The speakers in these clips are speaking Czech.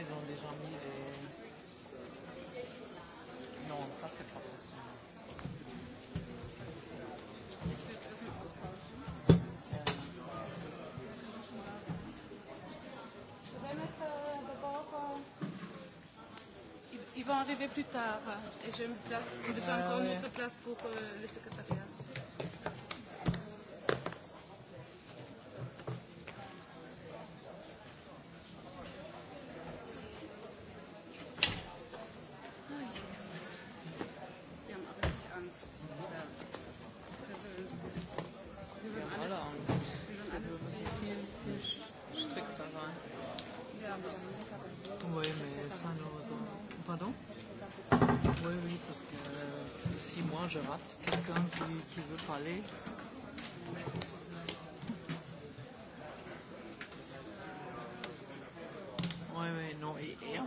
ils ont déjà mis les... Non, ça c'est pas possible. Ils vont arriver plus tard et j'ai besoin ah encore une autre place pour euh, le secrétaire.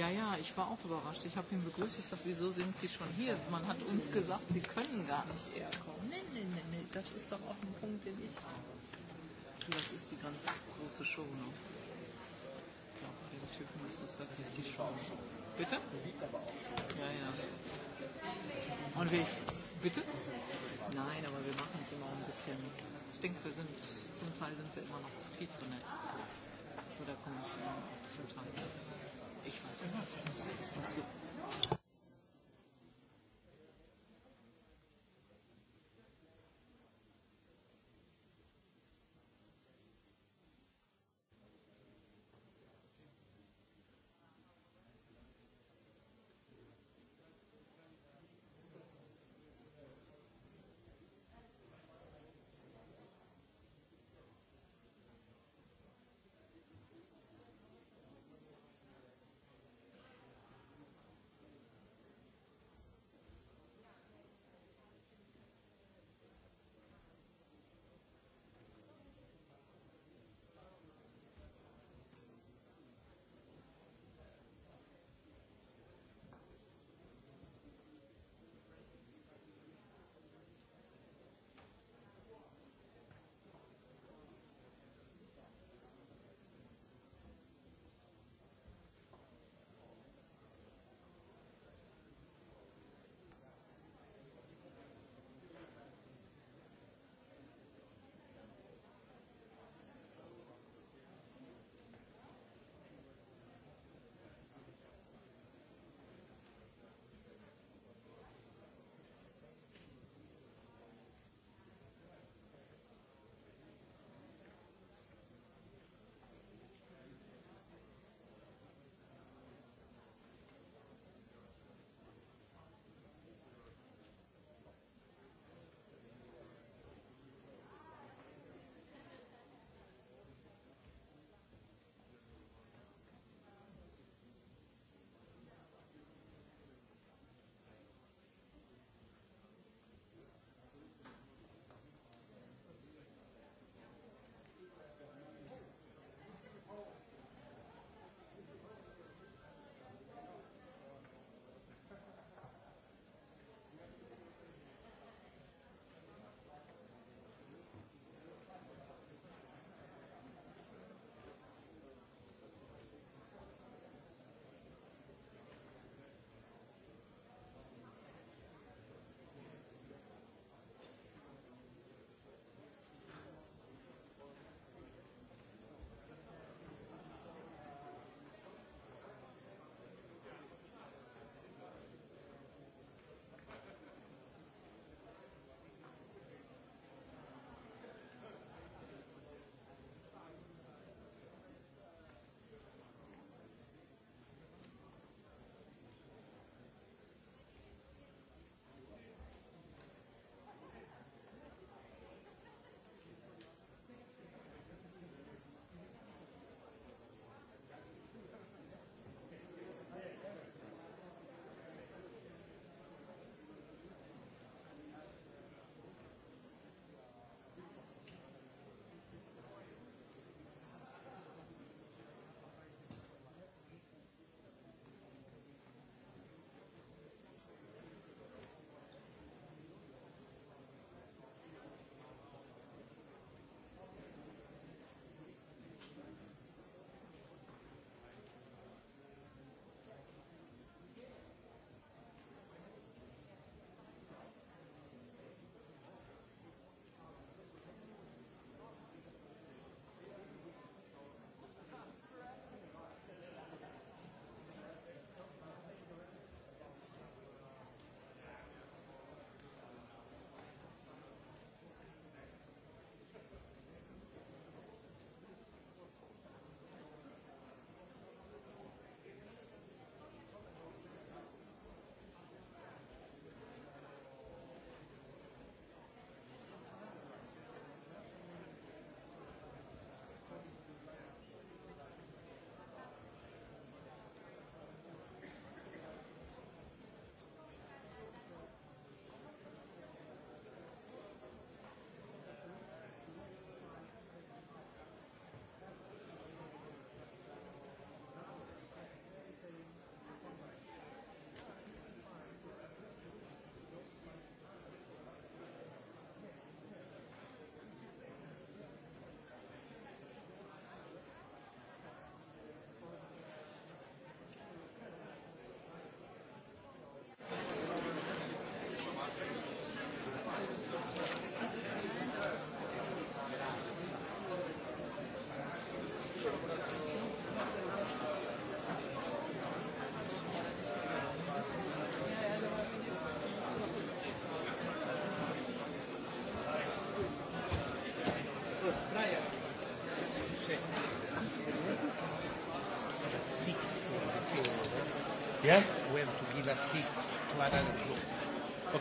Ja, ja, ich war auch überrascht. Ich habe ihn begrüßt. Ich sage, wieso sind Sie schon hier? Man hat uns gesagt, Sie können gar nicht eher kommen. Nein, nein, nein, nee. das ist doch auch ein Punkt, den ich habe. Das ist die ganz große Show. Ne? Ja, bei den Typen ist das wirklich die Show. Bitte? Ja, ja. Und wie? Bitte? Nein, aber wir machen es immer ein bisschen. Ich denke, wir sind zum Teil sind wir immer noch zu viel zu nett. So da komme ich immer zum Teil. Ja. Ich weiß nicht, was das ist.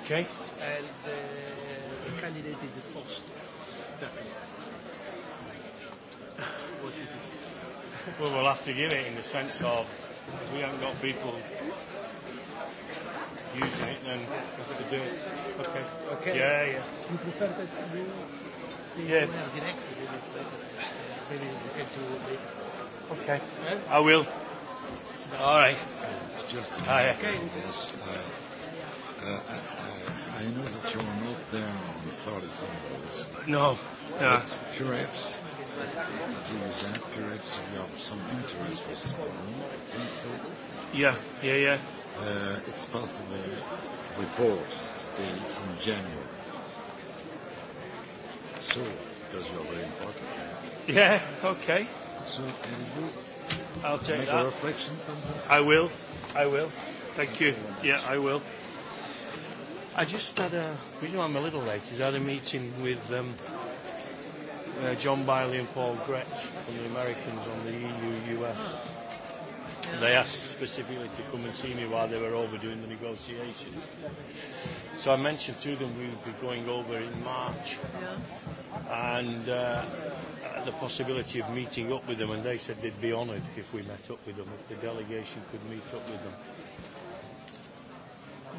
Okay. And uh, the candidate is the first. what do you think? Well, we'll have to give it in the sense of we haven't got people using it, then that's what we do. Okay. Okay. Yeah, yeah. You prefer that you yeah. You have directed it, Maybe you can do it later. Okay. Yeah? I will. All right. Just to minute. Okay. Yes. Uh, uh, i know that you are not there on solid symbols. No. Yeah. It's perhaps apps. You use that perhaps if you have some interest for spelling. I think so. Yeah, yeah, yeah. Uh, it's possible to report dates in January. So, because you're very important. Yeah, okay. So, can you I'll take make that. a reflection on that? I will. I will. Thank, Thank you. you yeah, I will. I just had a reason why I'm a little late is I had a meeting with um, uh, John Biley and Paul Gretsch from the Americans on the EU US. Oh. Yeah. They asked specifically to come and see me while they were over doing the negotiations. So I mentioned to them we would be going over in March yeah. and uh, the possibility of meeting up with them, and they said they'd be honoured if we met up with them, if the delegation could meet up with them.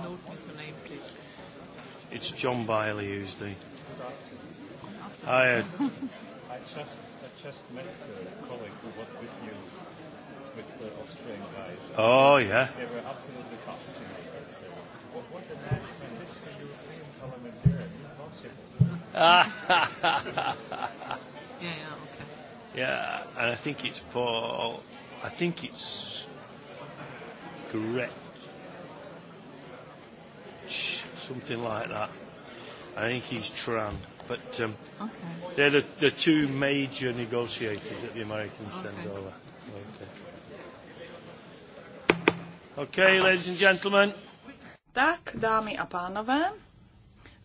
Note me the name, please. It's John Bailey, who's the. I, uh, I just I just met a colleague who was with you with the Austrian guys. Oh yeah. They were absolutely fascinated. So, what, what the management? This is a European parliamentarian. Impossible. yeah. Okay. Yeah, and I think it's Paul. I think it's Gretch something like that. I think he's Tran. But um, okay. they're the, the two major negotiators that the Americans okay. send over. Okay. okay, ladies and gentlemen. Tak, dámy a pánové,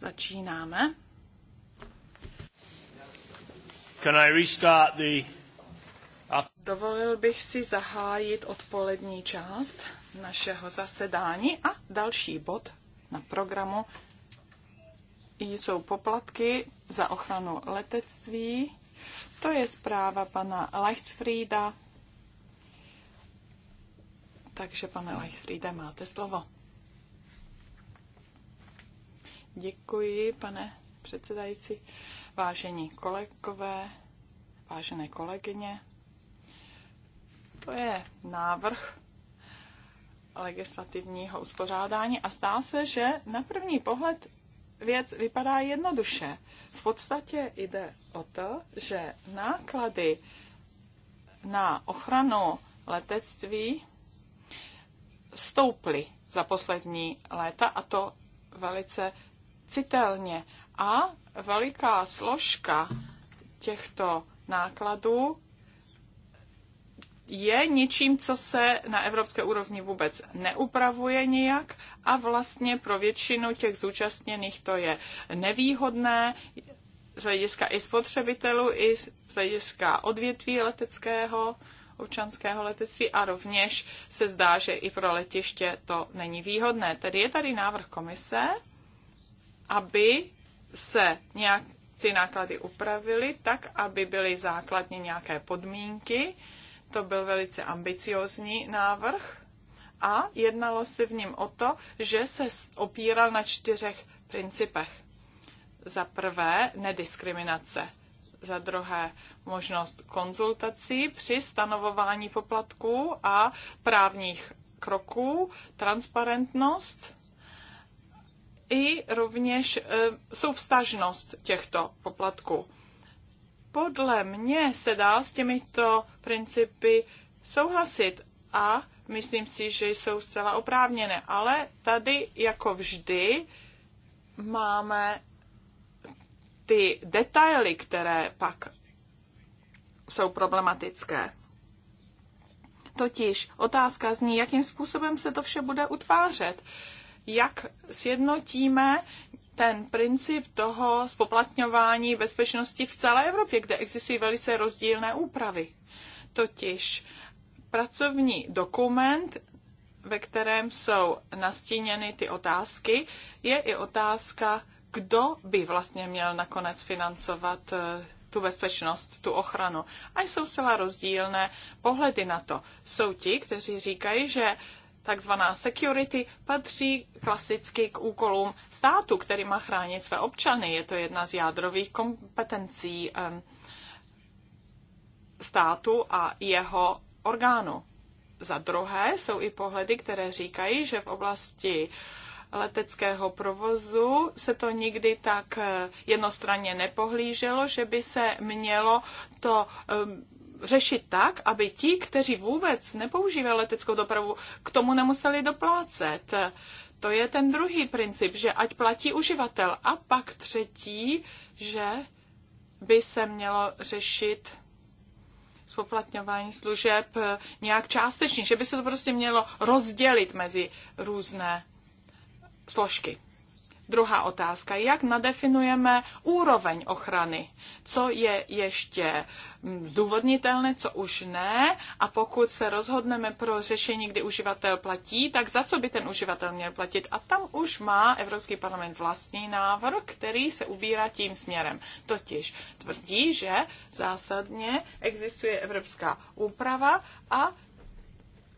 začínáme. Can I restart the... Dovolil bych si zahájit odpolední část našeho zasedání a další bod na programu jsou poplatky za ochranu letectví. To je zpráva pana Leichtfrieda. Takže, pane Leichtfriede, máte slovo. Děkuji, pane předsedající. Vážení kolegové, vážené kolegyně, to je návrh legislativního uspořádání a zdá se, že na první pohled věc vypadá jednoduše. V podstatě jde o to, že náklady na ochranu letectví stouply za poslední léta a to velice citelně. A veliká složka těchto nákladů je něčím, co se na evropské úrovni vůbec neupravuje nijak a vlastně pro většinu těch zúčastněných to je nevýhodné z hlediska i spotřebitelů, i z hlediska odvětví leteckého, občanského letectví a rovněž se zdá, že i pro letiště to není výhodné. Tedy je tady návrh komise, aby se nějak ty náklady upravily tak, aby byly základně nějaké podmínky, to byl velice ambiciozní návrh a jednalo se v něm o to, že se opíral na čtyřech principech. Za prvé nediskriminace, za druhé možnost konzultací při stanovování poplatků a právních kroků, transparentnost i rovněž e, souvstažnost těchto poplatků podle mě se dá s těmito principy souhlasit a myslím si, že jsou zcela oprávněné. Ale tady, jako vždy, máme ty detaily, které pak jsou problematické. Totiž otázka zní, jakým způsobem se to vše bude utvářet. Jak sjednotíme ten princip toho spoplatňování bezpečnosti v celé Evropě, kde existují velice rozdílné úpravy. Totiž pracovní dokument, ve kterém jsou nastíněny ty otázky, je i otázka, kdo by vlastně měl nakonec financovat eh, tu bezpečnost, tu ochranu. A jsou zcela rozdílné pohledy na to. Jsou ti, kteří říkají, že takzvaná security, patří klasicky k úkolům státu, který má chránit své občany. Je to jedna z jádrových kompetencí státu a jeho orgánu. Za druhé jsou i pohledy, které říkají, že v oblasti leteckého provozu se to nikdy tak eh, jednostranně nepohlíželo, že by se mělo to řešit tak, aby ti, kteří vůbec nepoužívají leteckou dopravu, k tomu nemuseli doplácet. To je ten druhý princip, že ať platí uživatel. A pak třetí, že by se mělo řešit spoplatňování služeb eh, nějak částečně, že by se to prostě mělo rozdělit mezi různé složky. Druhá otázka, jak nadefinujeme úroveň ochrany? Co je ještě mm, zdůvodnitelné, co už ne? A pokud se rozhodneme pro řešení, kdy uživatel platí, tak za co by ten uživatel měl platit? A tam už má Evropský parlament vlastní návrh, který se ubírá tím směrem. Totiž tvrdí, že zásadně existuje evropská úprava a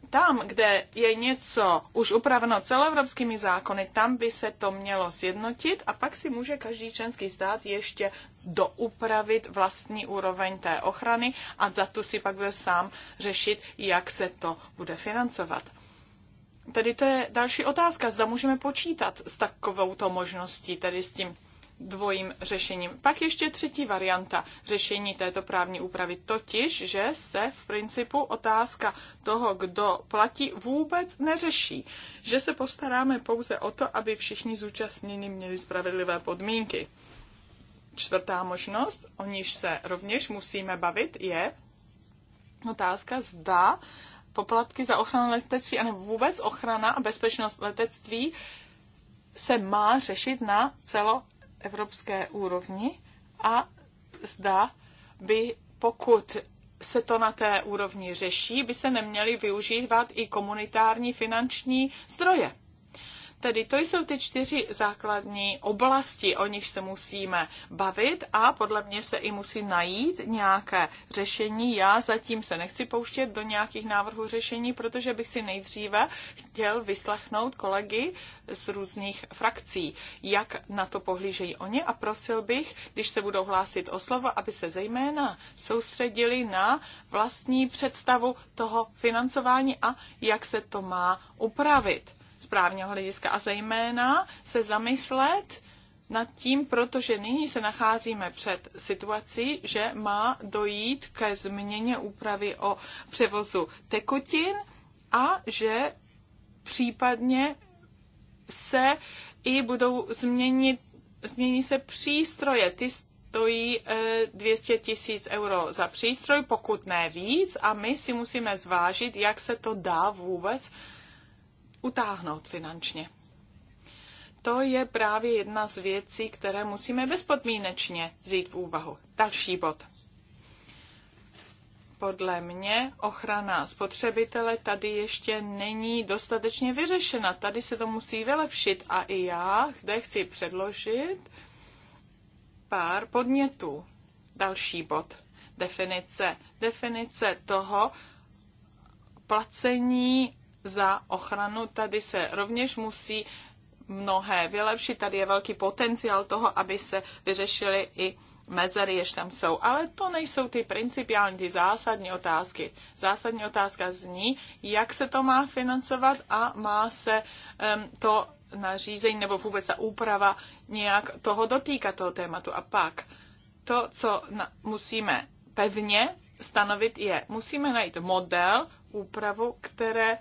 tam, kde je něco už upraveno celoevropskými zákony, tam by se to mělo sjednotit a pak si může každý členský stát ještě doupravit vlastní úroveň té ochrany a za tu si pak bude sám řešit, jak se to bude financovat. Tedy to je další otázka, zda můžeme počítat s takovouto možností, tedy s tím dvojím řešením. Pak ještě třetí varianta řešení této právní úpravy, totiž, že se v principu otázka toho, kdo platí, vůbec neřeší. Že se postaráme pouze o to, aby všichni zúčastnění měli spravedlivé podmínky. Čtvrtá možnost, o níž se rovněž musíme bavit, je otázka, zda poplatky za ochranu letectví, anebo vůbec ochrana a bezpečnost letectví se má řešit na celo evropské úrovni a zda by, pokud se to na té úrovni řeší, by se neměly využívat i komunitární finanční zdroje. Tedy to jsou ty čtyři základní oblasti, o nich se musíme bavit a podle mě se i musí najít nějaké řešení. Já zatím se nechci pouštět do nějakých návrhů řešení, protože bych si nejdříve chtěl vyslechnout kolegy z různých frakcí, jak na to pohlížejí oni a prosil bych, když se budou hlásit o slovo, aby se zejména soustředili na vlastní představu toho financování a jak se to má upravit z právního hlediska a zejména se zamyslet nad tím, protože nyní se nacházíme před situací, že má dojít ke změně úpravy o převozu tekutin a že případně se i budou změnit, změní se přístroje. Ty stojí 200 eh, tisíc euro za přístroj, pokud ne víc, a my si musíme zvážit, jak se to dá vůbec utáhnout finančně. To je právě jedna z věcí, které musíme bezpodmínečně vzít v úvahu. Další bod. Podle mě ochrana spotřebitele tady ještě není dostatečně vyřešena. Tady se to musí vylepšit a i já zde chci předložit pár podnětů. Další bod. Definice. Definice toho placení za ochranu. Tady se rovněž musí mnohé vylepšit. Tady je velký potenciál toho, aby se vyřešily i mezery, jež tam jsou. Ale to nejsou ty principiální, ty zásadní otázky. Zásadní otázka zní, jak se to má financovat a má se um, to nařízení nebo vůbec ta úprava nějak toho dotýkat toho tématu. A pak to, co na, musíme pevně stanovit, je, musíme najít model, úpravu, které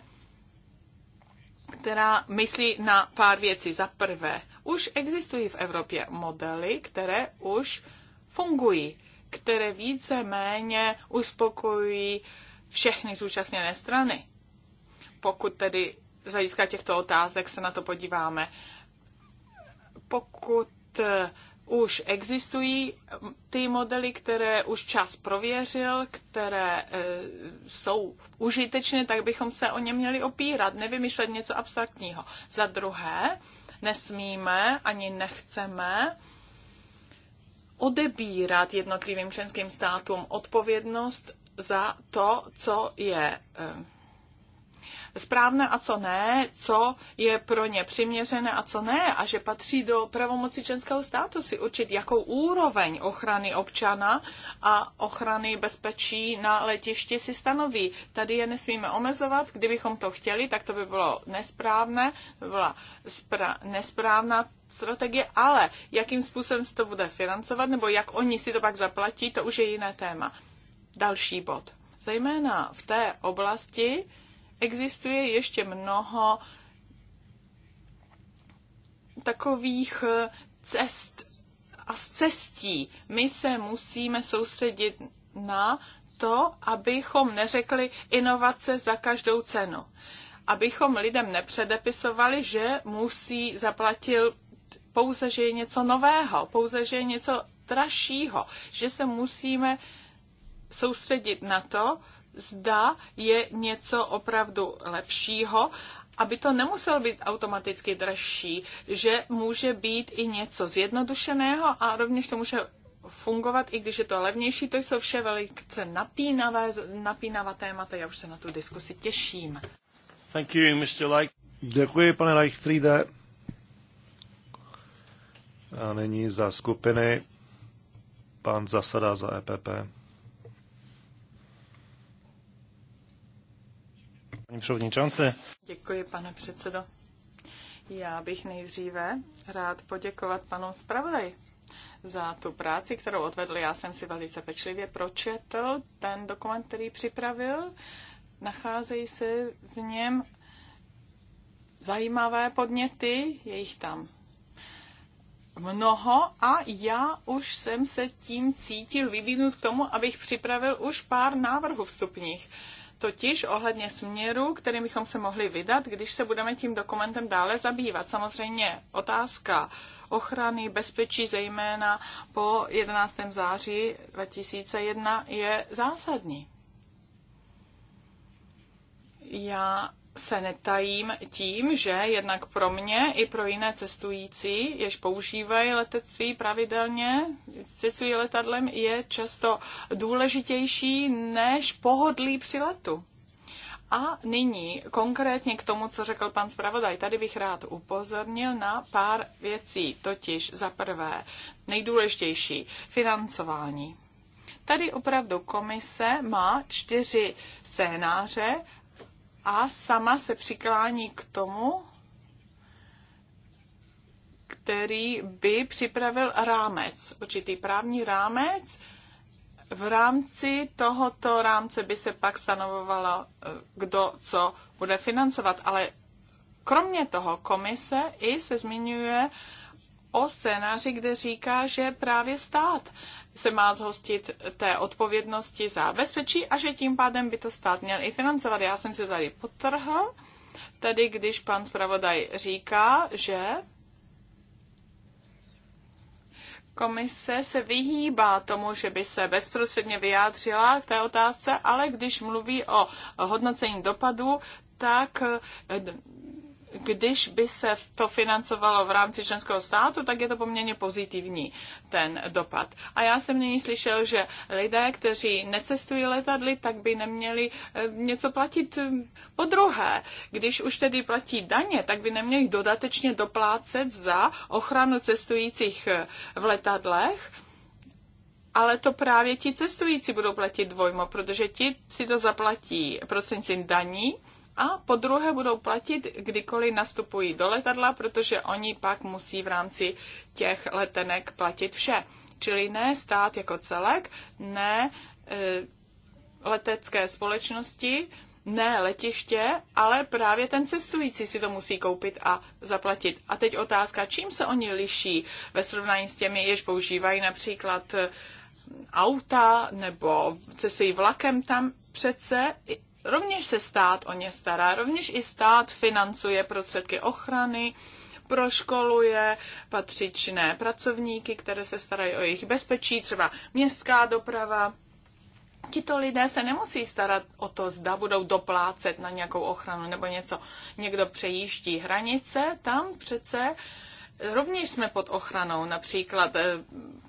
která myslí na pár věcí. Za prvé, už existují v Evropě modely, které už fungují, které více méně uspokojují všechny zúčastněné strany. Pokud tedy z hlediska těchto otázek se na to podíváme, pokud eh, už existují ty modely, které už čas prověřil, které e, jsou užitečné, tak bychom se o ně měli opírat, nevymyšlet něco abstraktního. Za druhé, nesmíme ani nechceme odebírat jednotlivým členským státům odpovědnost za to, co je e, správné a co ne, co je pro ně přiměřené a co ne, a že patří do pravomoci členského státu si určit, jakou úroveň ochrany občana a ochrany bezpečí na letišti si stanoví. Tady je nesmíme omezovat, kdybychom to chtěli, tak to by bylo nesprávné, by byla nesprávná strategie, ale jakým způsobem se to bude financovat, nebo jak oni si to pak zaplatí, to už je jiné téma. Další bod. Zejména v té oblasti, existuje ještě mnoho takových eh, cest a z cestí. My se musíme soustředit na to, abychom neřekli inovace za každou cenu. Abychom lidem nepředepisovali, že musí zaplatil pouze, že je něco nového, pouze, že je něco dražšího, že se musíme soustředit na to, zda je něco opravdu lepšího, aby to nemuselo být automaticky dražší, že může být i něco zjednodušeného a rovněž to může fungovat, i když je to levnější. To jsou vše velice napínavé, napínavá témata. Já už se na tu diskusi těším. Thank you, Mr. Like. Děkuji, pane Leichtfriede. A nyní za skupiny pan Zasada za EPP. paní předsedající. Děkuji, pane předsedo. Já bych nejdříve rád poděkovat panu zpravodaji za tu práci, kterou odvedl. Já jsem si velice pečlivě pročetl ten dokument, který připravil. Nacházejí se v něm zajímavé podněty, je jich tam mnoho a já už jsem se tím cítil vyvinut k tomu, abych připravil už pár návrhů vstupních totiž ohledně směru, kterým bychom se mohli vydat, když se budeme tím dokumentem dále zabývat. Samozřejmě otázka ochrany bezpečí, zejména po 11. září 2001, je zásadní. Já se netajím tím, že jednak pro mě i pro jiné cestující, jež používají letectví pravidelně, cestují letadlem, je často důležitější než pohodlí při letu. A nyní konkrétně k tomu, co řekl pan zpravodaj, tady bych rád upozornil na pár věcí, totiž za prvé nejdůležitější financování. Tady opravdu komise má čtyři scénáře, a sama se přiklání k tomu, který by připravil rámec, určitý právní rámec. V rámci tohoto rámce by se pak stanovovalo, eh, kdo co bude financovat, ale kromě toho komise i se zmiňuje o scénáři, kde říká, že právě stát se má zhostit té odpovědnosti za bezpečí a že tím pádem by to stát měl i financovat. Já jsem si tady potrhl, tedy když pan zpravodaj říká, že komise se vyhýbá tomu, že by se bezprostředně vyjádřila k té otázce, ale když mluví o hodnocení dopadu, tak když by se to financovalo v rámci členského státu, tak je to poměrně pozitivní ten dopad. A já jsem nyní slyšel, že lidé, kteří necestují letadly, tak by neměli eh, něco platit eh, po druhé. Když už tedy platí daně, tak by neměli dodatečně doplácet za ochranu cestujících eh, v letadlech, ale to právě ti cestující budou platit dvojmo, protože ti si to zaplatí prostřednictvím daní a po druhé budou platit, kdykoliv nastupují do letadla, protože oni pak musí v rámci těch letenek platit vše. Čili ne stát jako celek, ne e, letecké společnosti, ne letiště, ale právě ten cestující si to musí koupit a zaplatit. A teď otázka, čím se oni liší ve srovnání s těmi, jež používají například e, auta nebo cestují vlakem tam přece Rovněž se stát o ně stará, rovněž i stát financuje prostředky ochrany, proškoluje patřičné pracovníky, které se starají o jejich bezpečí, třeba městská doprava. Tito lidé se nemusí starat o to, zda budou doplácet na nějakou ochranu nebo něco. Někdo přejíždí hranice, tam přece uh, rovněž jsme pod ochranou, například eh,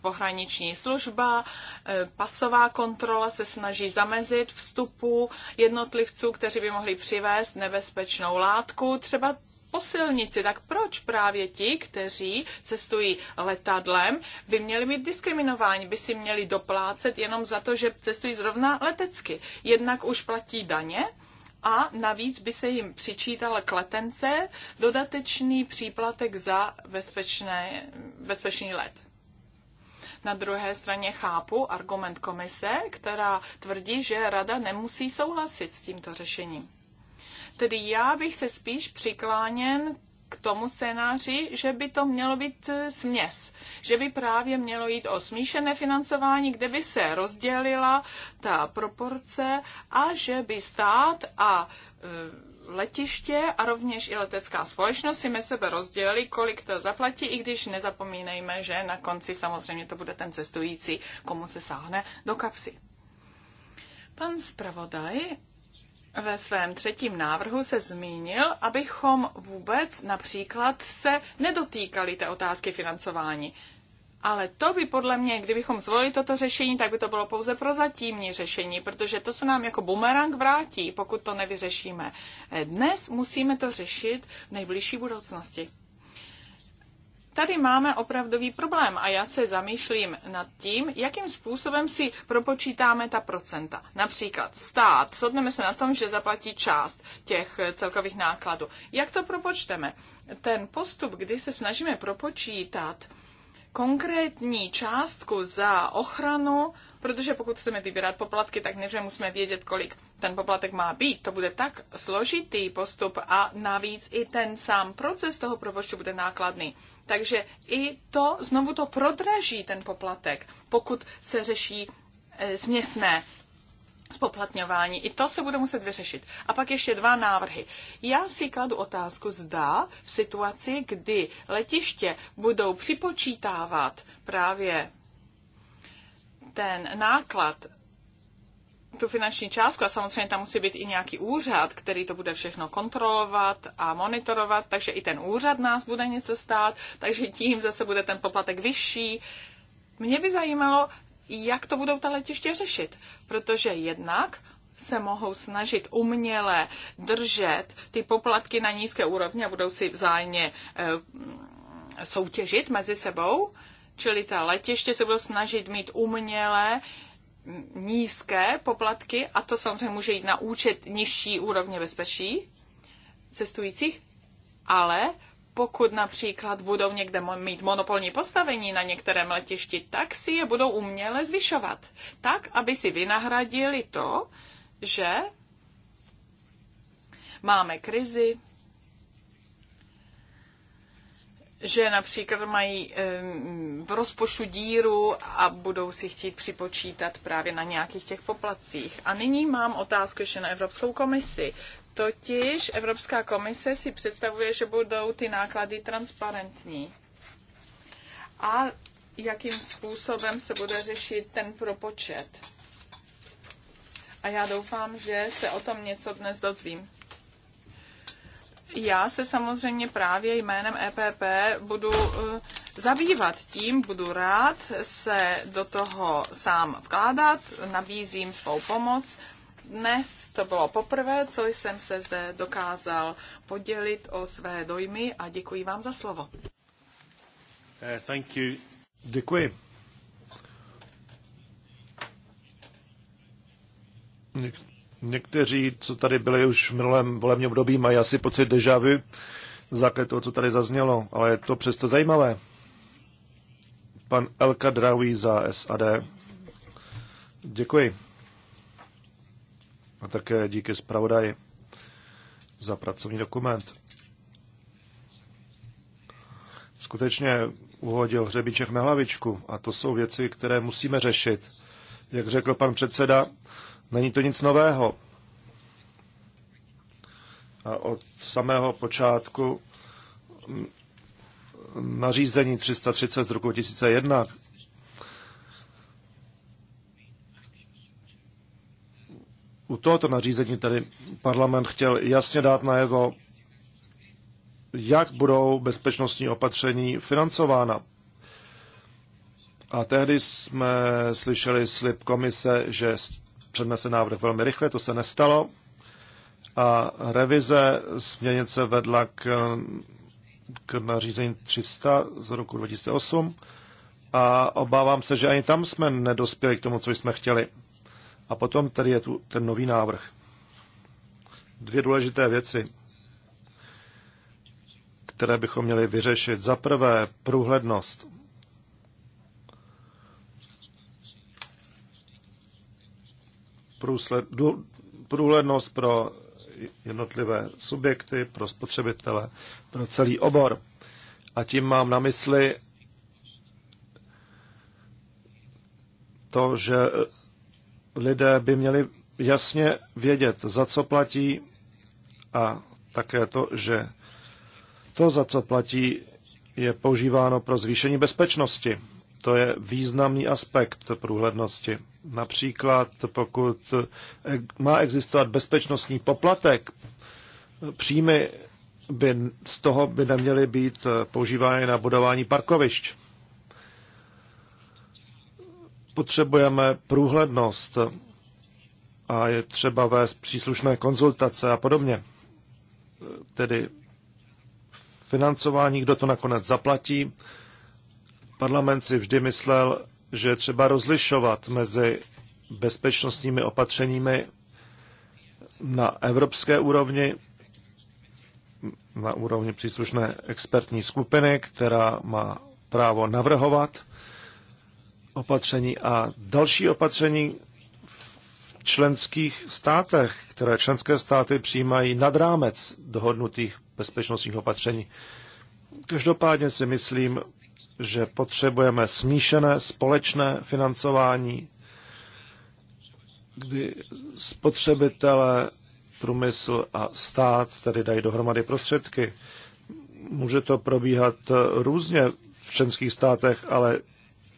pohraniční služba, eh, pasová kontrola se snaží zamezit vstupu jednotlivců, kteří by mohli přivést nebezpečnou látku, třeba po silnici, tak proč právě ti, kteří cestují letadlem, by měli být diskriminováni, by si měli doplácet jenom za to, že cestují zrovna letecky. Jednak už platí daně, a navíc by se jim přičítala kletence dodatečný příplatek za bezpečné, bezpečný let. Na druhé straně chápu argument komise, která tvrdí, že rada nemusí souhlasit s tímto řešením. Tedy já bych se spíš přikláněn k tomu scénáři, že by to mělo být eh, směs, že by právě mělo jít o smíšené financování, kde by se rozdělila ta proporce a že by stát a eh, letiště a rovněž i letecká společnost si mezi sebe rozdělili, kolik to zaplatí, i když nezapomínejme, že na konci samozřejmě to bude ten cestující, komu se sáhne do kapsy. Pan zpravodaj ve svém třetím návrhu se zmínil, abychom vůbec například se nedotýkali té otázky financování. Ale to by podle mě, kdybychom zvolili toto řešení, tak by to bylo pouze pro zatímní řešení, protože to se nám jako bumerang vrátí, pokud to nevyřešíme. Dnes musíme to řešit v nejbližší budoucnosti. Tady máme opravdový problém a já se zamýšlím nad tím, jakým způsobem si propočítáme ta procenta. Například stát, shodneme se na tom, že zaplatí část těch eh, celkových nákladů. Jak to propočteme? Ten postup, kdy se snažíme propočítat konkrétní částku za ochranu, protože pokud chceme vybírat poplatky, tak než musíme vědět, kolik ten poplatek má být. To bude tak složitý postup a navíc i ten sám proces toho propočtu bude nákladný. Takže i to znovu to prodraží ten poplatek, pokud se řeší e, směsné spoplatňování. I to se bude muset vyřešit. A pak ještě dva návrhy. Já si kladu otázku, zda v situaci, kdy letiště budou připočítávat právě ten náklad tu finanční částku a samozřejmě tam musí být i nějaký úřad, který to bude všechno kontrolovat a monitorovat, takže i ten úřad nás bude něco stát, takže tím zase bude ten poplatek vyšší. Mě by zajímalo, jak to budou ta letiště řešit, protože jednak se mohou snažit uměle držet ty poplatky na nízké úrovni a budou si vzájemně e, soutěžit mezi sebou, čili ta letiště se budou snažit mít uměle nízké poplatky, a to samozřejmě může jít na účet nižší úrovně bezpečí cestujících, ale pokud například budou někde mít monopolní postavení na některém letišti, tak si je budou uměle zvyšovat. Tak, aby si vynahradili to, že máme krizi, že například mají v rozpočtu díru a budou si chtít připočítat právě na nějakých těch poplatcích. A nyní mám otázku ještě na Evropskou komisi. Totiž Evropská komise si představuje, že budou ty náklady transparentní. A jakým způsobem se bude řešit ten propočet. A já doufám, že se o tom něco dnes dozvím. Já se samozřejmě právě jménem EPP budu eh, zabývat tím, budu rád se do toho sám vkládat, nabízím svou pomoc. Dnes to bylo poprvé, co jsem se zde dokázal podělit o své dojmy a děkuji vám za slovo. Uh, thank you. Děkuji. Někteří, co tady byli už v minulém volebním období, mají asi pocit deja vu, základ toho, co tady zaznělo, ale je to přesto zajímavé. Pan Elka Draví za SAD. Děkuji. A také díky zpravodaji za pracovní dokument. Skutečně uhodil hřebíček na hlavičku a to jsou věci, které musíme řešit. Jak řekl pan předseda, Není to nic nového. A od samého počátku nařízení 330 z roku 2001 u tohoto nařízení tedy parlament chtěl jasně dát najevo, jak budou bezpečnostní opatření financována. A tehdy jsme slyšeli slib komise, že přednese návrh velmi rychle, to se nestalo. A revize směrnice vedla k, k nařízení 300 z roku 2008 a obávám se, že ani tam jsme nedospěli k tomu, co jsme chtěli. A potom tady je tu ten nový návrh. Dvě důležité věci, které bychom měli vyřešit. Za prvé, průhlednost průsled, průhlednost pro jednotlivé subjekty, pro spotřebitele, pro celý obor. A tím mám na mysli to, že lidé by měli jasně vědět, za co platí a také to, že to, za co platí, je používáno pro zvýšení bezpečnosti. To je významný aspekt průhlednosti. Například pokud e- má existovat bezpečnostní poplatek, příjmy by z toho by neměly být e, používány na budování parkovišť. Potřebujeme průhlednost a je třeba vést příslušné konzultace a podobně. E, tedy financování, kdo to nakonec zaplatí. Parlament si vždy myslel, že je třeba rozlišovat mezi bezpečnostními opatřeními na evropské úrovni, na úrovni příslušné expertní skupiny, která má právo navrhovat opatření a další opatření v členských státech, které členské státy přijímají nad rámec dohodnutých bezpečnostních opatření. Každopádně si myslím, že potřebujeme smíšené společné financování, kdy spotřebitelé, průmysl a stát tedy dají dohromady prostředky. Může to probíhat různě v členských státech, ale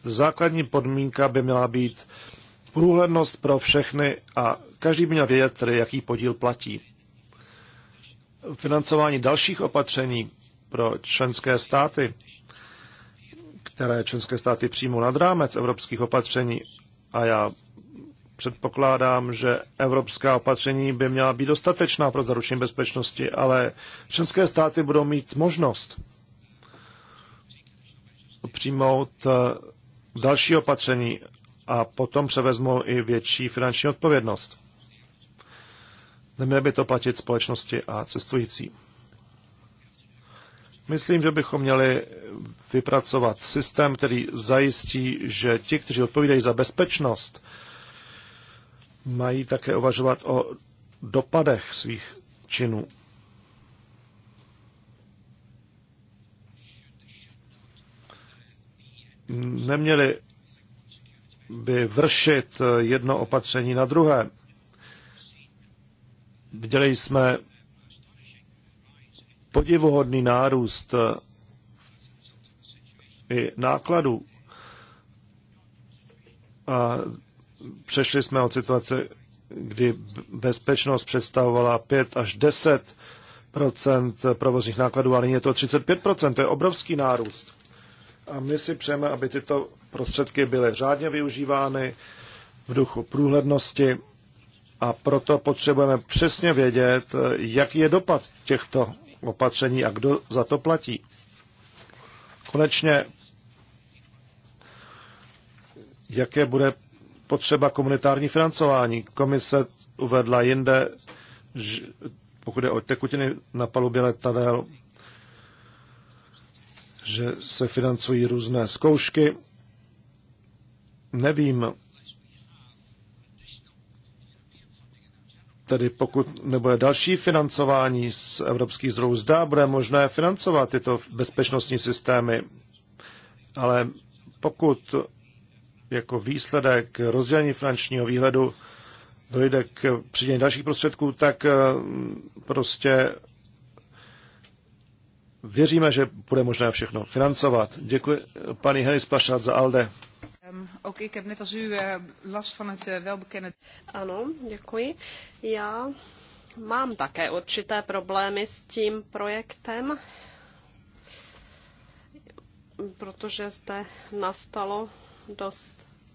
základní podmínka by měla být průhlednost pro všechny a každý by měl vědět, tedy jaký podíl platí. Financování dalších opatření pro členské státy které členské státy přijmou nad rámec evropských opatření. A já předpokládám, že evropská opatření by měla být dostatečná pro zaručení bezpečnosti, ale členské státy budou mít možnost přijmout eh, další opatření a potom převezmou i větší finanční odpovědnost. Neměly by to platit společnosti a cestující. Myslím, že bychom měli vypracovat systém, který zajistí, že ti, kteří odpovídají za bezpečnost, mají také uvažovat o dopadech svých činů. Neměli by vršit jedno opatření na druhé. Viděli jsme podivuhodný nárůst eh, i nákladů. A přešli jsme od situace, kdy bezpečnost představovala 5 až 10 provozních nákladů, ale nyní je to 35 to je obrovský nárůst. A my si přejeme, aby tyto prostředky byly řádně využívány v duchu průhlednosti a proto potřebujeme přesně vědět, eh, jaký je dopad těchto opatření a kdo za to platí. Konečně, jaké bude potřeba komunitární financování. Komise uvedla jinde, že pokud je o tekutiny na palubě letadel, že se financují různé zkoušky. Nevím, tedy pokud nebude další financování z evropských zdrojů, zda bude možné financovat tyto bezpečnostní systémy. Ale pokud jako výsledek rozdělení finančního výhledu dojde k přidělení dalších prostředků, tak eh, prostě věříme, že bude možné všechno financovat. Děkuji paní Henry Plašát za ALDE. Ehm, ook ik heb net als u eh, last van het eh, welbekende... Ano, děkuji. Já mám také určité problémy s tím projektem, protože zde nastalo dost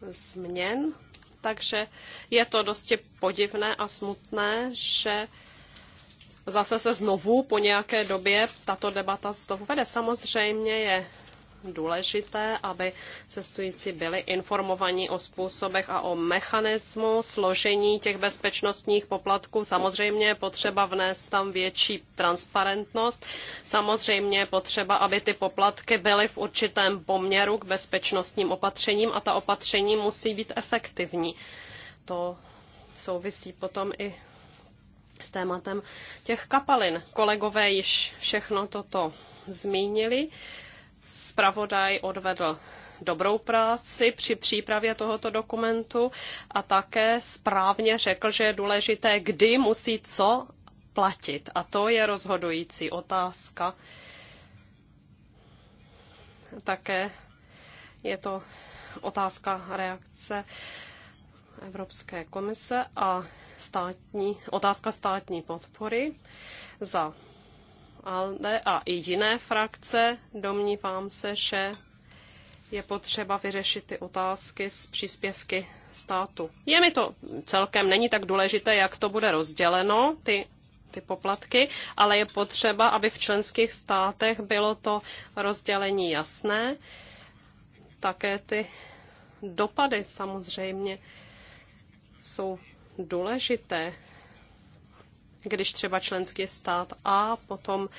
změn, takže je to dosti podivné a smutné, že zase se znovu po nějaké době tato debata z toho vede. Samozřejmě je důležité, aby cestující byli informovaní o způsobech a o mechanismu složení těch bezpečnostních poplatků. Samozřejmě je potřeba vnést tam větší transparentnost. Samozřejmě je potřeba, aby ty poplatky byly v určitém poměru k bezpečnostním opatřením a ta opatření musí být efektivní. To souvisí potom i s tématem těch kapalin. Kolegové již všechno toto zmínili. Spravodaj odvedl dobrou práci při přípravě tohoto dokumentu a také správně řekl, že je důležité, kdy musí co platit. A to je rozhodující otázka. Také je to otázka reakce Evropské komise a státní, otázka státní podpory za ALDE a i jiné frakce, domnívám se, že je potřeba vyřešit ty otázky s příspěvky státu. Je mi to celkem není tak důležité, jak to bude rozděleno, ty ty poplatky, ale je potřeba, aby v členských státech bylo to rozdělení jasné. Také ty dopady samozřejmě jsou důležité když třeba členský stát A potom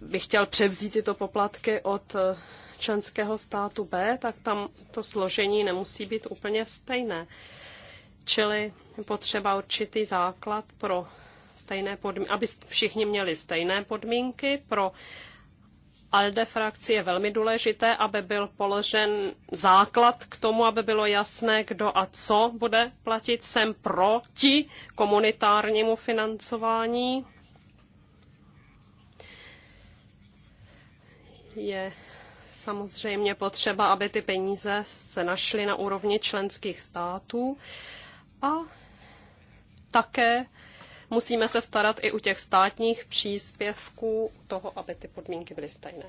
by chtěl převzít tyto poplatky od eh, členského státu B, tak tam to složení nemusí být úplně stejné. Čili potřeba určitý základ pro stejné podmínky, aby všichni měli stejné podmínky pro ALDE frakci je velmi důležité, aby byl položen základ k tomu, aby bylo jasné, kdo a co bude platit. Jsem proti komunitárnímu financování. Je samozřejmě potřeba, aby ty peníze se našly na úrovni členských států a také musíme se starat i u těch státních příspěvků toho, aby ty podmínky byly stejné.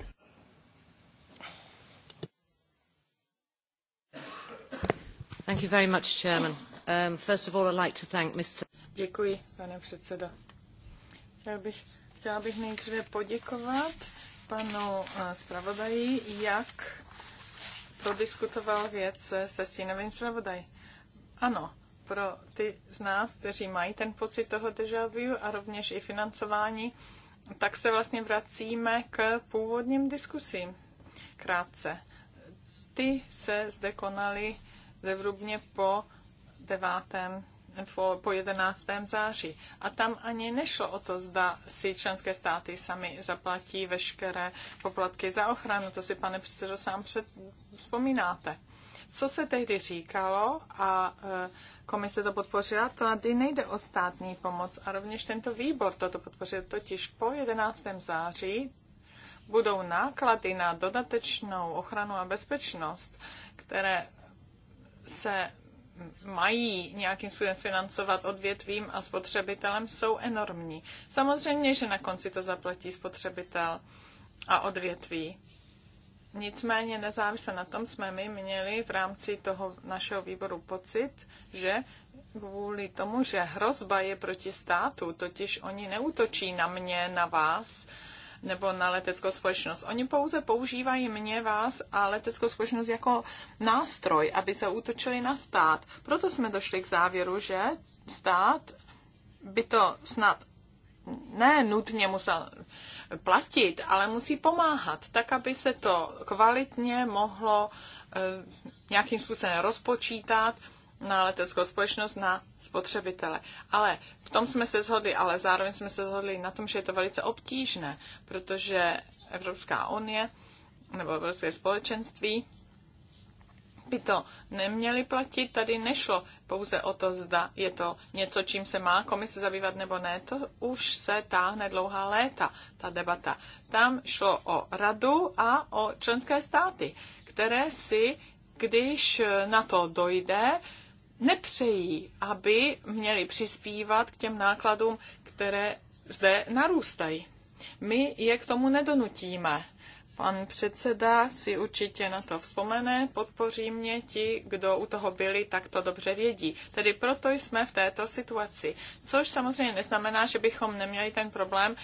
Thank you very much, Chairman. Um, first of all, I'd like to thank Mr. Děkuji, pane předsedo. Chtěla bych, chtěla bych nejdříve poděkovat panu eh, zpravodaji, jak prodiskutoval věc se stínovým zpravodajem. Ano, pro ty z nás, kteří mají ten pocit toho deja vu a rovněž i financování, tak se vlastně vracíme k původním diskusím. Krátce. Ty se zde konaly zevrubně po 9. po 11. září. A tam ani nešlo o to, zda si členské státy sami zaplatí veškeré poplatky za ochranu. To si, pane předsedo, sám před, vzpomínáte. Co se tehdy říkalo a e, komise to podpořila, to tady nejde o státní pomoc a rovněž tento výbor toto podpořil, totiž po 11. září budou náklady na dodatečnou ochranu a bezpečnost, které se mají nějakým způsobem financovat odvětvím a spotřebitelem, jsou enormní. Samozřejmě, že na konci to zaplatí spotřebitel a odvětví. Nicméně nezávisle na tom jsme my měli v rámci toho našeho výboru pocit, že kvůli tomu, že hrozba je proti státu, totiž oni neutočí na mě, na vás, nebo na leteckou společnost. Oni pouze používají mě, vás a leteckou společnost jako nástroj, aby se útočili na stát. Proto jsme došli k závěru, že stát by to snad ne nutně musel platit, ale musí pomáhat, tak aby se to kvalitně mohlo eh, nějakým způsobem rozpočítat na leteckou společnost, na spotřebitele. Ale v tom jsme se shodli, ale zároveň jsme se shodli na tom, že je to velice obtížné, protože Evropská unie nebo Evropské společenství by to neměli platit. Tady nešlo pouze o to, zda je to něco, čím se má komise zabývat nebo ne. To už se táhne dlouhá léta, ta debata. Tam šlo o radu a o členské státy, které si, když na to dojde, nepřejí, aby měli přispívat k těm nákladům, které zde narůstají. My je k tomu nedonutíme Pan předseda si určitě na to vzpomene, podpoří mě ti, kdo u toho byli, tak to dobře vědí. Tedy proto jsme v této situaci. Což samozřejmě neznamená, že bychom neměli ten problém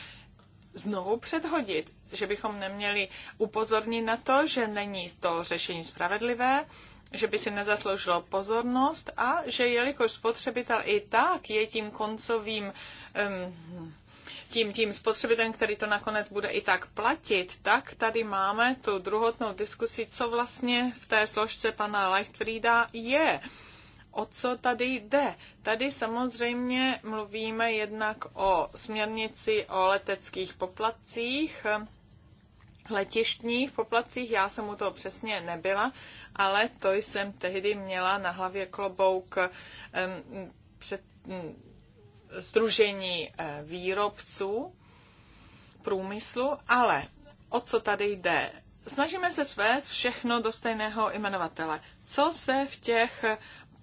znovu předhodit, že bychom neměli upozornit na to, že není to řešení spravedlivé, že by si nezasloužilo pozornost a že jelikož spotřebitel i tak je tím koncovým um, tím, tím spotřebitelem, který to nakonec bude i tak platit, tak tady máme tu druhotnou diskusi, co vlastně v té složce pana Leichtfrieda je. O co tady jde? Tady samozřejmě mluvíme jednak o směrnici o leteckých poplatcích, letištních poplatcích. já jsem u toho přesně nebyla, ale to jsem tehdy měla na hlavě klobouk um, před, um, Združení eh, výrobců průmyslu, ale o co tady jde? Snažíme se svést všechno do stejného jmenovatele. Co se v těch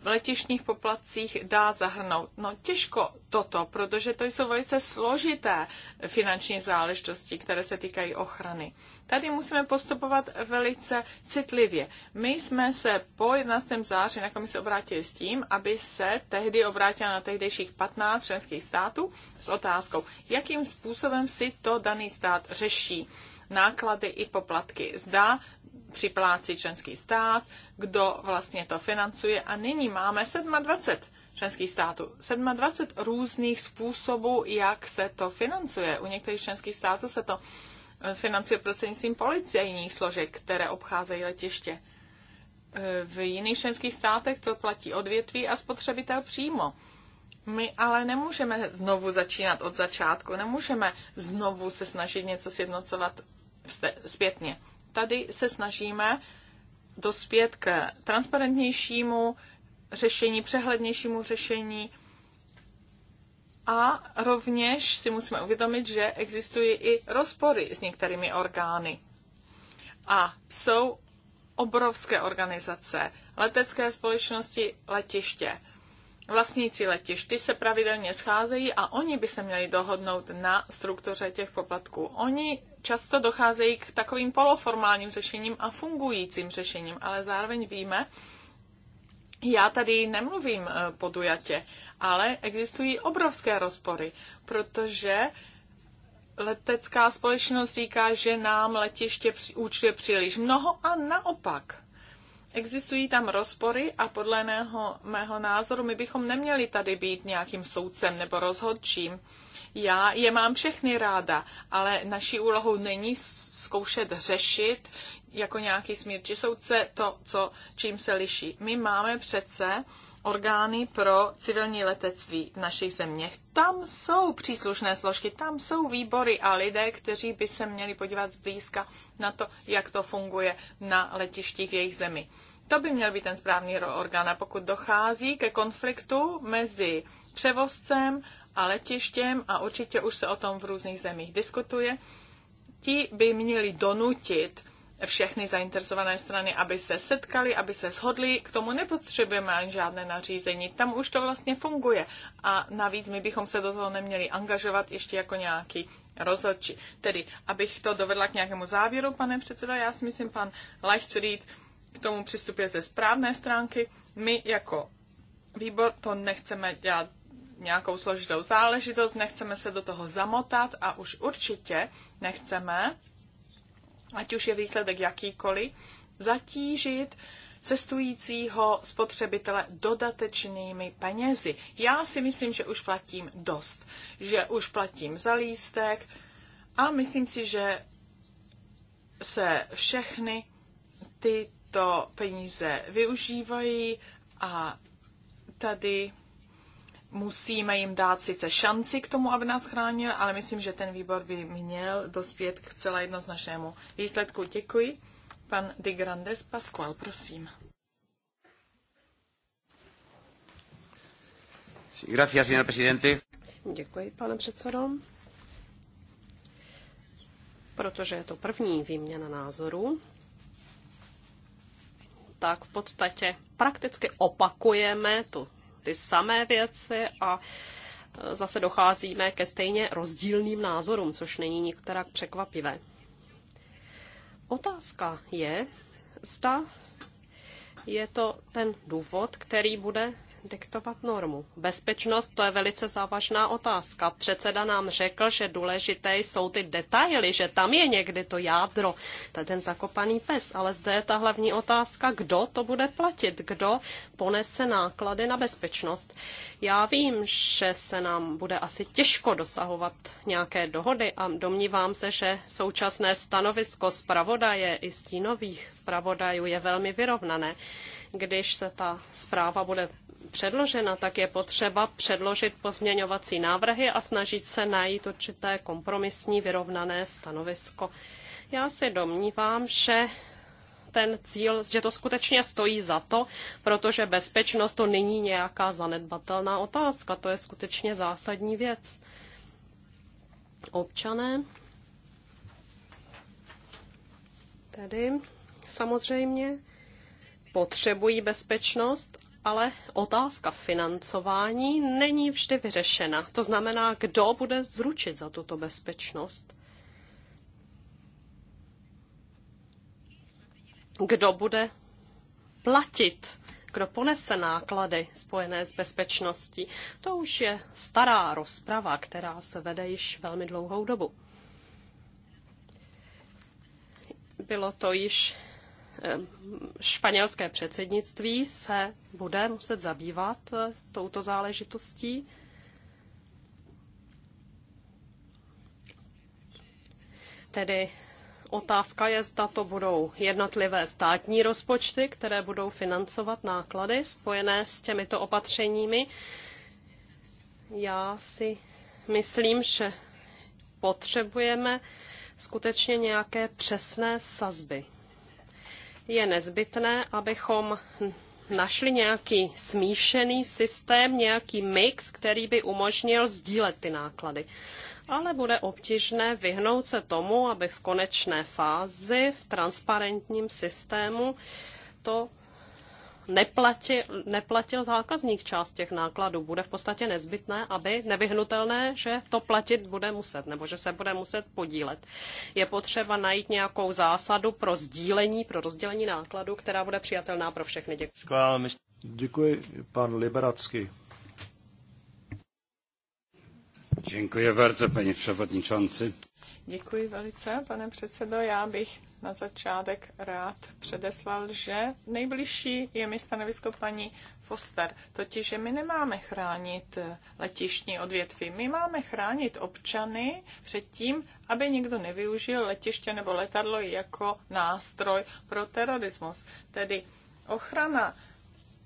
letišních poplatcích dá zahrnout. No těžko toto, protože to jsou velice složité finanční záležitosti, které se týkají ochrany. Tady musíme postupovat velice citlivě. My jsme se po 11. září na komisi obrátili s tím, aby se tehdy obrátila na tehdejších 15 členských států s otázkou, jakým způsobem si to daný stát řeší náklady i poplatky. Zda připlácí členský stát, kdo vlastně to financuje. A nyní máme 27 členských států. 27 různých způsobů, jak se to financuje. U některých členských států se to eh, financuje prostřednictvím policejních složek, které obcházejí letiště. Eh, v jiných členských státech to platí odvětví a spotřebitel přímo. My ale nemůžeme znovu začínat od začátku, nemůžeme znovu se snažit něco sjednocovat zpětně tady se snažíme dospět k transparentnějšímu řešení, přehlednějšímu řešení. A rovněž si musíme uvědomit, že existují i rozpory s některými orgány. A jsou obrovské organizace, letecké společnosti, letiště vlastníci letišti se pravidelně scházejí a oni by se měli dohodnout na struktuře těch poplatků. Oni často docházejí k takovým poloformálním řešením a fungujícím řešením, ale zároveň víme, já tady nemluvím eh, podujatě, ale existují obrovské rozpory, protože letecká společnost říká, že nám letiště účtuje příliš mnoho a naopak. Existují tam rozpory a podle mého, mého názoru my bychom neměli tady být nějakým soudcem nebo rozhodčím. Já je mám všechny ráda, ale naší úlohou není zkoušet řešit jako nějaký smírčí soudce to, co, čím se liší. My máme přece uh, orgány pro civilní letectví v našich zeměch. Tam jsou příslušné složky, tam jsou výbory a lidé, kteří by se měli podívat zblízka na to, jak to funguje na letištích v jejich zemi. To by měl být ten správný orgán. A pokud dochází ke konfliktu mezi převozcem a letištěm, a určitě už se o tom v různých zemích diskutuje, ti by měli donutit všechny zainteresované strany, aby se setkali, aby se shodli. K tomu nepotřebujeme ani žádné nařízení. Tam už to vlastně funguje. A navíc my bychom se do toho neměli angažovat ještě jako nějaký rozhodčí. Tedy, abych to dovedla k nějakému závěru, pane předseda, já si myslím, pan Leichtfried k tomu přistupuje ze správné stránky. My jako výbor to nechceme dělat nějakou složitou záležitost, nechceme se do toho zamotat a už určitě nechceme ať už je výsledek jakýkoliv, zatížit cestujícího spotřebitele dodatečnými penězi. Já si myslím, že už platím dost, že už platím za lístek a myslím si, že se všechny tyto peníze využívají a tady musíme jim dát sice šanci k tomu, aby nás chránil, ale myslím, že ten výbor by měl dospět k celé jednoznačnému výsledku. Děkuji. Pan de Grandes Pascual, prosím. Gracias, señor presidente. Děkuji, pane předsedo. Protože je to první výměna názoru. tak v podstatě prakticky opakujeme tu ty samé věci a e, zase docházíme ke stejně rozdílným názorům, což není některá překvapivé. Otázka je, zda je to ten důvod, který bude diktovat normu. Bezpečnost to je velice závažná otázka. Předseda nám řekl, že důležité jsou ty detaily, že tam je někdy to jádro, ten zakopaný pes. Ale zde je ta hlavní otázka, kdo to bude platit, kdo ponese náklady na bezpečnost. Já vím, že se nám bude asi těžko dosahovat nějaké dohody a domnívám se, že současné stanovisko zpravodaje i stínových zpravodajů je velmi vyrovnané když se ta zpráva bude předložena, tak je potřeba předložit pozměňovací návrhy a snažit se najít určité kompromisní vyrovnané stanovisko. Já se domnívám, že ten cíl, že to skutečně stojí za to, protože bezpečnost to není nějaká zanedbatelná otázka, to je skutečně zásadní věc. Občané, tedy samozřejmě potřebují bezpečnost ale otázka financování není vždy vyřešena. To znamená, kdo bude zručit za tuto bezpečnost? Kdo bude platit? Kdo ponese náklady spojené s bezpečností? To už je stará rozprava, která se vede již velmi dlouhou dobu. Bylo to již Eh, španělské předsednictví se bude muset zabývat eh, touto záležitostí. Tedy otázka je, zda to budou jednotlivé státní rozpočty, které budou financovat náklady spojené s těmito opatřeními. Já si myslím, že potřebujeme skutečně nějaké přesné sazby je nezbytné, abychom našli nějaký smíšený systém, nějaký mix, který by umožnil sdílet ty náklady. Ale bude obtížné vyhnout se tomu, aby v konečné fázi, v transparentním systému, to neplatil, neplatil zákazník část těch nákladů. Bude v podstatě nezbytné, aby nevyhnutelné, že to platit bude muset, nebo že se bude muset podílet. Je potřeba najít nějakou zásadu pro sdílení, pro rozdělení nákladů, která bude přijatelná pro všechny. Děkuji. Děkuji, pan Liberacký. Dziękuję bardzo, panie przewodniczący. Děkuji velice, pane předsedo. Já bych na začátek rád předeslal, že nejbližší je mi stanovisko paní Foster, totiž, že my nemáme chránit letišní odvětví, my máme chránit občany před tím, aby někdo nevyužil letiště nebo letadlo jako nástroj pro terorismus. Tedy ochrana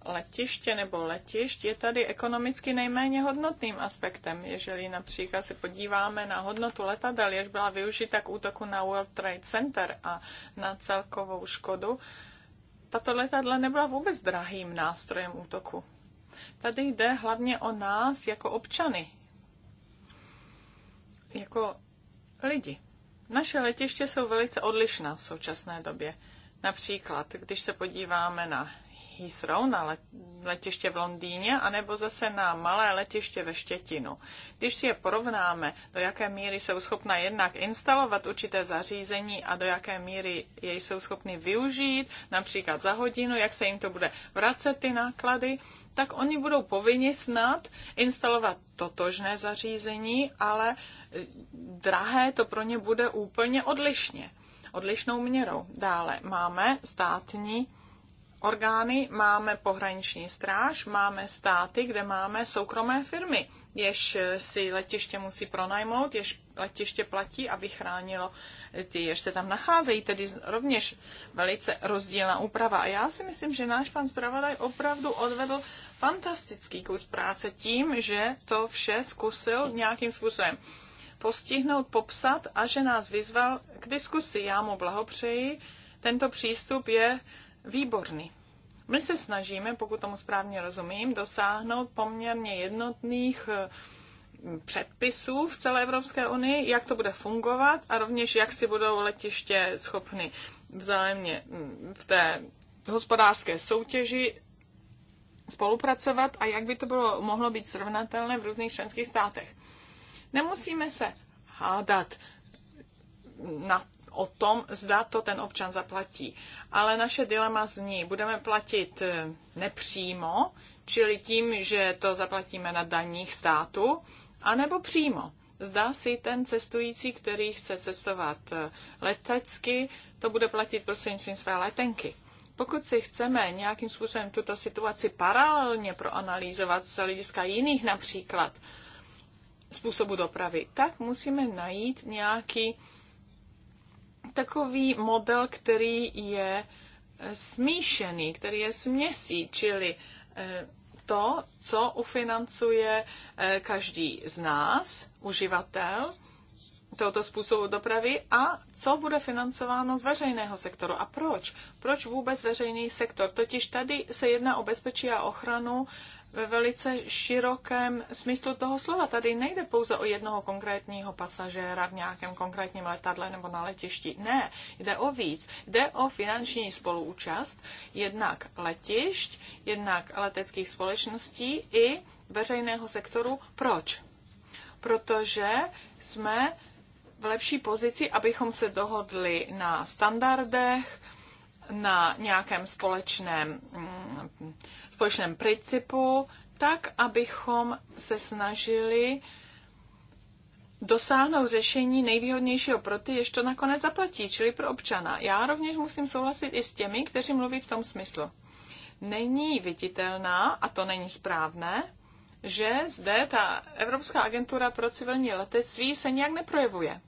letiště nebo letišť je tady ekonomicky nejméně hodnotným aspektem. Jeżeli například se podíváme na hodnotu letadel, jež byla využita k útoku na World Trade Center a na celkovou škodu, tato letadla nebyla vůbec drahým nástrojem útoku. Tady jde hlavně o nás jako občany, jako lidi. Naše letiště jsou velice odlišná v současné době. Například, když se podíváme na Heathrow, na letiště v Londýně, anebo zase na malé letiště ve Štětinu. Když si je porovnáme, do jaké míry jsou schopna jednak instalovat určité zařízení a do jaké míry jej jsou schopni využít, například za hodinu, jak se jim to bude vracet ty náklady, tak oni budou povinni snad instalovat totožné zařízení, ale e, drahé to pro ně bude úplně odlišně odlišnou měrou. Dále máme státní orgány, máme pohraniční stráž, máme státy, kde máme soukromé firmy, jež si letiště musí pronajmout, jež letiště platí, aby chránilo ty, jež se tam nacházejí, tedy rovněž velice rozdílná úprava. A já si myslím, že náš pan zpravodaj opravdu odvedl fantastický kus práce tím, že to vše zkusil nějakým způsobem postihnout, popsat a že nás vyzval k diskusi. Já mu blahopřeji. Tento přístup je výborný. My se snažíme, pokud tomu správně rozumím, dosáhnout poměrně jednotných eh, předpisů v celé Evropské unii, jak to bude fungovat a rovněž jak si budou letiště schopny vzájemně mm, v té hospodářské soutěži spolupracovat a jak by to bylo, mohlo být srovnatelné v různých členských státech. Nemusíme se hádat na o tom, zda to ten občan zaplatí. Ale naše dilema zní, budeme platit eh, nepřímo, čili tím, že to zaplatíme na daních státu, anebo přímo. Zdá si ten cestující, který chce cestovat eh, letecky, to bude platit prostřednictvím své letenky. Pokud si chceme nějakým způsobem tuto situaci paralelně proanalýzovat z hlediska jiných například způsobu dopravy, tak musíme najít nějaký takový model, který je eh, smíšený, který je směsí, čili eh, to, co ufinancuje eh, každý z nás, uživatel tohoto způsobu dopravy a co bude financováno z veřejného sektoru a proč. Proč vůbec veřejný sektor? Totiž tady se jedná o bezpečí a ochranu ve velice širokém smyslu toho slova. Tady nejde pouze o jednoho konkrétního pasažéra v nějakém konkrétním letadle nebo na letišti. Ne, jde o víc. Jde o finanční spoluúčast jednak letišť, jednak leteckých společností i veřejného sektoru. Proč? Protože jsme v lepší pozici, abychom se dohodli na standardech, na nějakém společném mm, společném principu, tak, abychom se snažili dosáhnout řešení nejvýhodnějšího pro ty, jež to nakonec zaplatí, čili pro občana. Já rovněž musím souhlasit i s těmi, kteří mluví v tom smyslu. Není viditelná, a to není správné, že zde ta Evropská agentura pro civilní letectví se nějak neprojevuje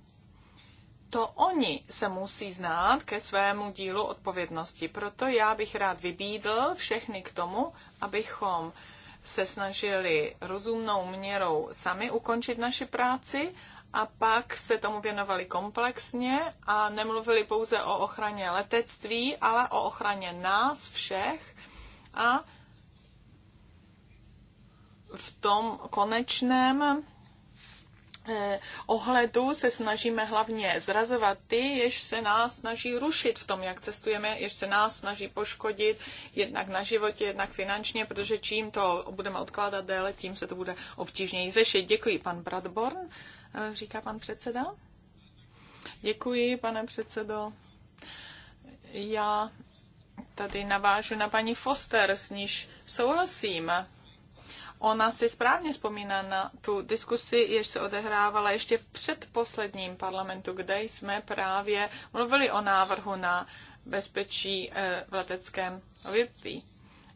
to oni se musí znát ke svému dílu odpovědnosti. Proto já bych rád vybídl všechny k tomu, abychom se snažili rozumnou měrou sami ukončit naši práci a pak se tomu věnovali komplexně a nemluvili pouze o ochraně letectví, ale o ochraně nás všech a v tom konečném Eh, ohledu se snažíme hlavně zrazovat ty, jež se nás snaží rušit v tom, jak cestujeme, jež se nás snaží poškodit jednak na životě, jednak finančně, protože čím to budeme odkládat déle, tím se to bude obtížněji řešit. Děkuji, pan Bradborn, eh, říká pan předseda. Děkuji, pane předsedo. Já tady navážu na paní Foster, s níž souhlasím Ona si správně vzpomíná na tu diskusi, jež se odehrávala ještě v předposledním parlamentu, kde jsme právě mluvili o návrhu na bezpečí eh, v leteckém větví.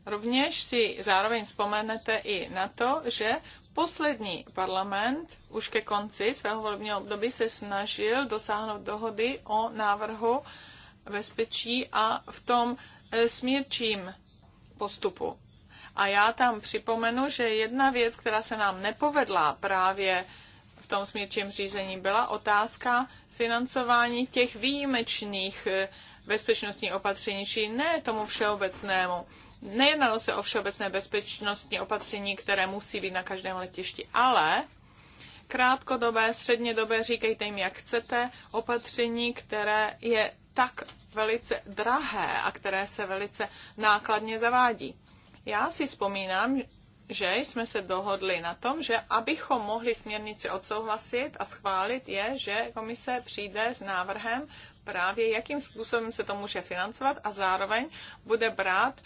Rovněž si zároveň vzpomenete i na to, že poslední parlament už ke konci svého volebního období se snažil dosáhnout dohody o návrhu bezpečí a v tom eh, smírčím postupu. A já tam připomenu, že jedna věc, která se nám nepovedla právě v tom směrčím řízení, byla otázka financování těch výjimečných eh, bezpečnostní opatření, či ne tomu všeobecnému. Nejednalo se o všeobecné bezpečnostní opatření, které musí být na každém letišti, ale krátkodobé, střednědobé, říkejte jim, jak chcete, opatření, které je tak velice drahé a které se velice nákladně zavádí. Já si vzpomínám, že jsme se dohodli na tom, že abychom mohli směrnici odsouhlasit a schválit, je, že komise přijde s návrhem právě, jakým způsobem se to může financovat a zároveň bude brát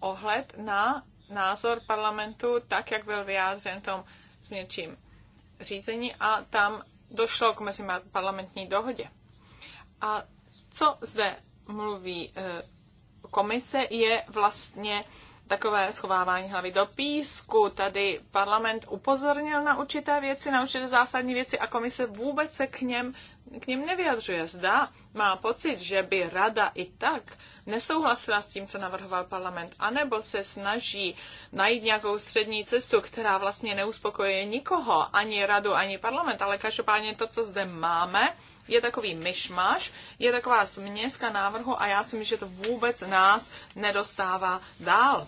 ohled na názor parlamentu, tak jak byl vyjádřen v tom směrčím řízení a tam došlo k mezi parlamentní dohodě. A co zde mluví eh, komise, je vlastně takové schovávání hlavy do písku. Tady parlament upozornil na určité věci, na určité zásadní věci a komise vůbec se k něm k ním nevyjadřuje. Zda má pocit, že by rada i tak nesouhlasila s tím, co navrhoval parlament, anebo se snaží najít nějakou střední cestu, která vlastně neuspokojuje nikoho, ani radu, ani parlament, ale každopádně to, co zde máme, je takový myšmaš, je taková změska návrhu a já si myslím, že to vůbec nás nedostává dál.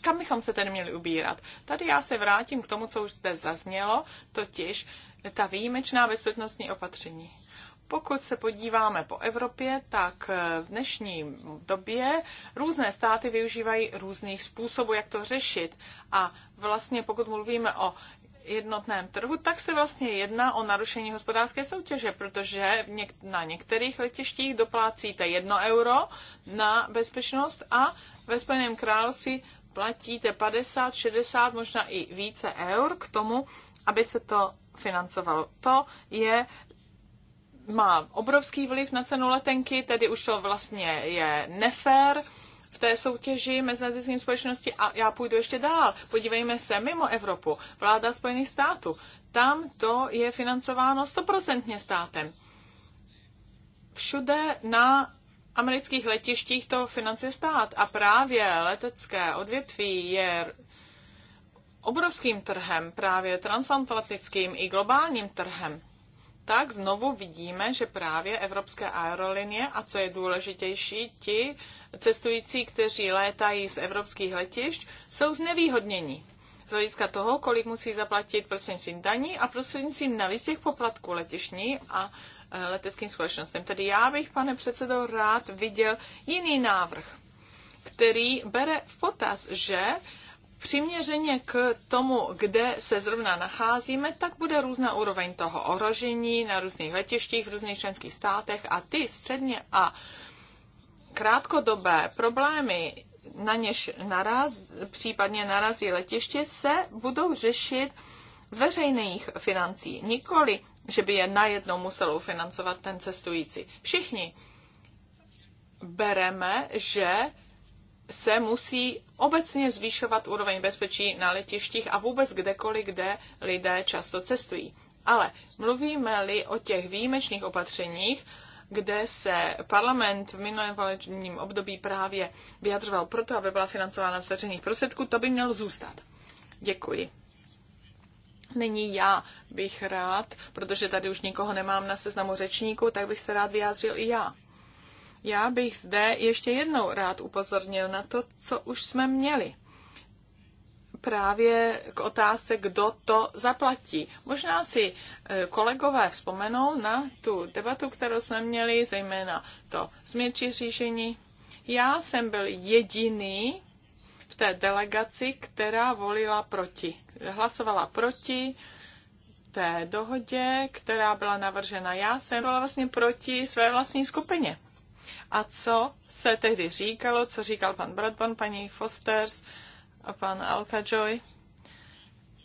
Kam bychom se tedy měli ubírat? Tady já se vrátím k tomu, co už zde zaznělo, totiž ta výjimečná bezpečnostní opatření. Pokud se podíváme po Evropě, tak eh, v dnešní době různé státy využívají různých způsobů, jak to řešit. A vlastně pokud mluvíme o jednotném trhu, tak se vlastně jedná o narušení hospodářské soutěže, protože na některých letištích doplácíte jedno euro na bezpečnost a ve Spojeném království platíte 50, 60, možná i více eur k tomu, aby se to financovalo. To je má obrovský vliv na cenu letenky, tedy už to vlastně je nefér v té soutěži mezinárodní společnosti a já půjdu ještě dál. Podívejme se mimo Evropu. Vláda Spojených států. Tam to je financováno stoprocentně státem. Všude na amerických letištích to financuje stát a právě letecké odvětví je obrovským trhem, právě transatlantickým i globálním trhem, tak znovu vidíme, že právě evropské aerolinie a co je důležitější, ti cestující, kteří létají z evropských letišť, jsou znevýhodněni z hlediska toho, kolik musí zaplatit prostřednictvím daní a prostřednictvím navíc těch poplatků letišní a e, leteckým společnostem. Tedy já bych, pane předsedo, rád viděl jiný návrh, který bere v potaz, že přiměřeně k tomu, kde se zrovna nacházíme, tak bude různá úroveň toho ohrožení na různých letištích v různých členských státech a ty středně a krátkodobé problémy, na něž naraz, případně narazí letiště, se budou řešit z veřejných financí, nikoli, že by je najednou musel ufinancovat ten cestující. Všichni bereme, že se musí obecně zvýšovat úroveň bezpečí na letištích a vůbec kdekoliv, kde lidé často cestují. Ale mluvíme-li o těch výjimečných opatřeních, kde se parlament v minulém volebním období právě vyjadřoval proto, aby byla financována z veřejných prostředků, to by mělo zůstat. Děkuji. Nyní já bych rád, protože tady už nikoho nemám na seznamu řečníků, tak bych se rád vyjádřil i já. Já bych zde ještě jednou rád upozornil na to, co už jsme měli. Právě k otázce, kdo to zaplatí. Možná si e, kolegové vzpomenou na tu debatu, kterou jsme měli, zejména to změtší řízení. Já jsem byl jediný v té delegaci, která volila proti. Hlasovala proti té dohodě, která byla navržena. Já jsem byla vlastně proti své vlastní skupině a co se tehdy říkalo, co říkal pan Bradburn, paní Fosters a pan Joy?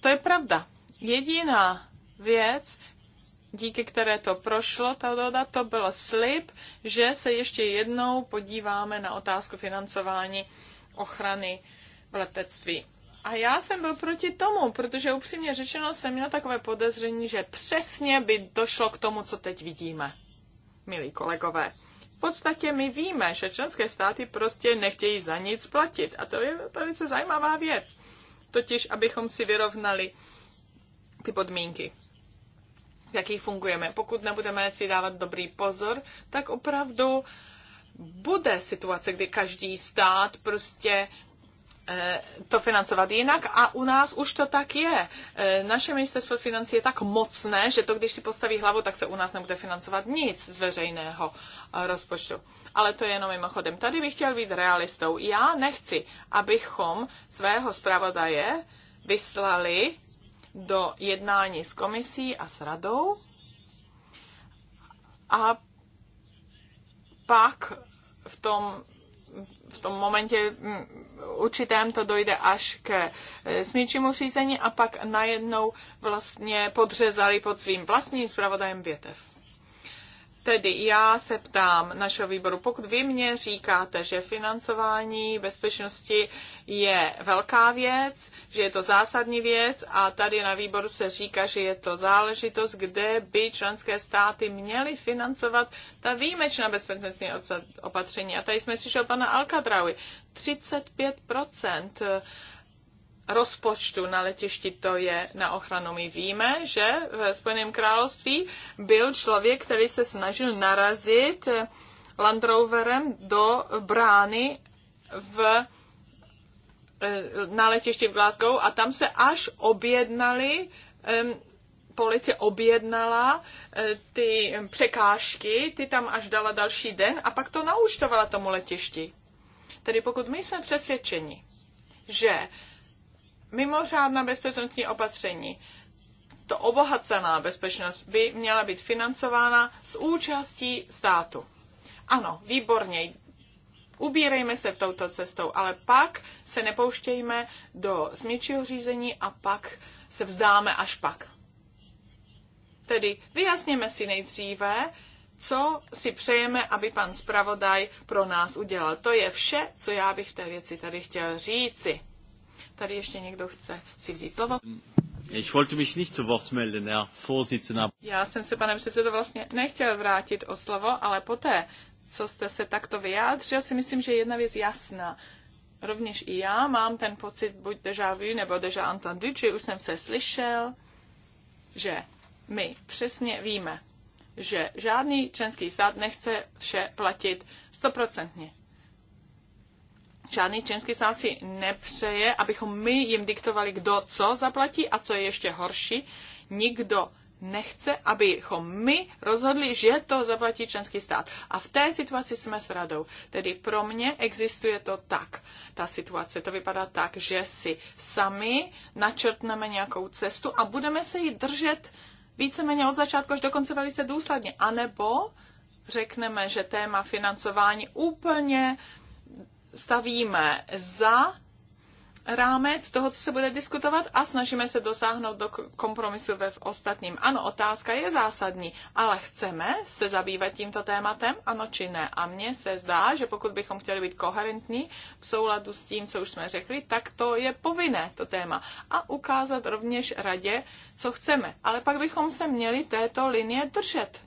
To je pravda. Jediná věc, díky které to prošlo, ta doda, to bylo slib, že se ještě jednou podíváme na otázku financování ochrany v letectví. A já jsem byl proti tomu, protože upřímně řečeno jsem měl takové podezření, že přesně by došlo k tomu, co teď vidíme, milí kolegové podstatě my víme, že členské státy prostě nechtějí za nic platit. A to je velice zajímavá věc. Totiž, abychom si vyrovnali ty podmínky, v jakých fungujeme. Pokud nebudeme si dávat dobrý pozor, tak opravdu bude situace, kdy každý stát prostě Eh, to financovat jinak a u nás už to tak je. Eh, naše ministerstvo financí je tak mocné, že to, když si postaví hlavu, tak se u nás nebude financovat nic z veřejného eh, rozpočtu. Ale to je jenom mimochodem. Tady bych chtěl být realistou. Já nechci, abychom svého zpravodaje vyslali do jednání s komisí a s radou a pak v tom v tom momentě mm, určitém to dojde až ke eh, smíčímu řízení a pak najednou vlastně podřezali pod svým vlastním zpravodajem větev. Tedy já se ptám našeho výboru, pokud vy mě říkáte, že financování bezpečnosti je velká věc, že je to zásadní věc a tady na výboru se říká, že je to záležitost, kde by členské státy měly financovat ta výjimečná bezpečnostní opatření. A tady jsme slyšeli pana Alkadraui, 35 rozpočtu na letišti to je na ochranu. My víme, že v Spojeném království byl člověk, který se snažil narazit Land Roverem do brány v, eh, na letišti v Glasgow a tam se až objednali policie objednala eh, ty překážky, ty tam až dala další den a pak to nauštovala tomu letišti. Tedy pokud my jsme přesvědčeni, že mimořádná bezpečnostní opatření, to obohacená bezpečnost by měla být financována s účastí státu. Ano, výborně, ubírejme se touto cestou, ale pak se nepouštějme do smíčího řízení a pak se vzdáme až pak. Tedy vyjasněme si nejdříve, co si přejeme, aby pan zpravodaj pro nás udělal. To je vše, co já bych té věci tady chtěl říci. Tady ještě někdo chce si vzít slovo? Ich wollte mich nicht zu Wort melden, Herr Vorsitzender. Já jsem se, pane předsedo, vlastně nechtěl vrátit o slovo, ale poté, co jste se takto vyjádřil, si myslím, že jedna věc jasná. Rovněž i já mám ten pocit buď deja vu nebo deja entendu, že už jsem se slyšel, že my přesně víme, že žádný členský stát nechce vše platit stoprocentně žádný členský stát si nepřeje, abychom my jim diktovali, kdo co zaplatí a co je ještě horší, nikdo nechce, abychom my rozhodli, že to zaplatí členský stát. A v té situaci jsme s radou. Tedy pro mě existuje to tak, ta situace. To vypadá tak, že si sami načrtneme nějakou cestu a budeme se ji držet víceméně od začátku až do konce velice důsledně. A nebo řekneme, že téma financování úplně stavíme za rámec toho, co se bude diskutovat a snažíme se dosáhnout do kompromisu ve v ostatním. Ano, otázka je zásadní, ale chceme se zabývat tímto tématem, ano či ne. A mně se zdá, že pokud bychom chtěli být koherentní v souladu s tím, co už jsme řekli, tak to je povinné to téma. A ukázat rovněž radě, co chceme. Ale pak bychom se měli této linie držet.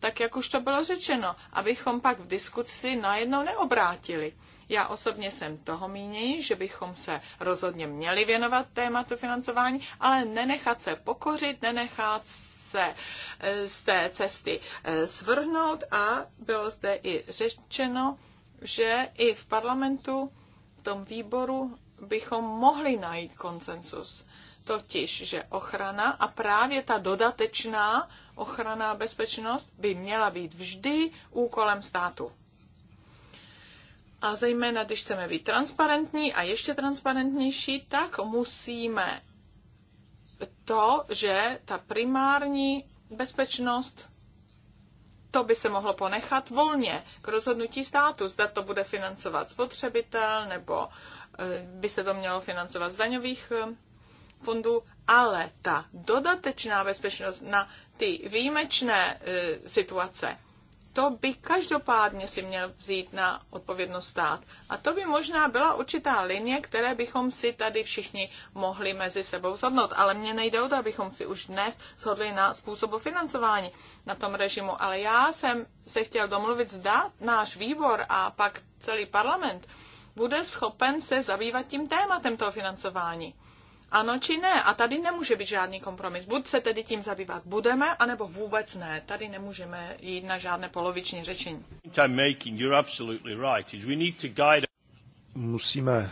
Tak jak už to bylo řečeno, abychom pak v diskusi najednou neobrátili já osobně jsem toho mínění, že bychom se rozhodně měli věnovat tématu financování, ale nenechat se pokořit, nenechat se eh, z té cesty eh, svrhnout a bylo zde i řečeno, že i v parlamentu, v tom výboru bychom mohli najít konsensus. Totiž, že ochrana a právě ta dodatečná ochrana a bezpečnost by měla být vždy úkolem státu. A zejména, když chceme být transparentní a ještě transparentnější, tak musíme to, že ta primární bezpečnost, to by se mohlo ponechat volně k rozhodnutí státu, zda to bude financovat spotřebitel, nebo eh, by se to mělo financovat z daňových eh, fondů, ale ta dodatečná bezpečnost na ty výjimečné eh, situace, to by každopádně si měl vzít na odpovědnost stát. A to by možná byla určitá linie, které bychom si tady všichni mohli mezi sebou shodnout. Ale mně nejde o to, abychom si už dnes shodli na způsobu financování na tom režimu. Ale já jsem se chtěl domluvit, zda náš výbor a pak celý parlament bude schopen se zabývat tím tématem toho financování. Ano či ne. A tady nemůže být žádný kompromis. Buď se tedy tím zabývat budeme, anebo vůbec ne. Tady nemůžeme jít na žádné poloviční řečení. Musíme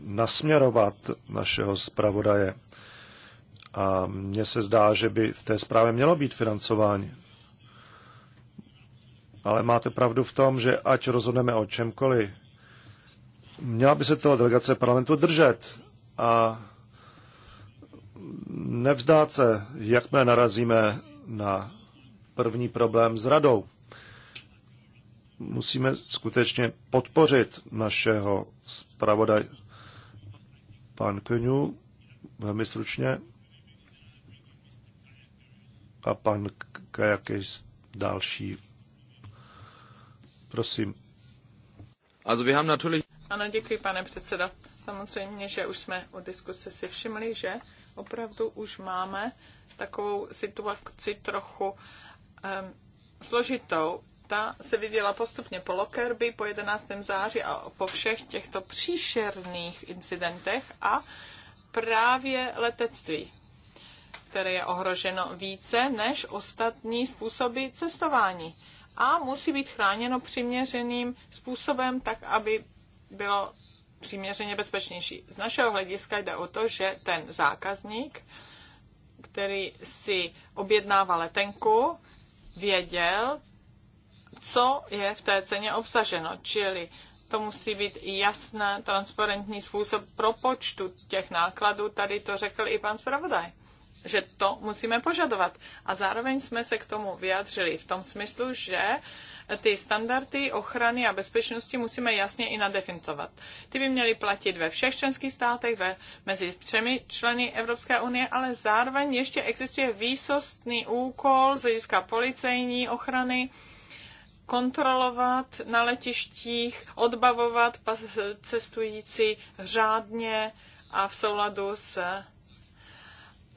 nasměrovat našeho zpravodaje. A mně se zdá, že by v té zprávě mělo být financování. Ale máte pravdu v tom, že ať rozhodneme o čemkoliv, měla by se toho delegace parlamentu držet. A nevzdát se, jakmile narazíme na první problém s radou. Musíme skutečně podpořit našeho zpravodaj pan Kňu velmi stručně a pan Kajaký další. Prosím. Also wir haben natürlich... Ano, děkuji, pane předsedo. Samozřejmě, že už jsme o diskuse si všimli, že opravdu už máme takovou situaci trochu um, složitou. Ta se vyvěla postupně po Lockerby, po 11. září a po všech těchto příšerných incidentech a právě letectví, které je ohroženo více než ostatní způsoby cestování a musí být chráněno přiměřeným způsobem, tak aby bylo přiměřeně bezpečnější. Z našeho hlediska jde o to, že ten zákazník, který si objednává letenku, věděl, co je v té ceně obsaženo. Čili to musí být jasný, transparentní způsob propočtu těch nákladů. Tady to řekl i pan zpravodaj že to musíme požadovat. A zároveň jsme se k tomu vyjádřili v tom smyslu, že ty standardy ochrany a bezpečnosti musíme jasně i nadefinovat. Ty by měly platit ve všech členských státech, ve, mezi třemi členy Evropské unie, ale zároveň ještě existuje výsostný úkol z hlediska policejní ochrany, kontrolovat na letištích, odbavovat cestující řádně a v souladu s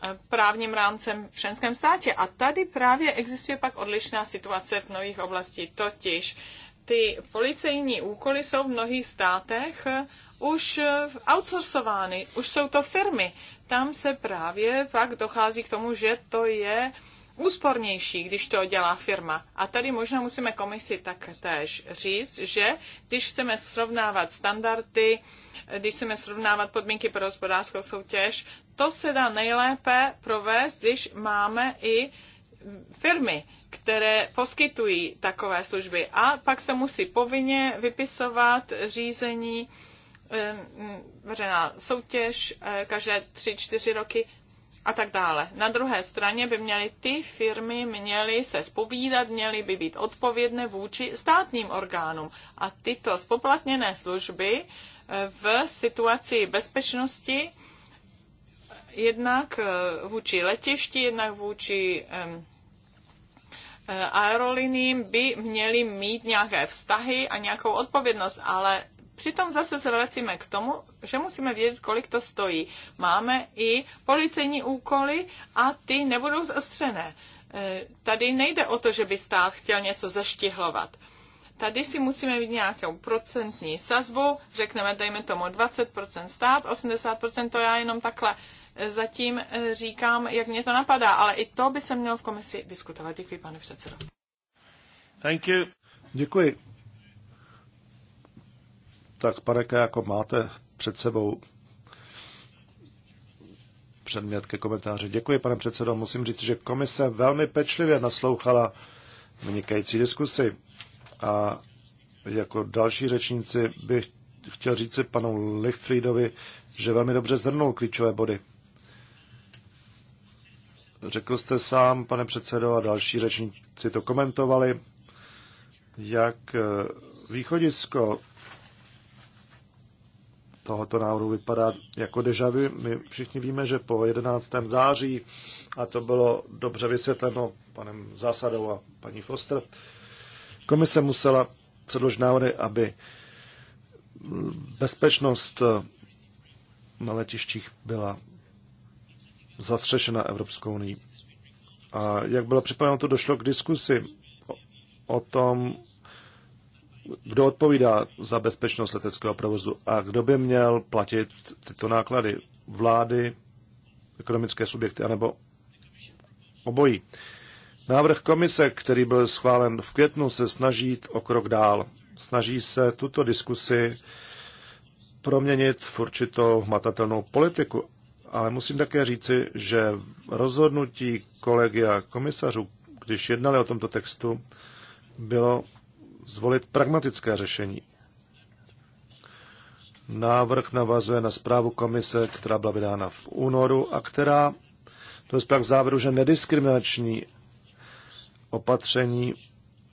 Eh, právním rámcem v členském státě. A tady právě existuje pak odlišná situace v mnohých oblastí. Totiž ty policejní úkoly jsou v mnohých státech eh, už eh, outsourcovány, už jsou to firmy. Tam se právě pak dochází k tomu, že to je úspornější, když to dělá firma. A tady možná musíme komisi tak též říct, že když chceme srovnávat standardy když chceme srovnávat podmínky pro hospodářskou soutěž, to se dá nejlépe provést, když máme i firmy, které poskytují takové služby. A pak se musí povinně vypisovat řízení veřejná soutěž eh, každé tři, čtyři roky a tak dále. Na druhé straně by měly ty firmy měly se spovídat, měly by být odpovědné vůči státním orgánům. A tyto spoplatněné služby v situaci bezpečnosti jednak eh, vůči letišti, jednak vůči eh, aeroliním by měly mít nějaké vztahy a nějakou odpovědnost, ale Přitom zase se vracíme k tomu, že musíme vědět, kolik to stojí. Máme i policejní úkoly a ty nebudou zastřené. Eh, tady nejde o to, že by stát chtěl něco zaštihlovat. Tady si musíme mít nějakou procentní sazbu, řekneme, dejme tomu 20% stát, 80% to já jenom takhle e, zatím e, říkám, jak mě to napadá, ale i to by se mělo v komisi diskutovat. Děkuji, pane předsedo. Thank you. Děkuji. Tak, pane jako máte před sebou předmět ke komentáři. Děkuji, pane předsedo. Musím říct, že komise velmi pečlivě naslouchala vynikající diskusi. A jako další řečníci bych chtěl si panu Lichtfriedovi, že velmi dobře zhrnul klíčové body. Řekl jste sám, pane předsedo, a další řečníci to komentovali, jak eh, východisko tohoto návrhu vypadá jako deja vu. My všichni víme, že po 11. září, a to bylo dobře vysvětleno panem Zásadou a paní Foster, Komise musela předložit návody, aby bezpečnost eh, na letištích byla zatřešena Evropskou unii. A jak bylo připraveno, to došlo k diskusi o tom, kdo odpovídá za bezpečnost leteckého provozu a kdo by měl platit tyto náklady. Vlády, ekonomické subjekty, anebo obojí. Návrh komise, který byl schválen v květnu, se snaží o krok dál. Snaží se tuto diskusi proměnit v určitou hmatatelnou politiku. Ale musím také říci, že rozhodnutí kolegia komisařů, když jednali o tomto textu, bylo zvolit pragmatické řešení. Návrh navazuje na zprávu komise, která byla vydána v únoru a která to je závěru, že nediskriminační opatření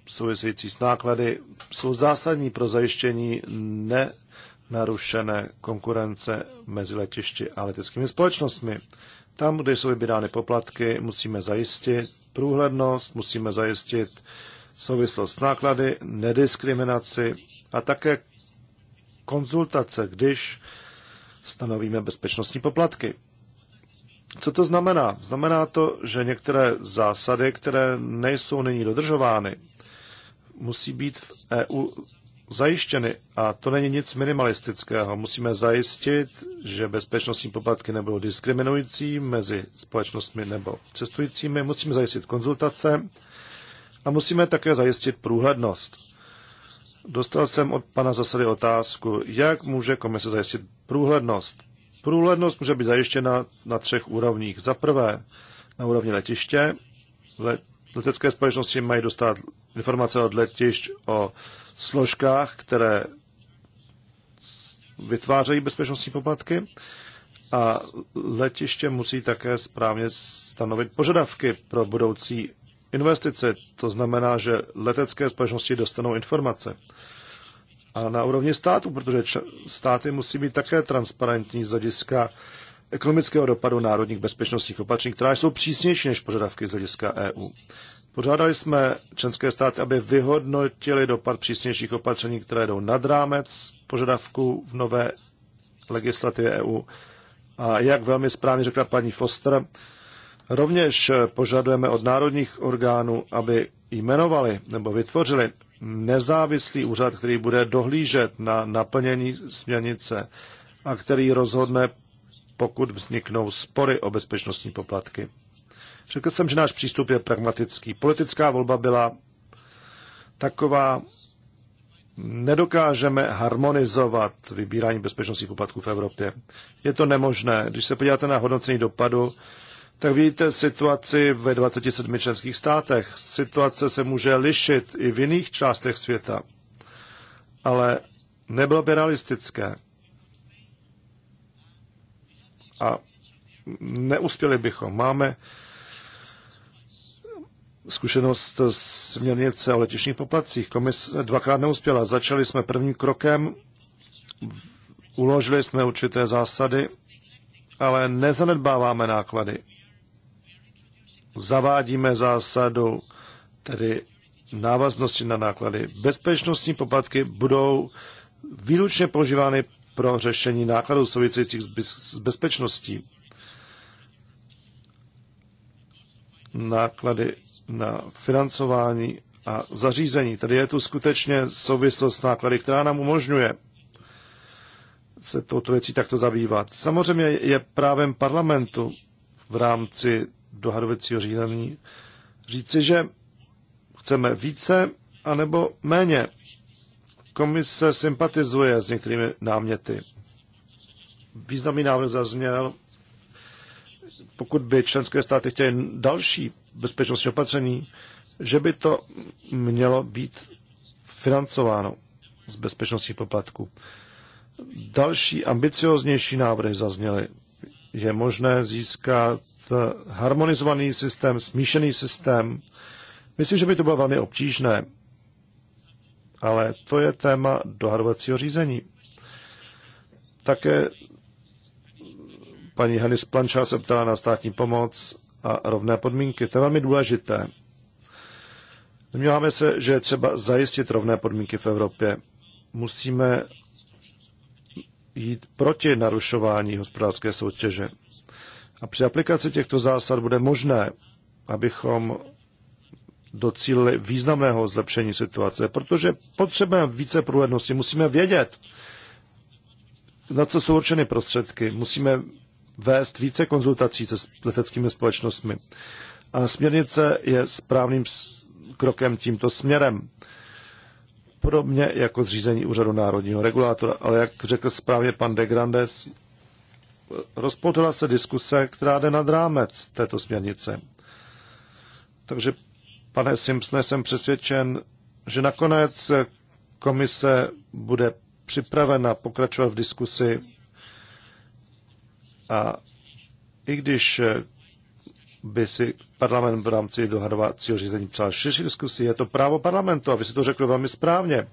související s náklady jsou zásadní pro zajištění nenarušené konkurence mezi letišti a leteckými společnostmi. Tam, kde jsou vybírány poplatky, musíme zajistit průhlednost, musíme zajistit souvislost náklady, nediskriminaci a také konzultace, když stanovíme bezpečnostní poplatky. Co to znamená? Znamená to, že některé zásady, které nejsou nyní dodržovány, musí být v EU zajištěny. A to není nic minimalistického. Musíme zajistit, že bezpečnostní poplatky nebudou diskriminující mezi společnostmi nebo cestujícími. Musíme zajistit konzultace a musíme také zajistit průhlednost. Dostal jsem od pana zasady otázku, jak může komise zajistit průhlednost. Průhlednost může být zajištěna na třech úrovních. Za prvé na úrovni letiště. Letecké společnosti mají dostat informace od letišť o složkách, které vytvářejí bezpečnostní poplatky a letiště musí také správně stanovit požadavky pro budoucí investice. To znamená, že letecké společnosti dostanou informace a na úrovni státu, protože státy musí být také transparentní z hlediska ekonomického dopadu národních bezpečnostních opatření, která jsou přísnější než požadavky z hlediska EU. Požádali jsme členské státy, aby vyhodnotili dopad přísnějších opatření, které jdou nad rámec požadavků v nové legislativě EU. A jak velmi správně řekla paní Foster, rovněž požadujeme od národních orgánů, aby jmenovali nebo vytvořili nezávislý úřad, který bude dohlížet na naplnění směrnice a který rozhodne, pokud vzniknou spory o bezpečnostní poplatky. Řekl jsem, že náš přístup je pragmatický. Politická volba byla taková, nedokážeme harmonizovat vybírání bezpečnostních poplatků v Evropě. Je to nemožné. Když se podíváte na hodnocení dopadu, tak vidíte situaci ve 27 členských státech. Situace se může lišit i v jiných částech světa, ale nebylo by realistické. A neuspěli bychom. Máme zkušenost směrnice o letišních poplacích. Komise dvakrát neuspěla. Začali jsme prvním krokem, uložili jsme určité zásady, ale nezanedbáváme náklady zavádíme zásadu, tedy návaznosti na náklady. Bezpečnostní poplatky budou výlučně používány pro řešení nákladů souvisejících s bezpečností. Náklady na financování a zařízení. Tady je tu skutečně souvislost náklady, která nám umožňuje se touto věcí takto zabývat. Samozřejmě je právem parlamentu v rámci dohadovacího řízení říci, že chceme více anebo méně. Komise sympatizuje s některými náměty. Významný návrh zazněl, pokud by členské státy chtěly další bezpečnostní opatření, že by to mělo být financováno z bezpečnostních poplatků. Další ambicioznější návrhy zazněly. Je možné získat harmonizovaný systém, smíšený systém. Myslím, že by to bylo velmi obtížné, ale to je téma dohadovacího řízení. Také paní Hanis Planča se ptala na státní pomoc a rovné podmínky. To je velmi důležité. Domníváme se, že je třeba zajistit rovné podmínky v Evropě. Musíme jít proti narušování hospodářské soutěže. A při aplikaci těchto zásad bude možné, abychom docílili významného zlepšení situace, protože potřebujeme více průhlednosti, musíme vědět, na co jsou určeny prostředky, musíme vést více konzultací se leteckými společnostmi. A směrnice je správným krokem tímto směrem. Podobně jako zřízení úřadu národního regulátora. Ale jak řekl správně pan de Grandes, rozpoutala se diskuse, která jde nad rámec této směrnice. Takže, pane Simpsone, jsem přesvědčen, že nakonec komise bude připravena pokračovat v diskusi a i když by si parlament v rámci dohadovacího řízení přál širší diskusi, je to právo parlamentu, a vy si to řekl velmi správně.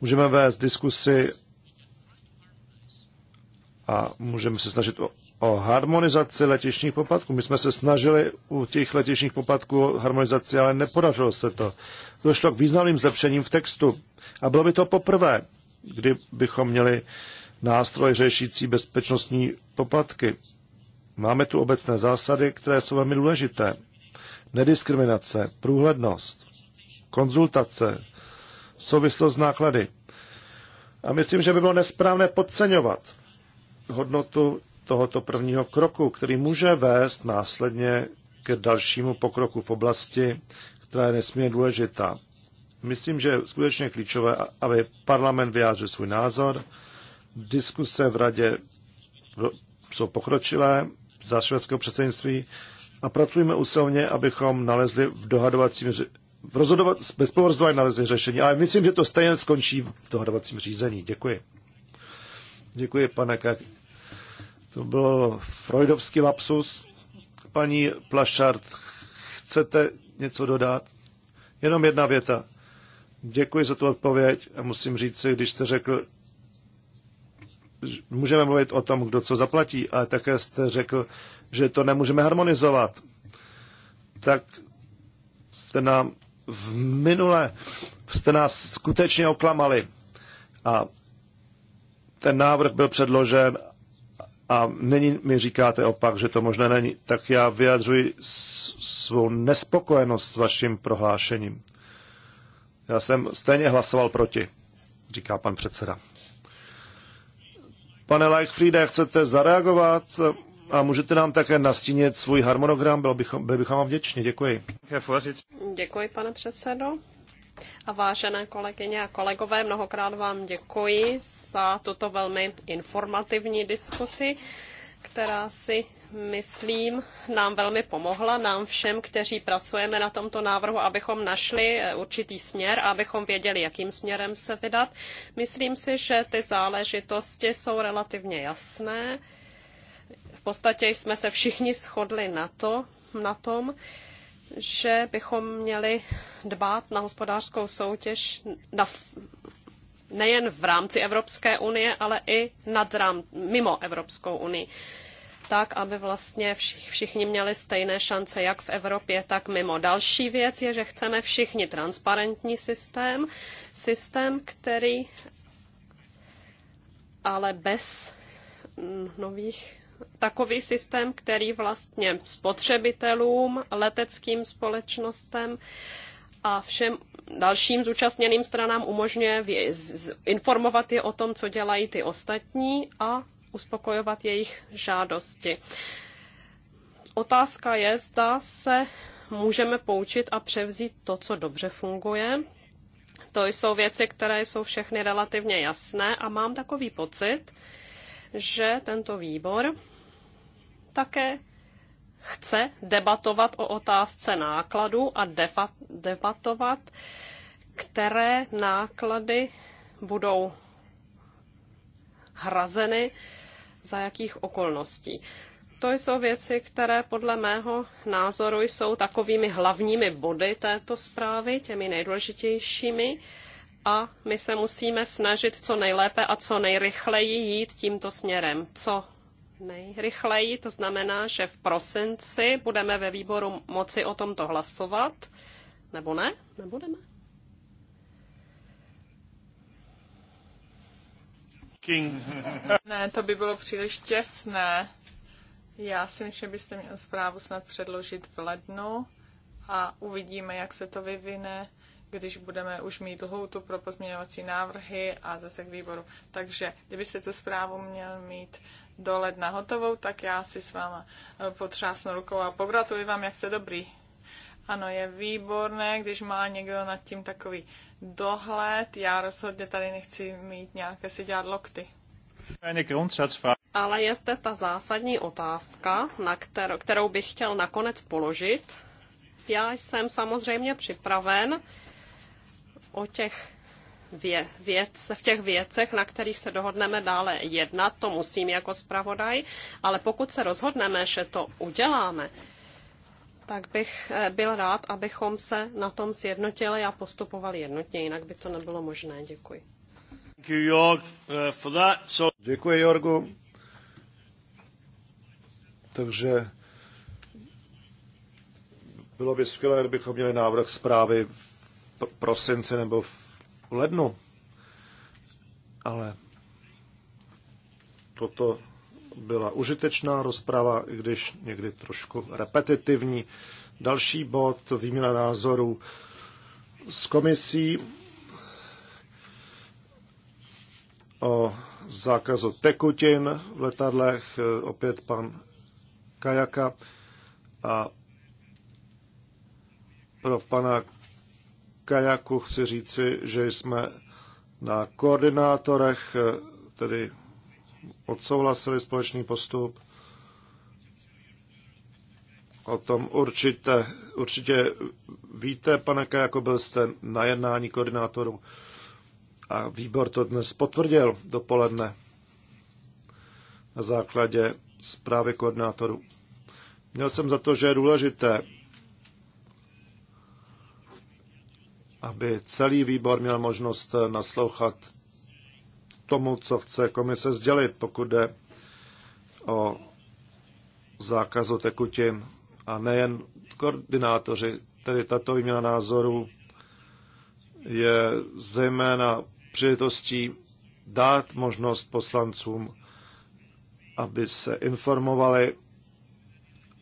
Můžeme vést diskusi a můžeme se snažit o, o harmonizaci letišních poplatků. My jsme se snažili u těch letišních poplatků o harmonizaci, ale nepodařilo se to. Došlo k významným zlepšením v textu a bylo by to poprvé, kdy bychom měli nástroj řešící bezpečnostní poplatky. Máme tu obecné zásady, které jsou velmi důležité. Nediskriminace, průhlednost, konzultace, souvislost náklady. A myslím, že by bylo nesprávné podceňovat hodnotu tohoto prvního kroku, který může vést následně k dalšímu pokroku v oblasti, která je nesmírně důležitá. Myslím, že je skutečně klíčové, aby parlament vyjádřil svůj názor. Diskuse v radě jsou pokročilé za švédského předsednictví a pracujeme usilovně, abychom nalezli v dohadovacím v rozhodovat, bez rozhodování nalezli řešení, ale myslím, že to stejně skončí v dohadovacím řízení. Děkuji. Děkuji, pane Kak. To byl freudovský lapsus. Paní Plašard, chcete něco dodat? Jenom jedna věta. Děkuji za tu odpověď a musím říct si, když jste řekl, můžeme mluvit o tom, kdo co zaplatí, ale také jste řekl, že to nemůžeme harmonizovat. Tak jste nám v minule, jste nás skutečně oklamali. A ten návrh byl předložen a nyní mi říkáte opak, že to možné není, tak já vyjadřuji svou nespokojenost s vaším prohlášením. Já jsem stejně hlasoval proti, říká pan předseda. Pane Leichfriede, chcete zareagovat a můžete nám také nastínit svůj harmonogram? Byl bychom, byl bychom vám vděční. Děkuji. Děkuji, pane předsedo. A vážené kolegyně a kolegové, mnohokrát vám děkuji za tuto velmi informativní diskusi, která si myslím, nám velmi pomohla, nám všem, kteří pracujeme na tomto návrhu, abychom našli eh, určitý směr a abychom věděli, jakým směrem se vydat. Myslím si, že ty záležitosti jsou relativně jasné. V podstatě jsme se všichni shodli na, to, na tom, že bychom měli dbát na hospodářskou soutěž na nejen v rámci Evropské unie, ale i nad rám, mimo Evropskou unii tak, aby vlastně všichni měli stejné šance jak v Evropě, tak mimo. Další věc je, že chceme všichni transparentní systém, systém, který ale bez mm, nových takový systém, který vlastně spotřebitelům, leteckým společnostem a všem dalším zúčastněným stranám umožňuje informovat je o tom, co dělají ty ostatní a uspokojovat jejich žádosti. Otázka je, zda se můžeme poučit a převzít to, co dobře funguje. To jsou věci, které jsou všechny relativně jasné a mám takový pocit, že tento výbor také chce debatovat o otázce nákladu a debatovat, které náklady budou hrazeny, za jakých okolností. To jsou věci, které podle mého názoru jsou takovými hlavními body této zprávy, těmi nejdůležitějšími a my se musíme snažit co nejlépe a co nejrychleji jít tímto směrem. Co nejrychleji, to znamená, že v prosinci budeme ve výboru moci o tomto hlasovat, nebo ne? Nebudeme? King. ne, to by bylo příliš těsné. Já si myslím, že byste měl zprávu snad předložit v lednu a uvidíme, jak se to vyvine když budeme už mít lhoutu pro pozměňovací návrhy a zase k výboru. Takže kdybyste tu zprávu měl mít do ledna hotovou, tak já si s váma e, potřásnu rukou a pogratuluji vám, jak jste dobrý. Ano, je výborné, když má někdo nad tím takový dohled. Já rozhodně tady nechci mít nějaké si dělat lokty. Ale je zde ta zásadní otázka, na kterou, kterou bych chtěl nakonec položit. Já jsem samozřejmě připraven o těch věc, v těch věcech, na kterých se dohodneme dále jednat, to musím jako zpravodaj, ale pokud se rozhodneme, že to uděláme, tak bych eh, byl rád, abychom se na tom sjednotili a postupovali jednotně, jinak by to nebylo možné. Děkuji. Eh, Děkuji, Jorgu. Takže bylo by skvělé, kdybychom měli návrh zprávy prosinci nebo v lednu. Ale toto byla užitečná rozprava, i když někdy trošku repetitivní. Další bod, výměna názorů s komisí o zákazu tekutin v letadlech, opět pan Kajaka a pro pana kajaku chci říci, že jsme na koordinátorech tedy odsouhlasili společný postup. O tom určitě, určitě víte, pane Kajako, byl jste na jednání koordinátorů a výbor to dnes potvrdil dopoledne na základě zprávy koordinátorů. Měl jsem za to, že je důležité, aby celý výbor měl možnost naslouchat tomu, co chce komise sdělit, pokud jde o zákazu tekutin a nejen koordinátoři. Tedy tato výměna názorů je zejména příležitostí dát možnost poslancům, aby se informovali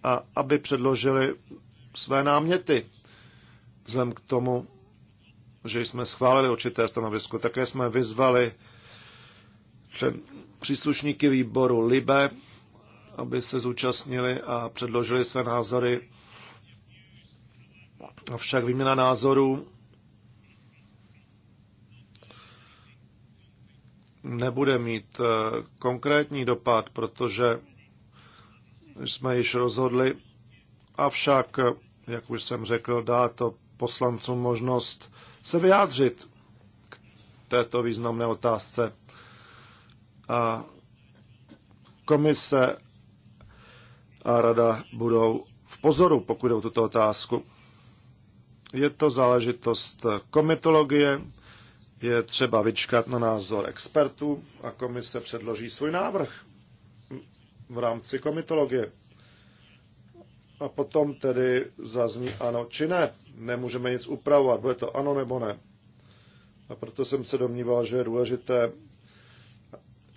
a aby předložili své náměty vzhledem k tomu, že jsme schválili určité stanovisko. Také jsme vyzvali člen, příslušníky výboru LIBE, aby se zúčastnili a předložili své názory. Avšak výměna názorů nebude mít eh, konkrétní dopad, protože jsme již rozhodli. Avšak, eh, jak už jsem řekl, dá to poslancům možnost se vyjádřit k této významné otázce. A komise a rada budou v pozoru, pokud jde o tuto otázku. Je to záležitost komitologie, je třeba vyčkat na názor expertů a komise předloží svůj návrh v rámci komitologie a potom tedy zazní ano či ne. Nemůžeme nic upravovat, bude to ano nebo ne. A proto jsem se domníval, že je důležité,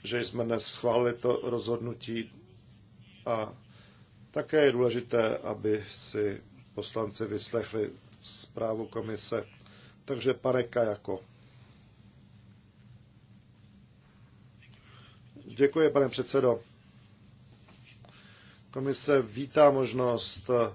že jsme dnes schválili to rozhodnutí a také je důležité, aby si poslanci vyslechli zprávu komise. Takže pane Kajako. Děkuji, pane předsedo. Komise vítá možnost eh,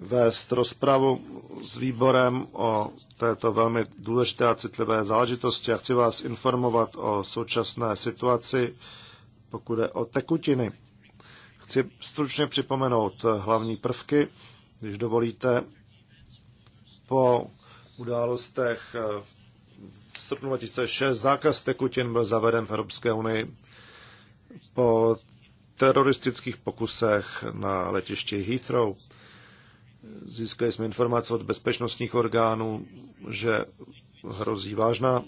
vést rozpravu s výborem o této velmi důležité a citlivé záležitosti a chci vás informovat o současné situaci, pokud je o tekutiny. Chci stručně připomenout hlavní prvky, když dovolíte, po událostech eh, v srpnu 2006 zákaz tekutin byl zaveden v Evropské unii. Po teroristických pokusech na letišti Heathrow. Získali jsme informace od bezpečnostních orgánů, že hrozí vážná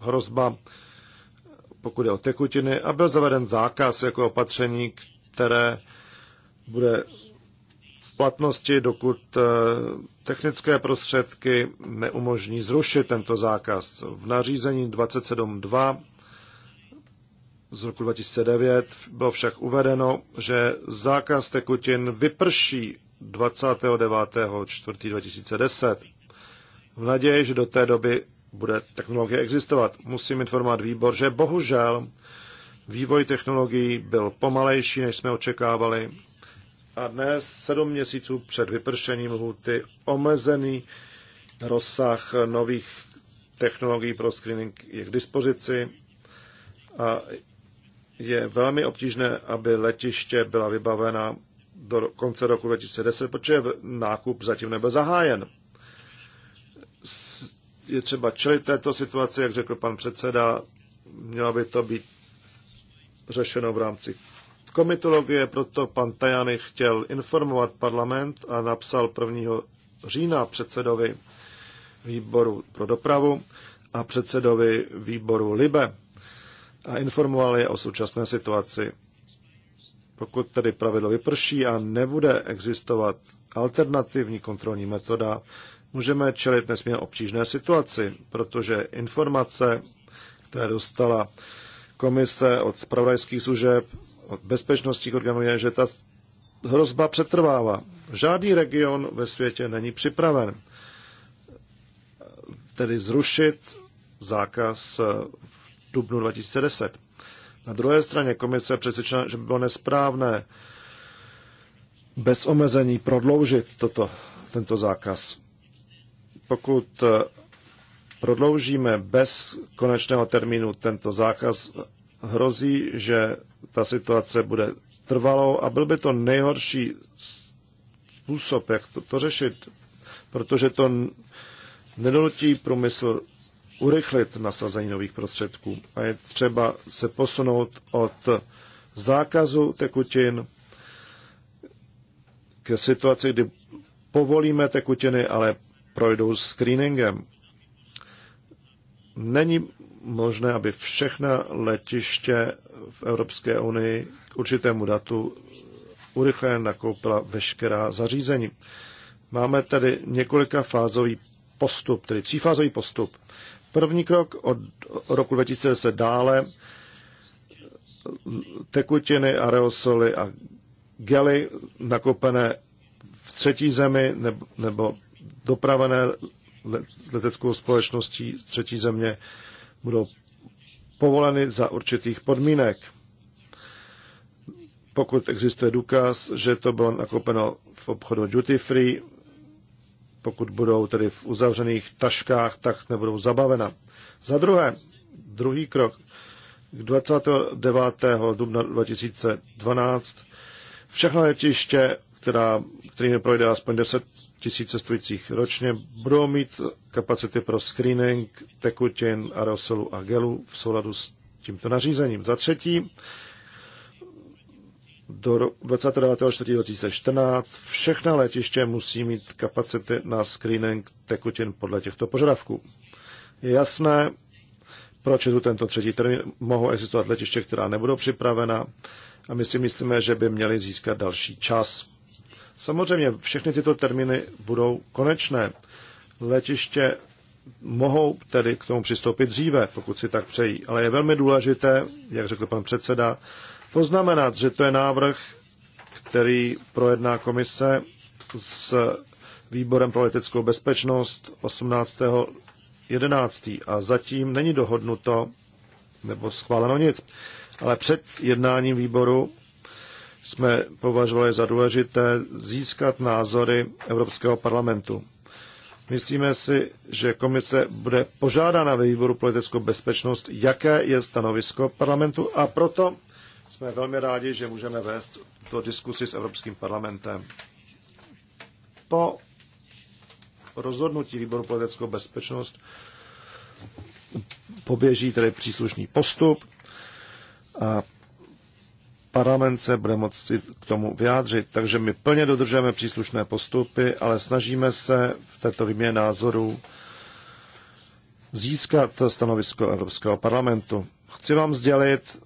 hrozba, pokud je o tekutiny, a byl zaveden zákaz jako opatření, které bude v platnosti, dokud eh, technické prostředky neumožní zrušit tento zákaz. V nařízení z roku 2009 bylo však uvedeno, že zákaz tekutin vyprší 29.4.2010. V naději, že do té doby bude technologie existovat, musím informovat výbor, že bohužel vývoj technologií byl pomalejší, než jsme očekávali a dnes, sedm měsíců před vypršením lhuty, omezený rozsah nových technologií pro screening je k dispozici a je velmi obtížné, aby letiště byla vybavena do konce roku 2010, protože nákup zatím nebyl zahájen. Je třeba čelit této situaci, jak řekl pan předseda, mělo by to být řešeno v rámci komitologie, proto pan Tajany chtěl informovat parlament a napsal 1. října předsedovi výboru pro dopravu a předsedovi výboru LIBE a informoval je o současné situaci. Pokud tedy pravidlo vyprší a nebude existovat alternativní kontrolní metoda, můžeme čelit nesmírně obtížné situaci, protože informace, které dostala komise od spravodajských služeb, od bezpečnostních orgánů, je, že ta hrozba přetrvává. Žádný region ve světě není připraven tedy zrušit zákaz dubnu 2010. Na druhé straně komise přesvědčila, že by bylo nesprávné bez omezení prodloužit toto, tento zákaz. Pokud eh, prodloužíme bez konečného termínu tento zákaz, hrozí, že ta situace bude trvalou a byl by to nejhorší způsob, jak to, to řešit, protože to nedonutí průmysl urychlit nasazení nových prostředků a je třeba se posunout od zákazu tekutin k situaci, kdy povolíme tekutiny, ale projdou screeningem. Není možné, aby všechna letiště v Evropské unii k určitému datu urychleně nakoupila veškerá zařízení. Máme tady několika fázový postup, tedy třífázový postup. První krok od roku se dále tekutiny, aerosoly a gely nakopené v třetí zemi nebo, nebo dopravené leteckou společností třetí země budou povoleny za určitých podmínek. Pokud existuje důkaz, že to bylo nakoupeno v obchodu duty free pokud budou tedy v uzavřených taškách, tak nebudou zabavena. Za druhé, druhý krok, 29. dubna 2012 všechna letiště, která, kterými projde aspoň 10 tisíc cestujících ročně, budou mít kapacity pro screening tekutin, aerosolu a gelu v souladu s tímto nařízením. Za třetí, do 29.4.2014 všechna letiště musí mít kapacity na screening tekutin podle těchto požadavků. Je jasné, proč je tu tento třetí termín. Mohou existovat letiště, která nebudou připravena a my si myslíme, že by měli získat další čas. Samozřejmě všechny tyto termíny budou konečné. Letiště mohou tedy k tomu přistoupit dříve, pokud si tak přejí. Ale je velmi důležité, jak řekl pan předseda, poznamenat, že to je návrh, který projedná komise s výborem pro leteckou bezpečnost 18. 11. a zatím není dohodnuto nebo schváleno nic. Ale před jednáním výboru jsme považovali za důležité získat názory Evropského parlamentu. Myslíme si, že komise bude požádána ve výboru politickou bezpečnost, jaké je stanovisko parlamentu a proto jsme velmi rádi, že můžeme vést tuto diskusi s Evropským parlamentem. Po rozhodnutí výboru pro leteckou bezpečnost poběží tedy příslušný postup a parlament se bude moci k tomu vyjádřit. Takže my plně dodržujeme příslušné postupy, ale snažíme se v této výměně názorů získat stanovisko Evropského parlamentu. Chci vám sdělit,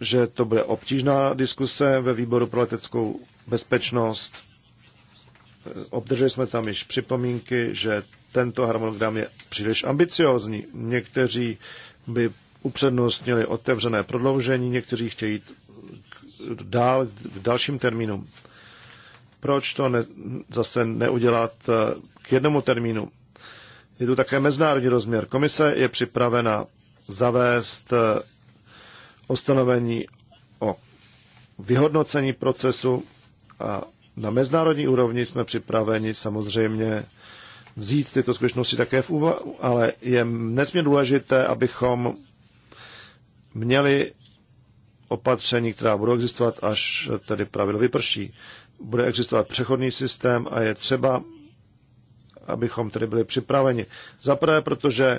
že to bude obtížná diskuse ve výboru pro leteckou bezpečnost. Obdrželi jsme tam již připomínky, že tento harmonogram je příliš ambiciózní. Někteří by upřednostnili otevřené prodloužení, někteří chtějí k dál, k dalším termínům. Proč to ne, zase neudělat eh, k jednomu termínu? Je tu také mezinárodní rozměr. Komise je připravena zavést eh, ustanovení o vyhodnocení procesu a na mezinárodní úrovni jsme připraveni samozřejmě vzít tyto zkušenosti také v úvahu, ale je nesmírně důležité, abychom měli opatření, která budou existovat, až tedy pravidlo vyprší. Bude existovat přechodný systém a je třeba, abychom tedy byli připraveni. Za prvé, protože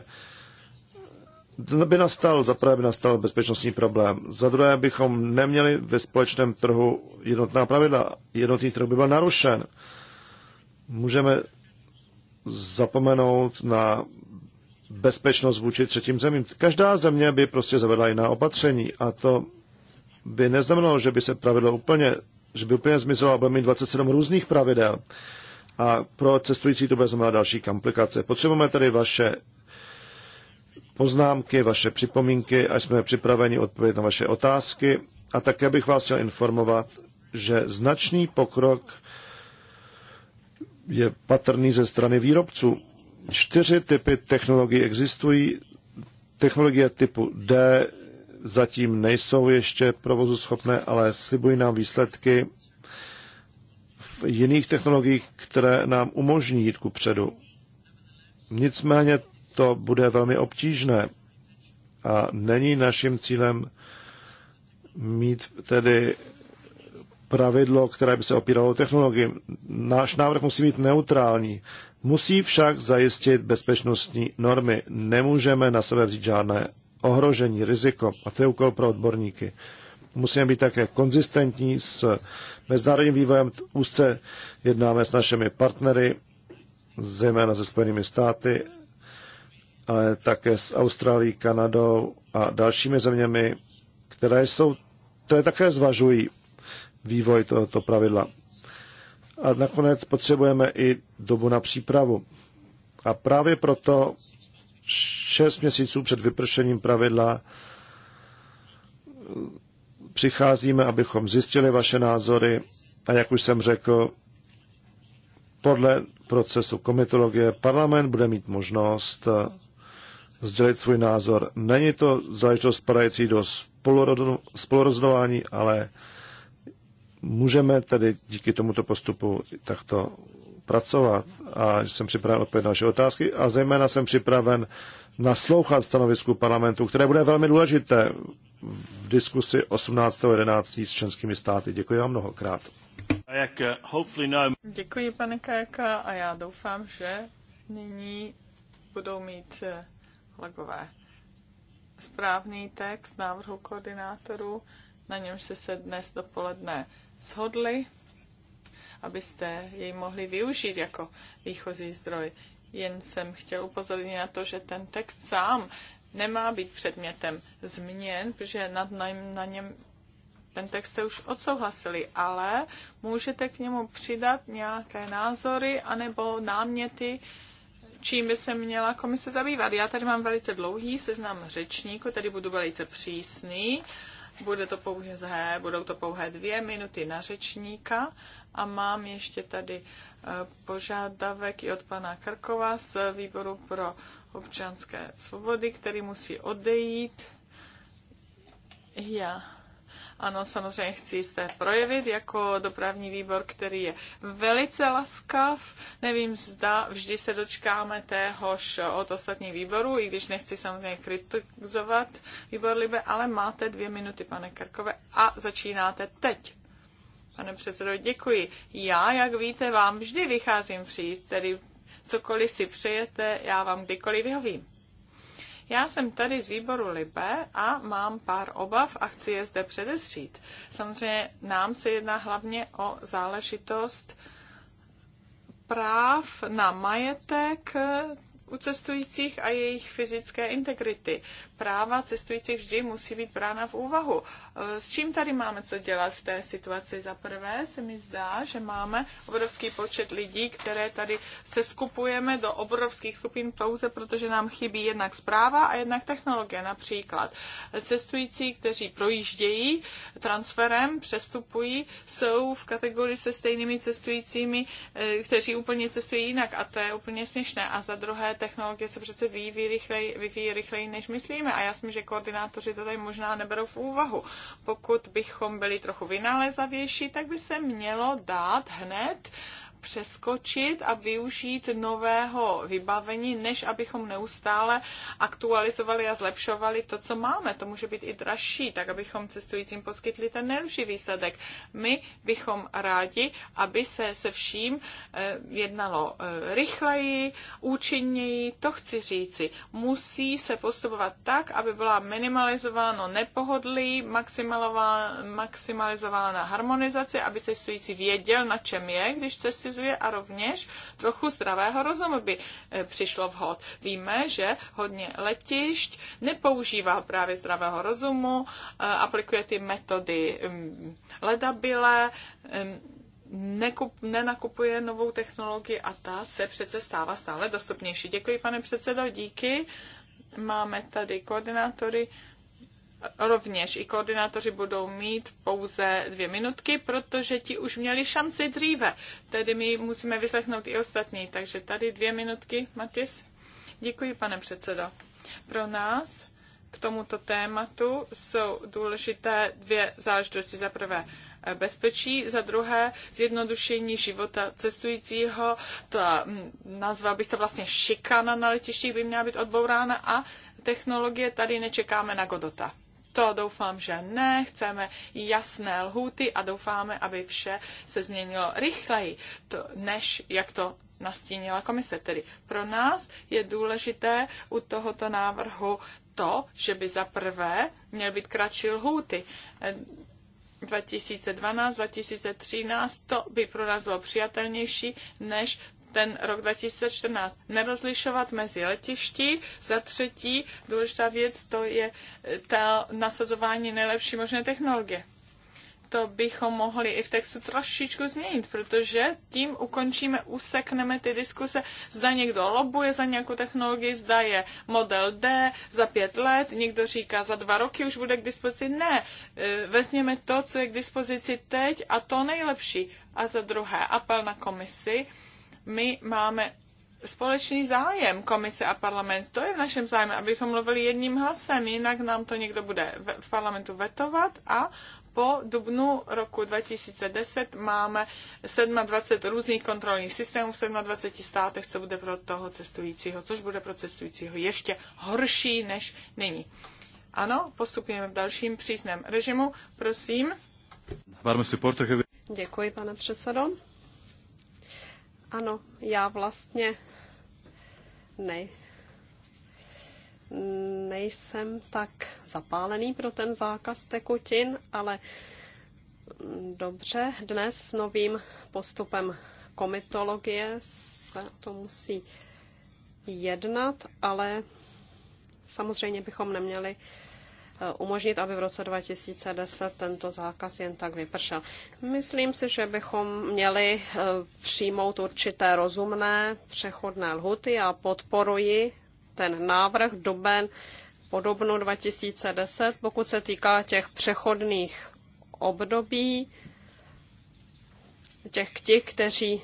by nastal, za prvé by nastal bezpečnostní problém, za druhé bychom neměli ve společném trhu jednotná pravidla, jednotný trh by byl narušen. Můžeme zapomenout na bezpečnost vůči třetím zemím. Každá země by prostě zavedla jiná opatření a to by neznamenalo, že by se pravidlo úplně, že by úplně zmizelo a budeme mít 27 různých pravidel. A pro cestující to bude znamenat další komplikace. Potřebujeme tedy vaše poznámky, vaše připomínky a jsme připraveni odpovědět na vaše otázky. A také bych vás chtěl informovat, že značný pokrok je patrný ze strany výrobců. Čtyři typy technologií existují. Technologie typu D zatím nejsou ještě provozu schopné, ale slibují nám výsledky v jiných technologiích, které nám umožní jít ku předu. Nicméně to bude velmi obtížné. A není naším cílem mít tedy pravidlo, které by se opíralo o technologii. Náš návrh musí být neutrální. Musí však zajistit bezpečnostní normy. Nemůžeme na sebe vzít žádné ohrožení, riziko. A to je úkol pro odborníky. Musíme být také konzistentní s mezinárodním vývojem. Úzce jednáme s našimi partnery, zejména se Spojenými státy ale také s Austrálií, Kanadou a dalšími zeměmi, které, jsou, které také zvažují vývoj tohoto pravidla. A nakonec potřebujeme i dobu na přípravu. A právě proto šest měsíců před vypršením pravidla přicházíme, abychom zjistili vaše názory a jak už jsem řekl, podle procesu komitologie parlament bude mít možnost sdělit svůj názor. Není to záležitost spadající do spolurozhodování, ale můžeme tedy díky tomuto postupu takto pracovat a jsem připraven opět na naše otázky a zejména jsem připraven naslouchat stanovisku parlamentu, které bude velmi důležité v diskusi 18.11. s členskými státy. Děkuji vám mnohokrát. No. Děkuji, pane Kajka a já doufám, že nyní budou mít eh, kolegové. Správný text návrhu koordinátorů, na němž jste se dnes dopoledne shodli, abyste jej mohli využít jako výchozí zdroj. Jen jsem chtěl upozornit na to, že ten text sám nemá být předmětem změn, protože nad, na, na něm ten text jste už odsouhlasili, ale můžete k němu přidat nějaké názory anebo náměty, čím by se měla komise zabývat. Já tady mám velice dlouhý seznam řečníků, tady budu velice přísný. Bude to pouhé, budou to pouhé dvě minuty na řečníka a mám ještě tady eh, požádavek i od pana Krkova z výboru pro občanské svobody, který musí odejít. Já ano, samozřejmě chci se projevit jako dopravní výbor, který je velice laskav. Nevím, zda vždy se dočkáme téhož od ostatních výborů, i když nechci samozřejmě kritizovat výbor Libe, ale máte dvě minuty, pane Karkové, a začínáte teď. Pane předsedo, děkuji. Já, jak víte, vám vždy vycházím přijít, tedy cokoliv si přejete, já vám kdykoliv vyhovím. Já jsem tady z výboru Libe a mám pár obav a chci je zde předestřít. Samozřejmě nám se jedná hlavně o záležitost práv na majetek u cestujících a jejich fyzické integrity práva cestujících vždy musí být brána v úvahu. E, s čím tady máme co dělat v té situaci? Za prvé se mi zdá, že máme obrovský počet lidí, které tady se skupujeme do obrovských skupin pouze, protože nám chybí jednak zpráva a jednak technologie. Například cestující, kteří projíždějí transferem, přestupují, jsou v kategorii se stejnými cestujícími, e, kteří úplně cestují jinak a to je úplně směšné. A za druhé, technologie se přece vyvíjí rychleji, vyvíjí rychleji než myslíme řešíme. A já si myslím, že koordinátoři to tady možná neberou v úvahu. Pokud bychom byli trochu vynálezavější, tak by se mělo dát hned uh, přeskočit a využít nového vybavení, než abychom neustále aktualizovali a zlepšovali to, co máme. To může být i dražší, tak abychom cestujícím poskytli ten nejlepší výsledek. My bychom rádi, aby se se vším eh, jednalo eh, rychleji, účinněji, to chci říci. Musí se postupovat tak, aby byla minimalizováno nepohodlí, maximalizována harmonizace, aby cestující věděl, na čem je, když cestuje kritizuje a rovněž trochu zdravého rozumu by eh, přišlo vhod. Víme, že hodně letišť nepoužívá právě zdravého rozumu, eh, aplikuje ty metody mm, ledabilé, mm, nekup, nenakupuje novou technologii a ta se přece stává stále dostupnější. Děkuji, pane předsedo, díky. Máme tady koordinátory Rovněž i koordinátoři budou mít pouze dvě minutky, protože ti už měli šanci dříve. Tedy my musíme vyslechnout i ostatní. Takže tady dvě minutky, Matis. Děkuji, pane předsedo. Pro nás k tomuto tématu jsou důležité dvě záležitosti. Za prvé eh, bezpečí, za druhé zjednodušení života cestujícího, to hm, nazval bych to vlastně šikana na letištích by měla být odbourána a technologie tady nečekáme na Godota. To doufám, že ne. Chceme jasné lhůty a doufáme, aby vše se změnilo rychleji, to, než jak to nastínila komise. Tedy pro nás je důležité u tohoto návrhu to, že by za prvé měl být kratší lhůty. Eh, 2012, 2013, to by pro nás bylo přijatelnější než ten rok 2014. Nerozlišovat mezi letišti. Za třetí, důležitá věc, to je e, ta nasazování nejlepší možné technologie. To bychom mohli i v textu trošičku změnit, protože tím ukončíme, usekneme ty diskuse, zda někdo lobuje za nějakou technologii, zda je model D za pět let, někdo říká, za dva roky už bude k dispozici. Ne, e, vezměme to, co je k dispozici teď a to nejlepší. A za druhé, apel na komisi, my máme společný zájem komise a parlament. To je v našem zájmu, abychom mluvili jedním hlasem, jinak nám to někdo bude v parlamentu vetovat a po dubnu roku 2010 máme 27 různých kontrolních systémů v 27 státech, co bude pro toho cestujícího, což bude pro cestujícího ještě horší než nyní. Ano, postupujeme v dalším přísném režimu. Prosím. Děkuji, pane předsedo. Ano, já vlastně ne. nejsem tak zapálený pro ten zákaz tekutin, ale mm, dobře, dnes s novým postupem komitologie se to musí jednat, ale samozřejmě bychom neměli uh, Eh, umožnit, aby v roce 2010 tento zákaz jen tak vypršel. Myslím si, že bychom měli eh, přijmout určité rozumné přechodné lhuty a podporuji ten návrh doben podobno 2010, pokud se týká těch přechodných období, těch těch, kteří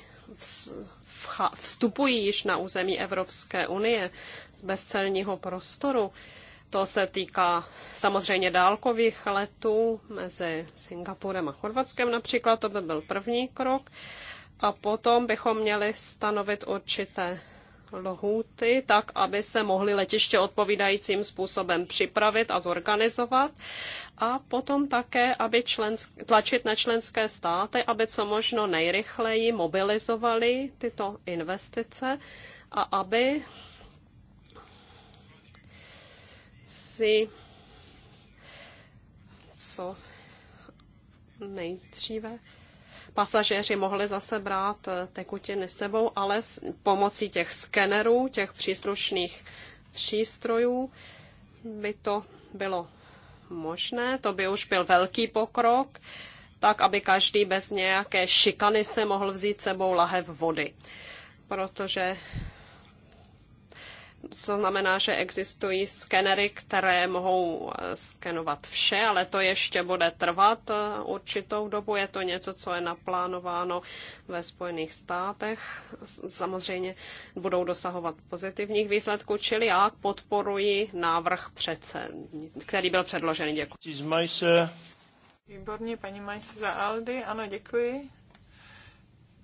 vstupují již na území Evropské unie z bezcelního prostoru, to se týká samozřejmě dálkových letů mezi Singapurem a Chorvatskem například, to by byl první krok. A potom bychom měli stanovit určité lhůty, tak aby se mohly letiště odpovídajícím způsobem připravit a zorganizovat a potom také, aby člensk- tlačit na členské státy, aby co možno nejrychleji mobilizovali tyto investice a aby si co nejdříve pasažéři mohli zase brát tekutiny sebou, ale s pomocí těch skenerů, těch příslušných přístrojů by to bylo možné. To by už byl velký pokrok, tak aby každý bez nějaké šikany se mohl vzít sebou lahev vody. Protože co znamená, že existují skenery, které mohou eh, skenovat vše, ale to ještě bude trvat eh, určitou dobu. Je to něco, co je naplánováno ve Spojených státech. Samozřejmě budou dosahovat pozitivních výsledků, čili já podporuji návrh přece, který byl předložen. Děkuji. Výborně, paní Majs za Aldi. Ano, děkuji.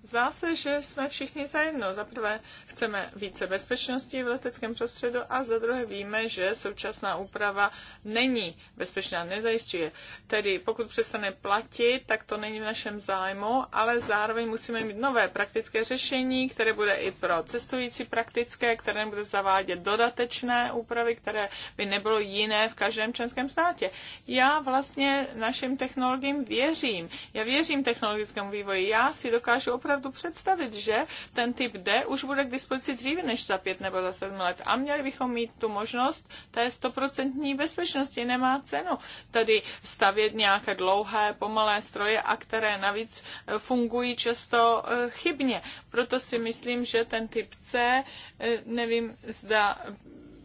Zdá se, že jsme všichni zajedno. Za prvé chceme více bezpečnosti v leteckém prostředu a za druhé víme, že současná úprava není bezpečná, nezajišťuje. Tedy pokud přestane platit, tak to není v našem zájmu, ale zároveň musíme mít nové praktické řešení, které bude i pro cestující praktické, které bude zavádět dodatečné úpravy, které by nebylo jiné v každém členském státě. Já vlastně našim technologiím věřím. Já věřím technologickému vývoji. Já si dokážu opravdu představit, že ten typ D už bude k dispozici dříve než za pět nebo za sedm let. A měli bychom mít tu možnost té stoprocentní bezpečnosti. Nemá cenu tady stavět nějaké dlouhé, pomalé stroje, a které navíc eh, fungují často eh, chybně. Proto si myslím, že ten typ C, eh, nevím, zda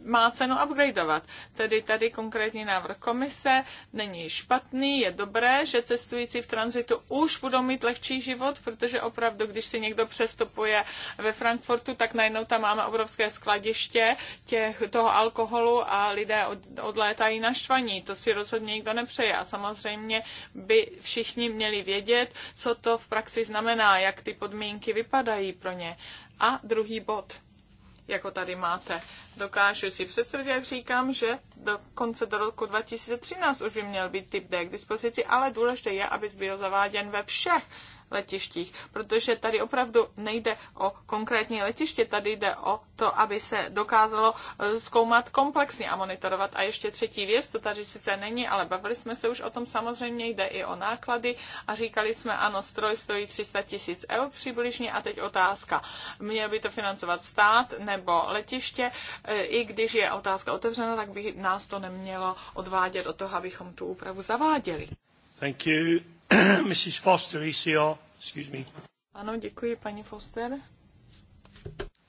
má cenu upgradeovat. Tedy tady konkrétní návrh komise není špatný, je dobré, že cestující v tranzitu už budou mít lehčí život, protože opravdu, když si někdo přestupuje ve Frankfurtu, tak najednou tam máme obrovské skladiště těch, toho alkoholu a lidé od, odlétají na štvaní. To si rozhodně nikdo nepřeje. A samozřejmě by všichni měli vědět, co to v praxi znamená, jak ty podmínky vypadají pro ně. A druhý bod jako tady máte. Dokážu si představit, jak říkám, že do konce do roku 2013 už by měl být typ D k dispozici, ale důležité je, aby byl zaváděn ve všech letištích, protože tady opravdu nejde o konkrétní letiště, tady jde o to, aby se dokázalo eh, zkoumat komplexně a monitorovat. A ještě třetí věc, to tady sice není, ale bavili jsme se už o tom, samozřejmě jde i o náklady a říkali jsme, ano, stroj stojí 300 tisíc eur přibližně a teď otázka, měl by to financovat stát nebo letiště, eh, i když je otázka otevřena, tak by nás to nemělo odvádět od toho, abychom tu úpravu zaváděli. Thank you. Mrs. Foster, ECR. Excuse me. Ano, děkuji, paní Foster.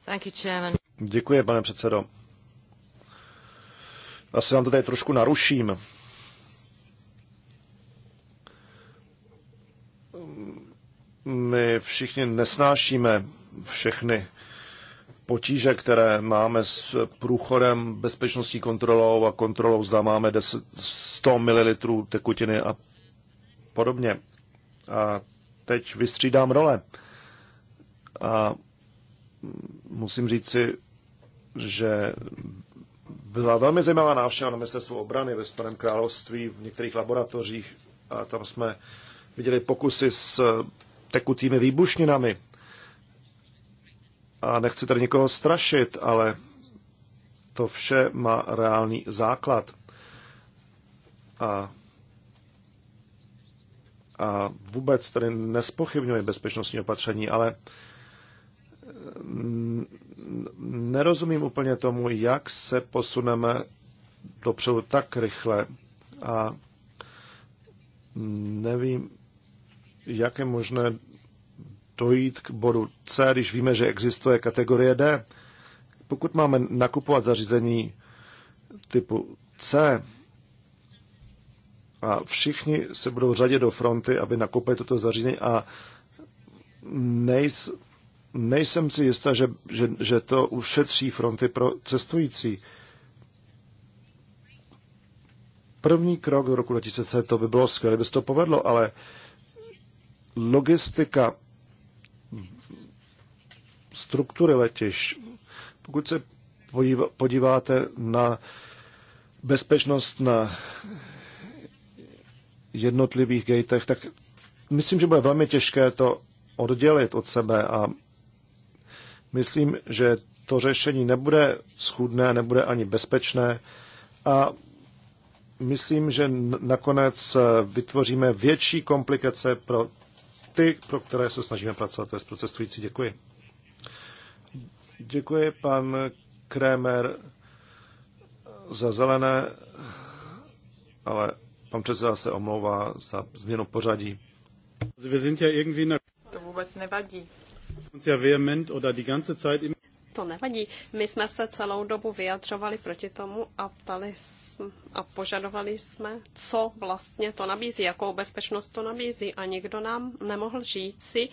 Thank you, Chairman. Děkuji, pane předsedo. Asi vám to tady trošku naruším. My všichni nesnášíme všechny potíže, které máme s průchodem bezpečnostní kontrolou a kontrolou, zda máme 10, 100 ml tekutiny a podobně. A teď vystřídám role. A musím říci, že byla velmi zajímavá návštěva na ministerstvu obrany ve Starém království v některých laboratořích a tam jsme viděli pokusy s tekutými výbušninami. A nechci tady někoho strašit, ale to vše má reálný základ. A a vůbec tady nespochybňuji bezpečnostní opatření, ale mm, nerozumím úplně tomu, jak se posuneme dopředu tak rychle a nevím, jak je možné dojít k bodu C, když víme, že existuje kategorie D. Pokud máme nakupovat zařízení typu C, a všichni se budou řadit do fronty, aby nakoupili toto zařízení a nejs, nejsem si jistá, že, že, že to ušetří fronty pro cestující. První krok do roku 2000 to by bylo skvělé, by se to povedlo, ale logistika struktury letiš, pokud se podíváte na bezpečnost na jednotlivých gatech, tak myslím, že bude velmi těžké to oddělit od sebe a myslím, že to řešení nebude schudné, nebude ani bezpečné a myslím, že nakonec eh, vytvoříme větší komplikace pro ty, pro které se snažíme pracovat, to je pro cestující. Děkuji. Děkuji, pan Krémer, za zelené, ale Pan předseda se omlouvá za změnu pořadí. To vůbec nevadí. To nevadí. My jsme se celou dobu vyjadřovali proti tomu a ptali jsme, a požadovali jsme, co vlastně to nabízí, jakou bezpečnost to nabízí. A nikdo nám nemohl říci,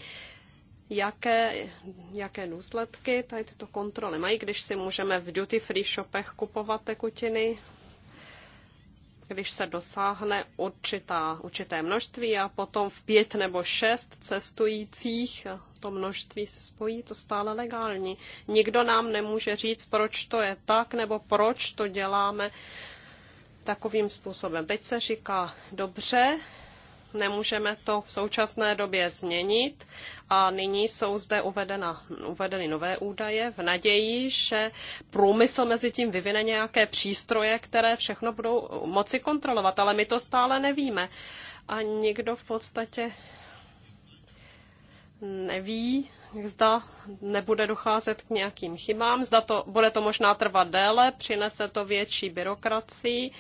jaké, jaké důsledky tady tyto kontroly mají, když si můžeme v duty free shopech kupovat tekutiny, když se dosáhne určitá, určité množství a potom v pět nebo šest cestujících to množství se spojí, to stále legální. Nikdo nám nemůže říct, proč to je tak nebo proč to děláme takovým způsobem. Teď se říká, dobře, nemůžeme to v současné době změnit a nyní jsou zde uvedena, uvedeny nové údaje v naději, že průmysl mezi tím vyvine nějaké přístroje, které všechno budou moci kontrolovat, ale my to stále nevíme a nikdo v podstatě neví, zda nebude docházet k nějakým chybám, zda to, bude to možná trvat déle, přinese to větší byrokracii,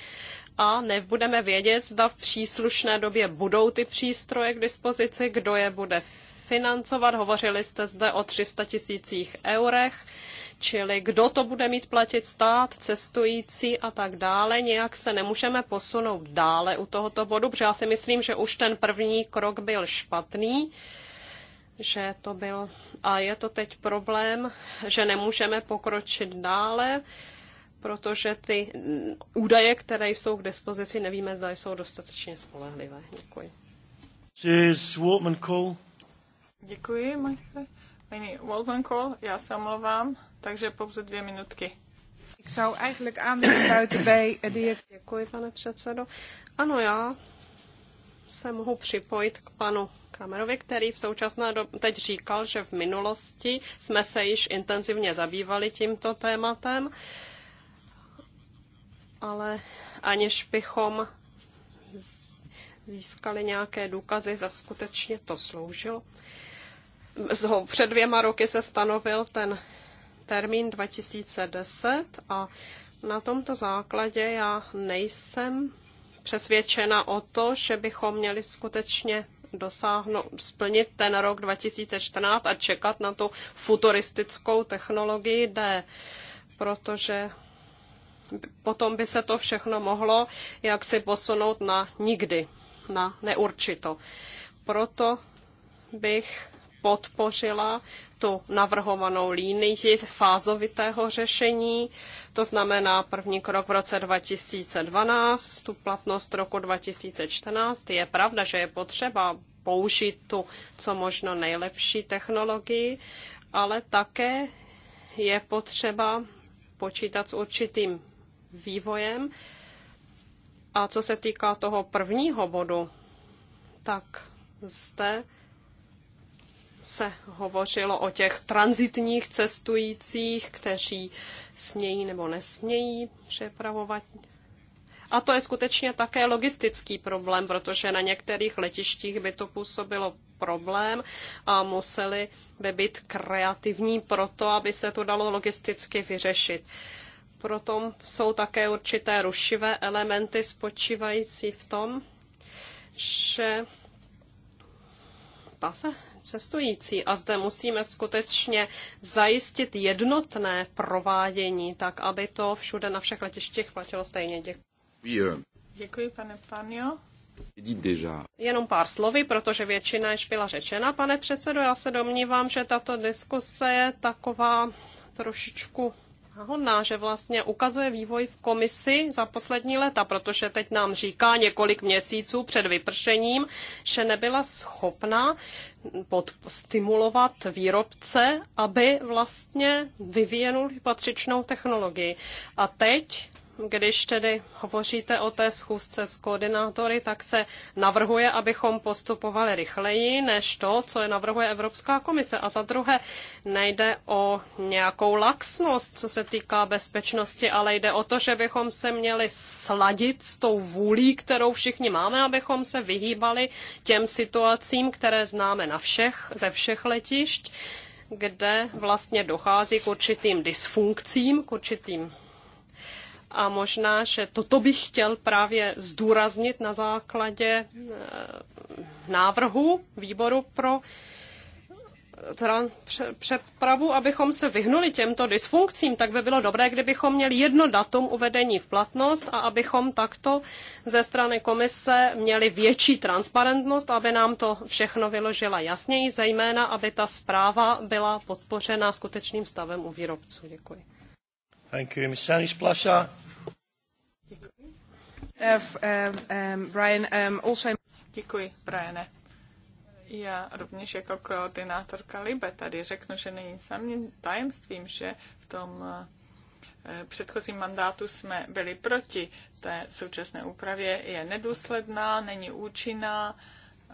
a nebudeme vědět, zda v příslušné době budou ty přístroje k dispozici, kdo je bude financovat. Hovořili jste zde o 300 tisících eurech, čili kdo to bude mít platit stát, cestující a tak dále. Nějak se nemůžeme posunout dále u tohoto bodu, protože já si myslím, že už ten první krok byl špatný že to byl a je to teď problém, že nemůžeme pokročit dále. Uh, protože ty údaje, které jsou k dispozici, nevíme, zda jsou dostatečně spolehlivé. Děkuji. Call. Děkuji, Michael. Paní Waltman Call, já se omlouvám, takže pouze dvě minutky. Děkuji, pane předsedo. Ano, já se mohu připojit k panu Kamerovi, který v současné době teď říkal, že v minulosti jsme se již intenzivně zabývali tímto tématem. Uh, ale aniž bychom získali nějaké důkazy, za skutečně to sloužilo. Před dvěma roky se stanovil ten termín 2010 a na tomto základě já nejsem přesvědčena o to, že bychom měli skutečně dosáhnout, splnit ten rok 2014 a čekat na tu futuristickou technologii D, protože potom by se to všechno mohlo jaksi posunout na nikdy, na neurčito. Proto bych podpořila tu navrhovanou línii fázovitého řešení, to znamená první krok v roce 2012, vstup platnost roku 2014. Je pravda, že je potřeba použít tu co možno nejlepší technologii, ale také je potřeba počítat s určitým vývojem. A co se týká toho prvního bodu, tak zde se hovořilo o těch transitních cestujících, kteří smějí nebo nesmějí přepravovat. A to je skutečně také logistický problém, protože na některých letištích by to působilo problém a museli by být kreativní pro to, aby se to dalo logisticky vyřešit proto jsou také určité rušivé elementy spočívající v tom, že pase cestující a zde musíme skutečně zajistit jednotné provádění, tak aby to všude na všech letištích platilo stejně. Děkuji. Děkuji, pane Panio. Jenom pár slovy, protože většina již byla řečena, pane předsedo. Já se domnívám, že tato diskuse je taková trošičku hodná, že vlastně ukazuje vývoj v komisi za poslední léta, protože teď nám říká několik měsíců před vypršením, že nebyla schopna podstimulovat stimulovat výrobce, aby vlastně vyvíjenul patřičnou technologii. A teď když tedy hovoříte o té schůzce s koordinátory, tak se navrhuje, abychom postupovali rychleji než to, co je navrhuje Evropská komise. A za druhé, nejde o nějakou laxnost, co se týká bezpečnosti, ale jde o to, že bychom se měli sladit s tou vůlí, kterou všichni máme, abychom se vyhýbali těm situacím, které známe na všech, ze všech letišť kde vlastně dochází k určitým dysfunkcím, k určitým a možná, že toto bych chtěl právě zdůraznit na základě eh, návrhu výboru pro eh, přepravu, abychom se vyhnuli těmto dysfunkcím, tak by bylo dobré, kdybychom měli jedno datum uvedení v platnost a abychom takto ze strany komise měli větší transparentnost, aby nám to všechno vyložila jasněji, zejména aby ta zpráva byla podpořena skutečným stavem u výrobců. Děkuji. Thank you, Ms. Děkuji. Um, um, um, Děkuji, Briane. Já rovněž jako koordinátorka Libe tady řeknu, že není samým tajemstvím, že v tom eh, předchozím mandátu jsme byli proti té současné úpravě. Je nedůsledná, není účinná,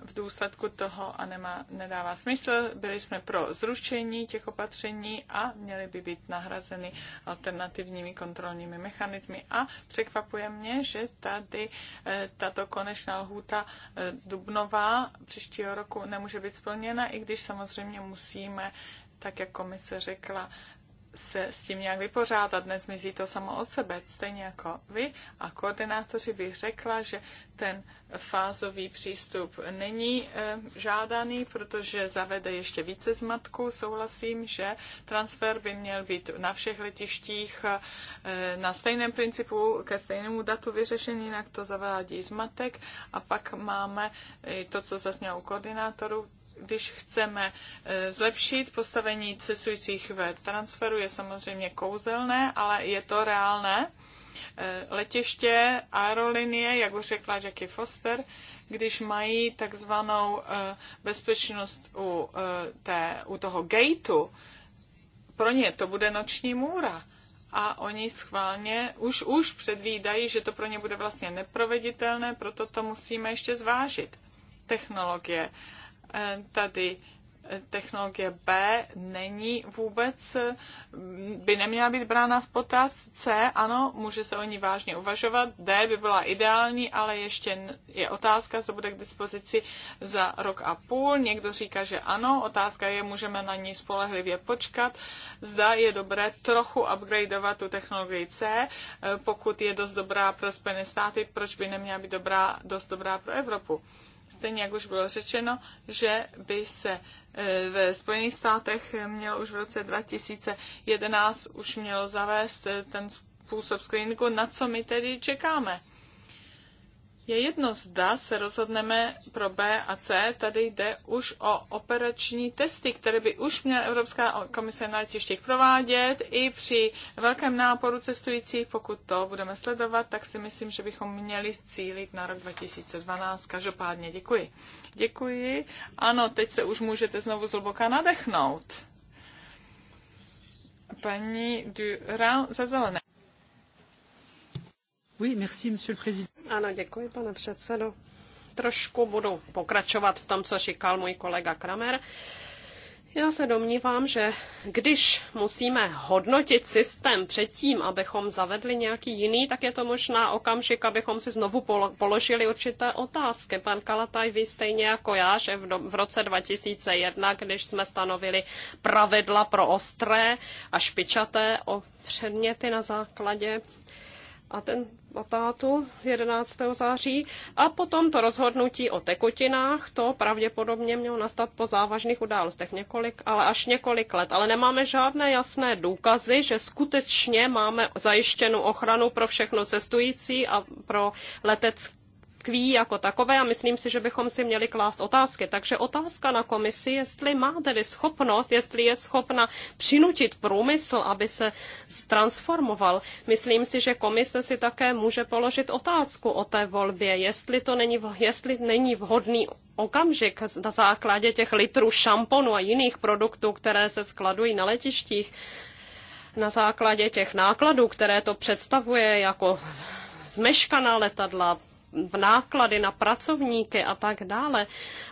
v důsledku toho a nemá, nedává smysl. Byli jsme pro zrušení těch opatření a měly by být nahrazeny alternativními kontrolními mechanismy. A překvapuje mě, že tady eh, tato konečná lhůta eh, dubnová příštího roku nemůže být splněna, i když samozřejmě musíme tak jak komise řekla, se s tím nějak vypořádat, nezmizí to samo od sebe, stejně jako vy. A koordinátoři bych řekla, že ten fázový přístup není e, žádaný, protože zavede ještě více zmatku. Souhlasím, že transfer by měl být na všech letištích e, na stejném principu, ke stejnému datu vyřešený, jinak to zavádí zmatek. A pak máme e, to, co zaznělo u koordinátorů, když chceme eh, zlepšit postavení cestujících ve transferu, je samozřejmě kouzelné, ale je to reálné. Eh, letiště, aerolinie, jak už řekla Jackie Foster, když mají takzvanou eh, bezpečnost u, té, u toho gateu, pro ně to bude noční můra a oni schválně už, už předvídají, že to pro ně bude vlastně neproveditelné, proto to musíme ještě zvážit. Technologie tady eh, technologie B není vůbec, eh, by neměla být brána v potaz. C, ano, může se o ní vážně uvažovat. D by byla ideální, ale ještě je otázka, zda bude k dispozici za rok a půl. Někdo říká, že ano, otázka je, můžeme na ní spolehlivě počkat. Zda je dobré trochu upgradeovat tu technologii C, eh, pokud je dost dobrá pro Spojené státy, proč by neměla být dobrá, dost dobrá pro Evropu stejně jak už bylo řečeno, že by se eh, ve Spojených státech mělo už v roce 2011 už mělo zavést eh, ten způsob screeningu, na co my tedy čekáme. Je jedno, zda se rozhodneme pro B a C, tady jde už o operační testy, které by už měla Evropská komise na letištích provádět. I při velkém náporu cestujících, pokud to budeme sledovat, tak si myslím, že bychom měli cílit na rok 2012. Každopádně děkuji. Děkuji. Ano, teď se už můžete znovu zhluboka nadechnout. Paní Durand za zelené. Ano, děkuji, pane předsedo. Trošku budu pokračovat v tom, co říkal můj kolega Kramer. Já se domnívám, že když musíme hodnotit systém předtím, abychom zavedli nějaký jiný, tak je to možná okamžik, abychom si znovu položili určité otázky. Pan Kalataj, ví stejně jako já, že v, roce 2001, když jsme stanovili pravidla pro ostré a špičaté o předměty na základě a ten atátu 11. září. A potom to rozhodnutí o tekutinách, to pravděpodobně mělo nastat po závažných událostech několik, ale až několik let. Ale nemáme žádné jasné důkazy, že skutečně máme zajištěnu ochranu pro všechno cestující a pro letec, tkví jako takové a myslím si, že bychom si měli klást otázky. Takže otázka na komisi, jestli má tedy schopnost, jestli je schopna přinutit průmysl, aby se transformoval. Myslím si, že komise si také může položit otázku o té volbě, jestli to není, jestli není vhodný okamžik na základě těch litrů šamponu a jiných produktů, které se skladují na letištích, na základě těch nákladů, které to představuje jako zmeškaná letadla, v náklady na pracovníky a tak dále.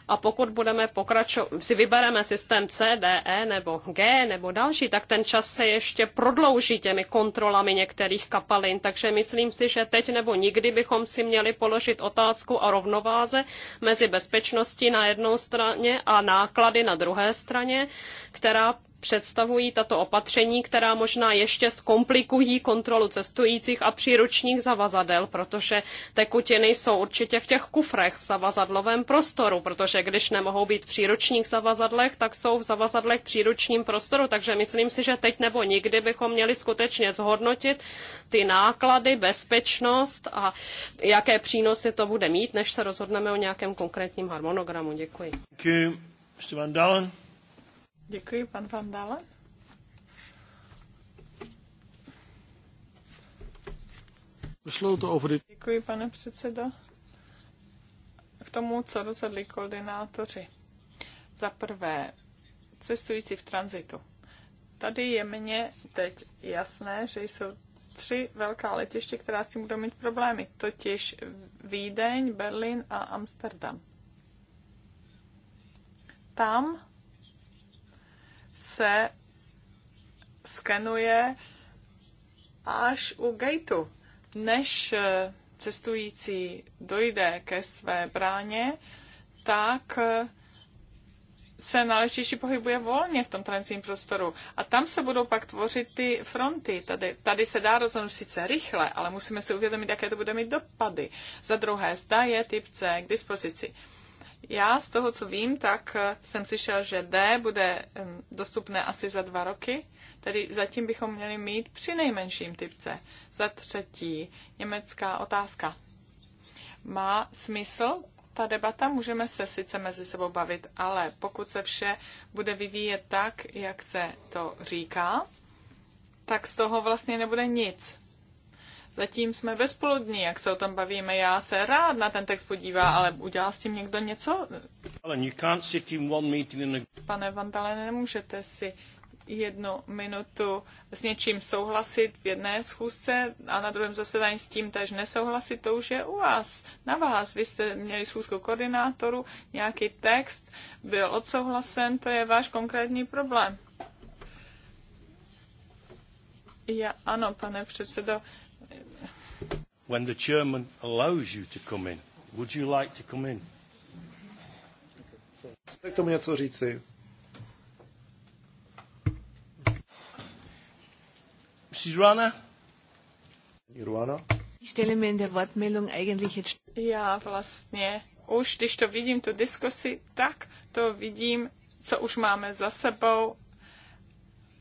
A pokud budeme pokračovat, si vybereme systém C, D, E nebo G nebo další, tak ten čas se ještě prodlouží těmi kontrolami některých kapalin. Takže myslím si, že teď nebo nikdy bychom si měli položit otázku o rovnováze mezi bezpečností na jednou straně a náklady na druhé straně, která představují tato opatření, která možná ještě zkomplikují kontrolu cestujících a příručních zavazadel, protože tekutiny jsou určitě v těch kufrech v zavazadlovém prostoru, protože když nemohou být v příručních zavazadlech, tak jsou v zavazadlech v příručním prostoru, takže myslím si, že teď nebo nikdy bychom měli skutečně zhodnotit ty náklady, bezpečnost a jaké přínosy to bude mít, než se rozhodneme o nějakém konkrétním harmonogramu. Děkuji. Děkuji. Mr. Van Dalen. Děkuji, pan Van Dalen. Děkuji, pane předsedo. K tomu, co rozhodli koordinátoři. Za prvé, cestující v tranzitu. Tady je mně teď jasné, že jsou tři velká letiště, která s tím budou mít problémy, totiž Vídeň, Berlín a Amsterdam. Tam se skenuje až u gateu, než eh, cestující dojde ke své bráně, tak eh, se na letišti pohybuje volně v tom tranzitním prostoru. A tam se budou pak tvořit ty fronty. Tady, tady se dá rozhodnout sice rychle, ale musíme si uvědomit, jaké to bude mít dopady. Za druhé, zda je typ C k dispozici. Já z toho, co vím, tak eh, jsem slyšel, že D bude dostupné asi za dva roky, tedy zatím bychom měli mít při nejmenším typce. Za třetí, německá otázka. Má smysl ta debata? Můžeme se sice mezi sebou bavit, ale pokud se vše bude vyvíjet tak, jak se to říká, tak z toho vlastně nebude nic. Zatím jsme bezplodní, jak se o tom bavíme. Já se rád na ten text podívá, ale udělá s tím někdo něco? Pane Vandale, nemůžete si jednu minutu s něčím souhlasit v jedné schůzce a na druhém zasedání s tím tež nesouhlasit, to už je u vás, na vás. Vy jste měli schůzku koordinátoru, nějaký text byl odsouhlasen, to je váš konkrétní problém. Já, ano, pane předsedo, when the chairman allows you to come in. Would you like to come in? k tomu něco říci? Sirwana? Sirwana? Ich stelle mir in der Wortmeldung eigentlich jetzt... Já vlastně už, když to vidím, tu diskusi, tak to vidím, co už máme za sebou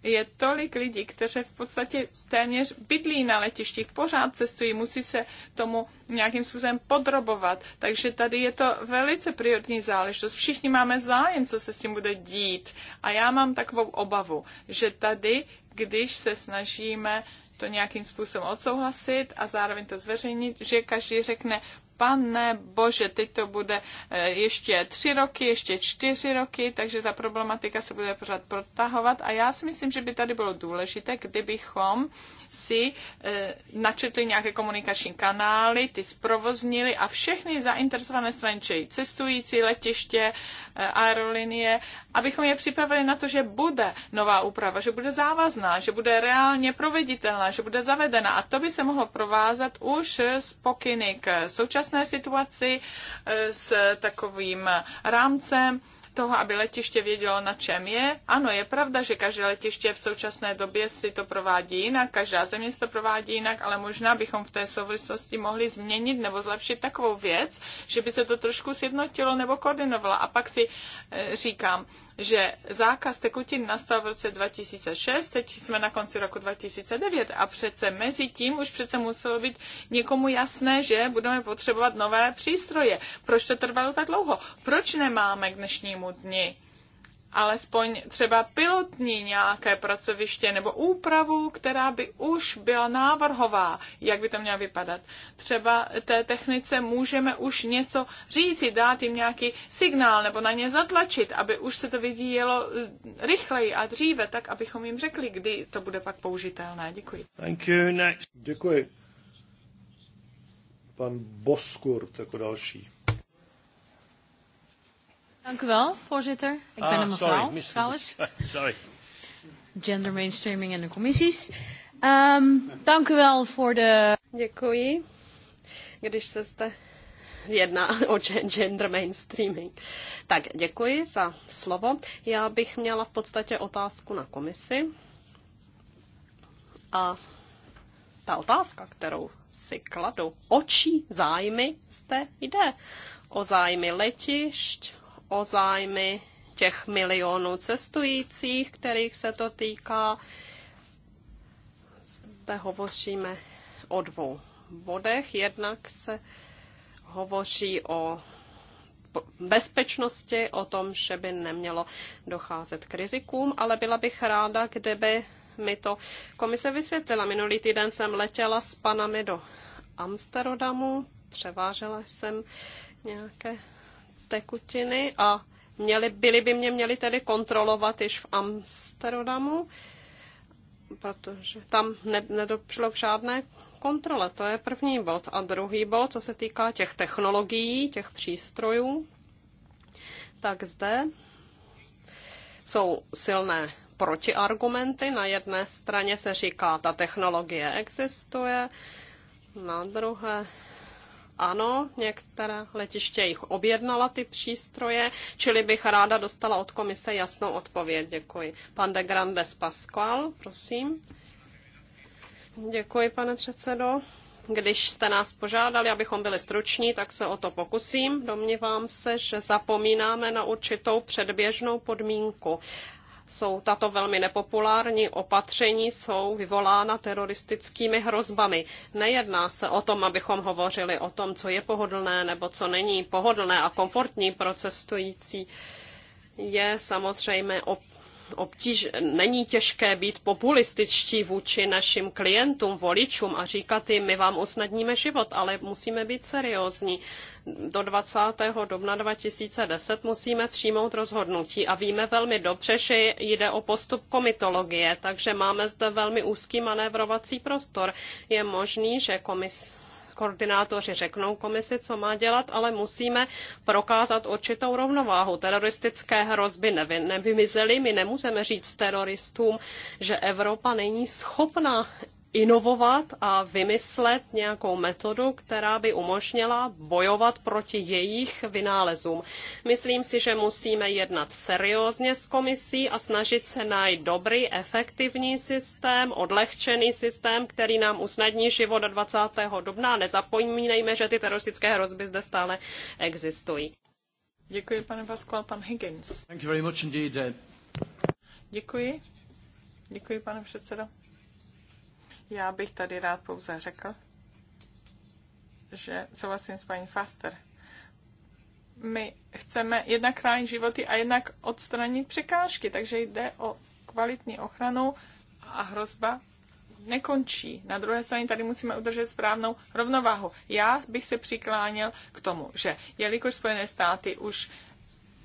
je tolik lidí, kteří v podstatě téměř bydlí na letištích, pořád cestují, musí se tomu nějakým způsobem podrobovat. Takže tady je to velice prioritní záležitost. Všichni máme zájem, co se s tím bude dít. A já mám takovou obavu, že tady, když se snažíme to nějakým způsobem odsouhlasit a zároveň to zveřejnit, že každý řekne, pane bože, teď to bude eh, ještě tři roky, ještě čtyři roky, takže ta problematika se bude pořád protahovat a já si myslím, že by tady bylo důležité, kdybychom si eh, načetli nějaké komunikační kanály, ty zprovoznili a všechny zainteresované strany, cestující, letiště, eh, aerolinie, abychom je připravili na to, že bude nová úprava, že bude závazná, že bude reálně proveditelná, že bude zavedena a to by se mohlo provázat už z pokyny k současnosti současné situaci eh, s takovým rámcem toho, aby letiště vědělo, na čem je. Ano, je pravda, že každé letiště v současné době si to provádí jinak, každá země si to provádí jinak, ale možná bychom v té souvislosti mohli změnit nebo zlepšit takovou věc, že by se to trošku sjednotilo nebo koordinovalo. A pak si eh, říkám, že zákaz tekutin nastal v roce 2006, teď jsme na konci roku 2009 a přece mezi tím už přece muselo být někomu jasné, že budeme potřebovat nové přístroje. Proč to trvalo tak dlouho? Proč nemáme k dnešnímu dni alespoň třeba pilotní nějaké pracoviště nebo úpravu, která by už byla návrhová, jak by to mělo vypadat. Třeba té technice můžeme už něco říci, dát jim nějaký signál nebo na ně zatlačit, aby už se to vyvíjelo eh, rychleji a dříve, tak abychom jim řekli, kdy to bude pak použitelné. Děkuji. Thank you, next. Děkuji. Pan Boskurt jako další. Dank u wel, voorzitter. Ik ah, ben een mevrouw, sorry, trouwens. Sorry. Gender mainstreaming en de commissies. Um, dank u wel voor de... Děkuji. Když se jste jedná o gender mainstreaming. Tak děkuji za slovo. Já bych měla v podstatě otázku na komisi. A ta otázka, kterou si kladu, očí zájmy zde jde. O zájmy letišť, o zájmy těch milionů cestujících, kterých se to týká. Zde hovoříme o dvou bodech. Jednak se hovoří o bezpečnosti, o tom, že by nemělo docházet k rizikům, ale byla bych ráda, kdyby mi to komise vysvětlila. Minulý týden jsem letěla s panami do Amsterdamu, převážela jsem nějaké tekutiny a měli, byli by mě měli tedy kontrolovat již v Amsterdamu, protože tam ne, nedopšlo k žádné kontrole. To je první bod. A druhý bod, co se týká těch technologií, těch přístrojů, tak zde jsou silné protiargumenty. Na jedné straně se říká, ta technologie existuje, na druhé ano, některá letiště jich objednala ty přístroje, čili bych ráda dostala od komise jasnou odpověď. Děkuji. Pan de Grandes Pascual, prosím. Děkuji, pane předsedo. Když jste nás požádali, abychom byli struční, tak se o to pokusím. Domnívám se, že zapomínáme na určitou předběžnou podmínku jsou tato velmi nepopulární opatření, jsou vyvolána teroristickými hrozbami. Nejedná se o tom, abychom hovořili o tom, co je pohodlné nebo co není pohodlné a komfortní pro cestující. Je samozřejmě obtíž, není těžké být populističtí vůči našim klientům, voličům a říkat jim, my vám usnadníme život, ale musíme být seriózní. Do 20. dubna 2010 musíme přijmout rozhodnutí a víme velmi dobře, že jde o postup komitologie, takže máme zde velmi úzký manévrovací prostor. Je možný, že komis koordinátoři řeknou komisi, co má dělat, ale musíme prokázat určitou rovnováhu. Teroristické hrozby nevy, nevymizely, my nemůžeme říct teroristům, že Evropa není schopna inovovat a vymyslet nějakou metodu, která by umožnila bojovat proti jejich vynálezům. Myslím si, že musíme jednat seriózně s komisí a snažit se najít dobrý, efektivní systém, odlehčený systém, který nám usnadní život do 20. dubna. Nezapomínejme, že ty teroristické hrozby zde stále existují. Děkuji, pane Vasko, a pan Higgins. Uh, Děkuji. Děkuji, pane předsedo. Já bych tady rád pouze řekl, že souhlasím s paní Faster. My chceme jednak chránit životy a jednak odstranit překážky, takže jde o kvalitní ochranu a hrozba nekončí. Na druhé straně tady musíme udržet správnou rovnováhu. Já bych se přikláněl k tomu, že jelikož Spojené státy už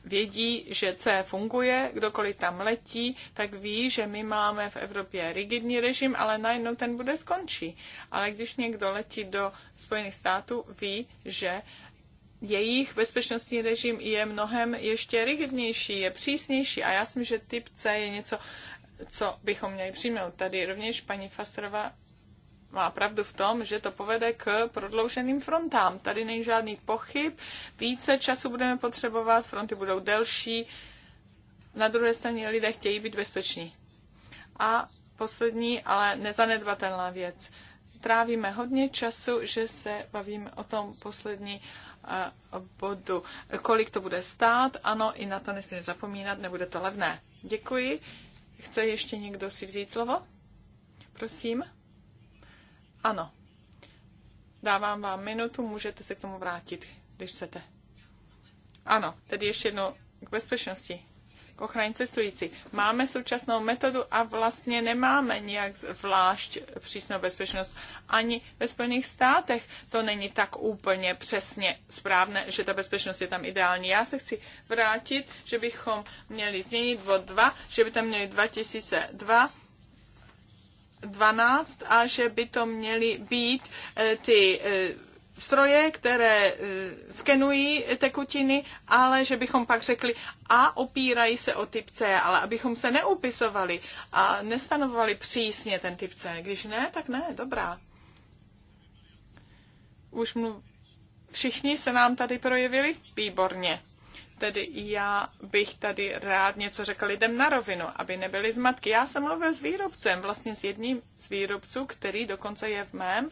vědí, že C funguje, kdokoliv tam letí, tak ví, že my máme v Evropě rigidní režim, ale najednou ten bude skončí. Ale když někdo letí do Spojených států, ví, že jejich bezpečnostní režim je mnohem ještě rigidnější, je přísnější a já si myslím, že typ C je něco, co bychom měli přijmout. Tady rovněž paní Fasterová má pravdu v tom, že to povede k prodlouženým frontám. Tady není žádný pochyb, více času budeme potřebovat, fronty budou delší, na druhé straně lidé chtějí být bezpeční. A poslední, ale nezanedbatelná věc. Trávíme hodně času, že se bavíme o tom poslední eh, bodu. Kolik to bude stát? Ano, i na to nesmíme zapomínat, nebude to levné. Děkuji. Chce ještě někdo si vzít slovo? Prosím. Ano. Dávám vám minutu, můžete se k tomu vrátit, když chcete. Ano, tedy ještě jedno k bezpečnosti, k ochraně cestující. Máme současnou metodu a vlastně nemáme nějak zvlášť přísnou bezpečnost. Ani ve Spojených státech to není tak úplně přesně správné, že ta bezpečnost je tam ideální. Já se chci vrátit, že bychom měli změnit bod 2, že by tam měli 2002 12 a že by to měly být eh, ty eh, stroje, které eh, skenují tekutiny, ale že bychom pak řekli a opírají se o typ C, ale abychom se neupisovali a nestanovali přísně ten typ C. Když ne, tak ne, dobrá. Už mluv... Všichni se nám tady projevili? Výborně. Tedy já bych tady rád něco řekl lidem na rovinu, aby nebyly zmatky. Já jsem mluvil s výrobcem, vlastně s jedním z výrobců, který dokonce je v mém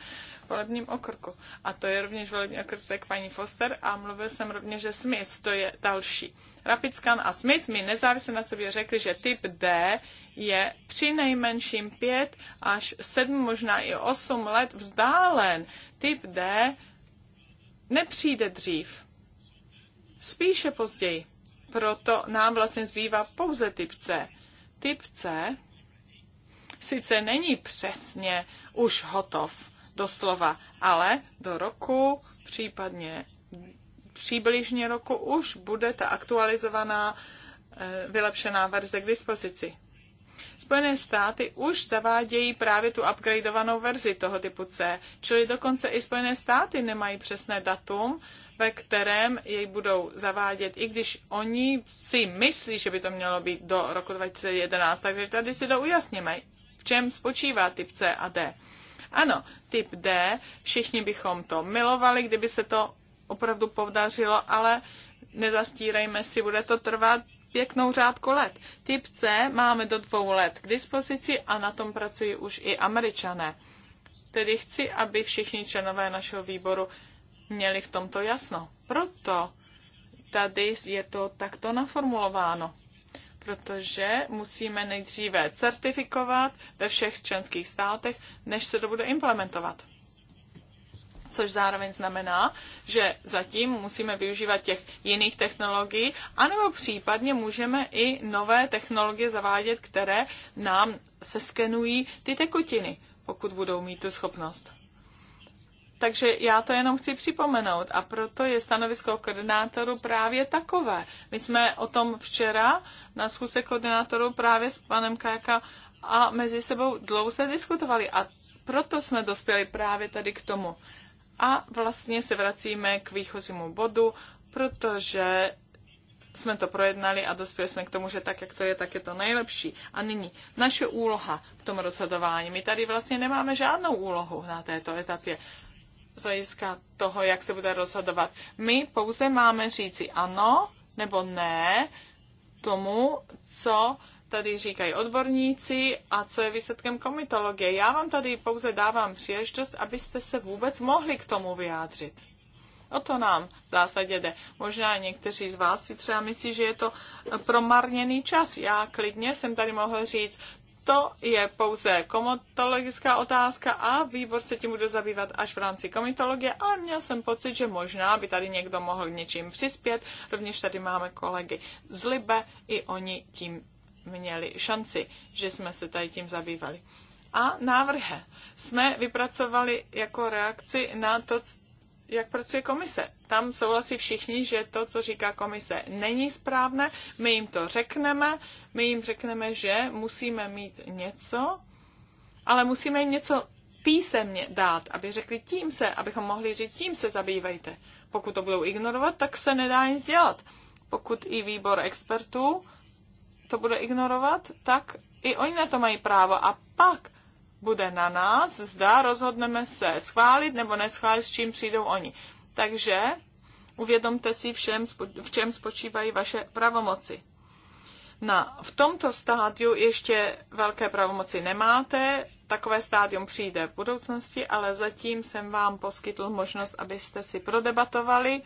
volebním okrku. A to je rovněž volební okrsek paní Foster a mluvil jsem rovněž, že Smith, to je další. Rapidskan a Smith mi nezávisle na sobě řekli, že typ D je při nejmenším 5 až 7, možná i 8 let vzdálen. Typ D nepřijde dřív spíše později. Proto nám vlastně zbývá pouze typ C. Typ C sice není přesně už hotov doslova, ale do roku, případně přibližně roku, už bude ta aktualizovaná eh, vylepšená verze k dispozici. Spojené státy už zavádějí právě tu upgradeovanou verzi toho typu C, čili dokonce i Spojené státy nemají přesné datum, ve kterém jej budou zavádět, i když oni si myslí, že by to mělo být do roku 2011. Takže tady si to ujasněme, v čem spočívá typ C a D. Ano, typ D, všichni bychom to milovali, kdyby se to opravdu podařilo, ale nezastírejme si, bude to trvat pěknou řádku let. Typ C máme do dvou let k dispozici a na tom pracují už i američané. Tedy chci, aby všichni členové našeho výboru měli v tomto jasno. Proto tady je to takto naformulováno, protože musíme nejdříve certifikovat ve všech členských státech, než se to bude implementovat. Což zároveň znamená, že zatím musíme využívat těch jiných technologií, anebo případně můžeme i nové technologie zavádět, které nám seskenují ty tekutiny, pokud budou mít tu schopnost. Takže já to jenom chci připomenout a proto je stanovisko koordinátoru právě takové. My jsme o tom včera na schůzce koordinátoru právě s panem Kajaka a mezi sebou dlouze diskutovali a proto jsme dospěli právě tady k tomu. A vlastně se vracíme k výchozímu bodu, protože jsme to projednali a dospěli jsme k tomu, že tak, jak to je, tak je to nejlepší. A nyní naše úloha v tom rozhodování. My tady vlastně nemáme žádnou úlohu na této etapě z hlediska toho, jak se bude rozhodovat. My pouze máme říci ano nebo ne tomu, co tady říkají odborníci a co je výsledkem komitologie. Já vám tady pouze dávám příležitost, abyste se vůbec mohli k tomu vyjádřit. O to nám v zásadě jde. Možná někteří z vás si třeba myslí, že je to promarněný čas. Já klidně jsem tady mohl říct, to je pouze komitologická otázka a výbor se tím bude zabývat až v rámci komitologie, ale měl jsem pocit, že možná by tady někdo mohl něčím přispět. Rovněž tady máme kolegy z Libe, i oni tím měli šanci, že jsme se tady tím zabývali. A návrhy jsme vypracovali jako reakci na to, jak pracuje komise. Tam souhlasí všichni, že to, co říká komise, není správné. My jim to řekneme, my jim řekneme, že musíme mít něco, ale musíme jim něco písemně dát, aby řekli tím se, abychom mohli říct, tím se zabývejte. Pokud to budou ignorovat, tak se nedá nic dělat. Pokud i výbor expertů to bude ignorovat, tak i oni na to mají právo. A pak bude na nás, zda rozhodneme se schválit nebo neschválit, s čím přijdou oni. Takže uvědomte si všem, v čem spočívají vaše pravomoci. Na, v tomto stádiu ještě velké pravomoci nemáte, takové stádium přijde v budoucnosti, ale zatím jsem vám poskytl možnost, abyste si prodebatovali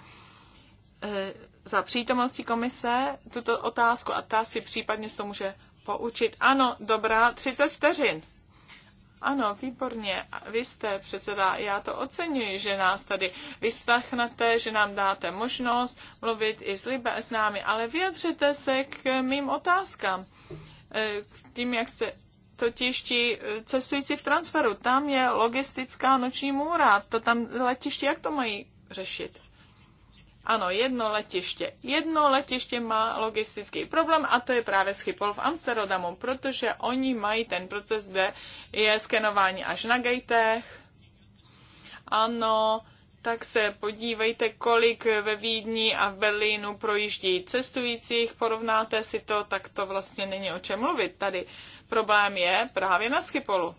e, za přítomnosti komise tuto otázku a ta si případně se to může poučit. Ano, dobrá, 30 vteřin. Ano, výborně. Vy jste předseda, já to oceňuji, že nás tady vyslechnete, že nám dáte možnost mluvit i s, libe, s námi, ale vyjadřete se k mým otázkám. Eh, k tím, jak jste totiž ti eh, cestující v transferu, tam je logistická noční můra, to tam letiště, jak to mají řešit? Ano, jedno letiště. Jedno letiště má logistický problém a to je právě Schiphol v Amsterdamu, protože oni mají ten proces, kde je skenování až na gatech. Ano, tak se podívejte, kolik ve Vídni a v Berlínu projíždí cestujících, porovnáte si to, tak to vlastně není o čem mluvit. Tady problém je právě na Schipolu.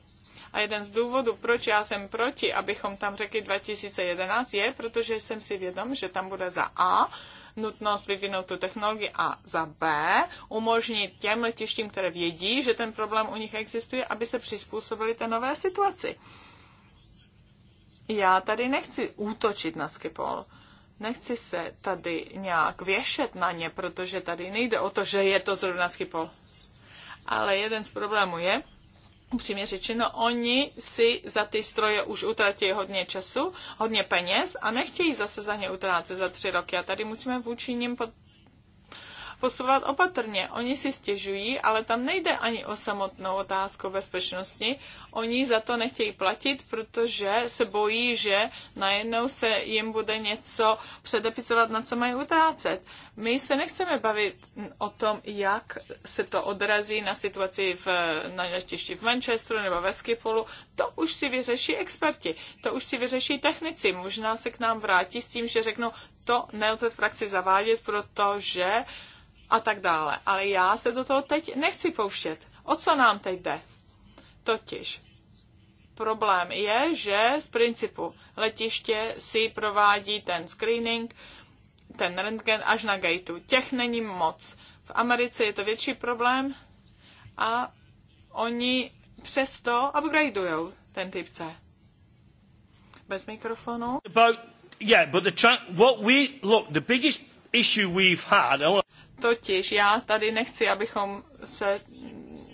A jeden z důvodů, proč já jsem proti, abychom tam řekli 2011, je, protože jsem si vědom, že tam bude za A nutnost vyvinout tu technologii a za B umožnit těm letištím, které vědí, že ten problém u nich existuje, aby se přizpůsobili té nové situaci. Já tady nechci útočit na Skypol, Nechci se tady nějak věšet na ně, protože tady nejde o to, že je to zrovna Skypol. Ale jeden z problémů je, upřímně řečeno, oni si za ty stroje už utratí hodně času, hodně peněz a nechtějí zase za ně utrácet za tři roky. A tady musíme vůči nim posouvat opatrně. Oni si stěžují, ale tam nejde ani o samotnou otázku bezpečnosti. Oni za to nechtějí platit, protože se bojí, že najednou se jim bude něco předepisovat, na co mají utrácet. My se nechceme bavit o tom, jak se to odrazí na situaci v, na letišti v Manchesteru nebo ve Skypolu. To už si vyřeší experti, to už si vyřeší technici. Možná se k nám vrátí s tím, že řeknou, to nelze v praxi zavádět, protože uh, a tak dále. Ale já se do toho teď nechci pouštět. O co nám teď jde? Totiž problém je, že z principu letiště si provádí ten screening, ten rentgen až na gateu. Těch není moc. V Americe je to větší problém a oni přesto upgradeujou ten typ C. Bez mikrofonu. About, yeah, but the tra- what we, look, the biggest issue we've had, Totiž já tady nechci, abychom se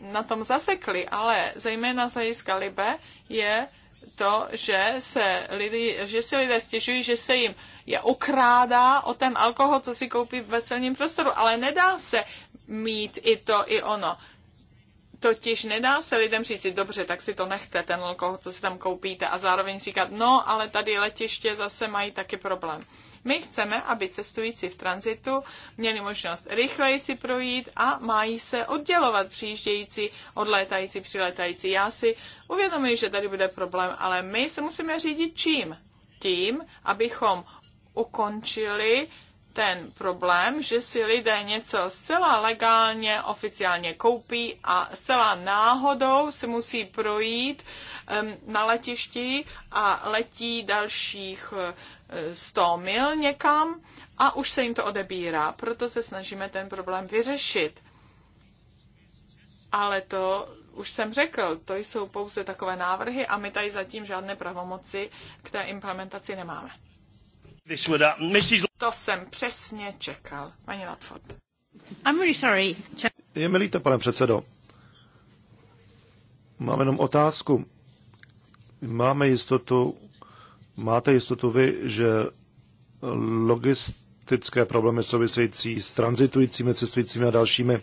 na tom zasekli, ale zejména z hlediska Libe je to, že, se lidi, že si lidé stěžují, že se jim je okrádá o ten alkohol, co si koupí ve celním prostoru, ale nedá se mít i to, i ono. Totiž nedá se lidem říct, dobře, tak si to nechte, ten alkohol, co si tam koupíte, a zároveň říkat, no, ale tady letiště zase mají taky problém. My chceme, aby cestující v tranzitu měli možnost rychleji si projít a mají se oddělovat přijíždějící, odlétající, přiletající. Já si uvědomuji, že tady bude problém, ale my se musíme řídit čím? Tím, abychom ukončili ten problém, že si lidé něco zcela legálně, oficiálně koupí a zcela náhodou se musí projít um, na letišti a letí dalších 100 mil někam a už se jim to odebírá. Proto se snažíme ten problém vyřešit. Ale to už jsem řekl, to jsou pouze takové návrhy a my tady zatím žádné pravomoci k té implementaci nemáme. To jsem přesně čekal, paní Latford. I'm really sorry. Je mi líto, pane předsedo. Mám jenom otázku. Máme jistotu, Máte jistotu vy, že logistické problémy související s transitujícími, cestujícími a dalšími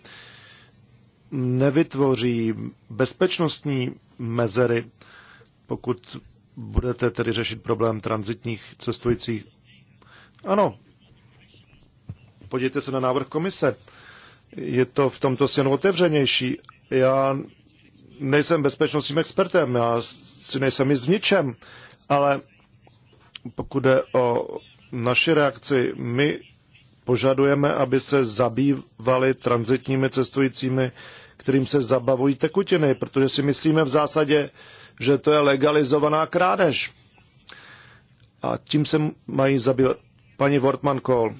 nevytvoří bezpečnostní mezery, pokud budete tedy řešit problém transitních cestujících. Ano, podívejte se na návrh komise. Je to v tomto směru otevřenější. Já nejsem bezpečnostním expertem, já si nejsem i v ničem, ale pokud jde o naši reakci, my požadujeme, aby se zabývali transitními cestujícími, kterým se zabavují tekutiny, protože si myslíme v zásadě, že to je legalizovaná krádež. A tím se mají zabývat. Paní Wortmann Kohl,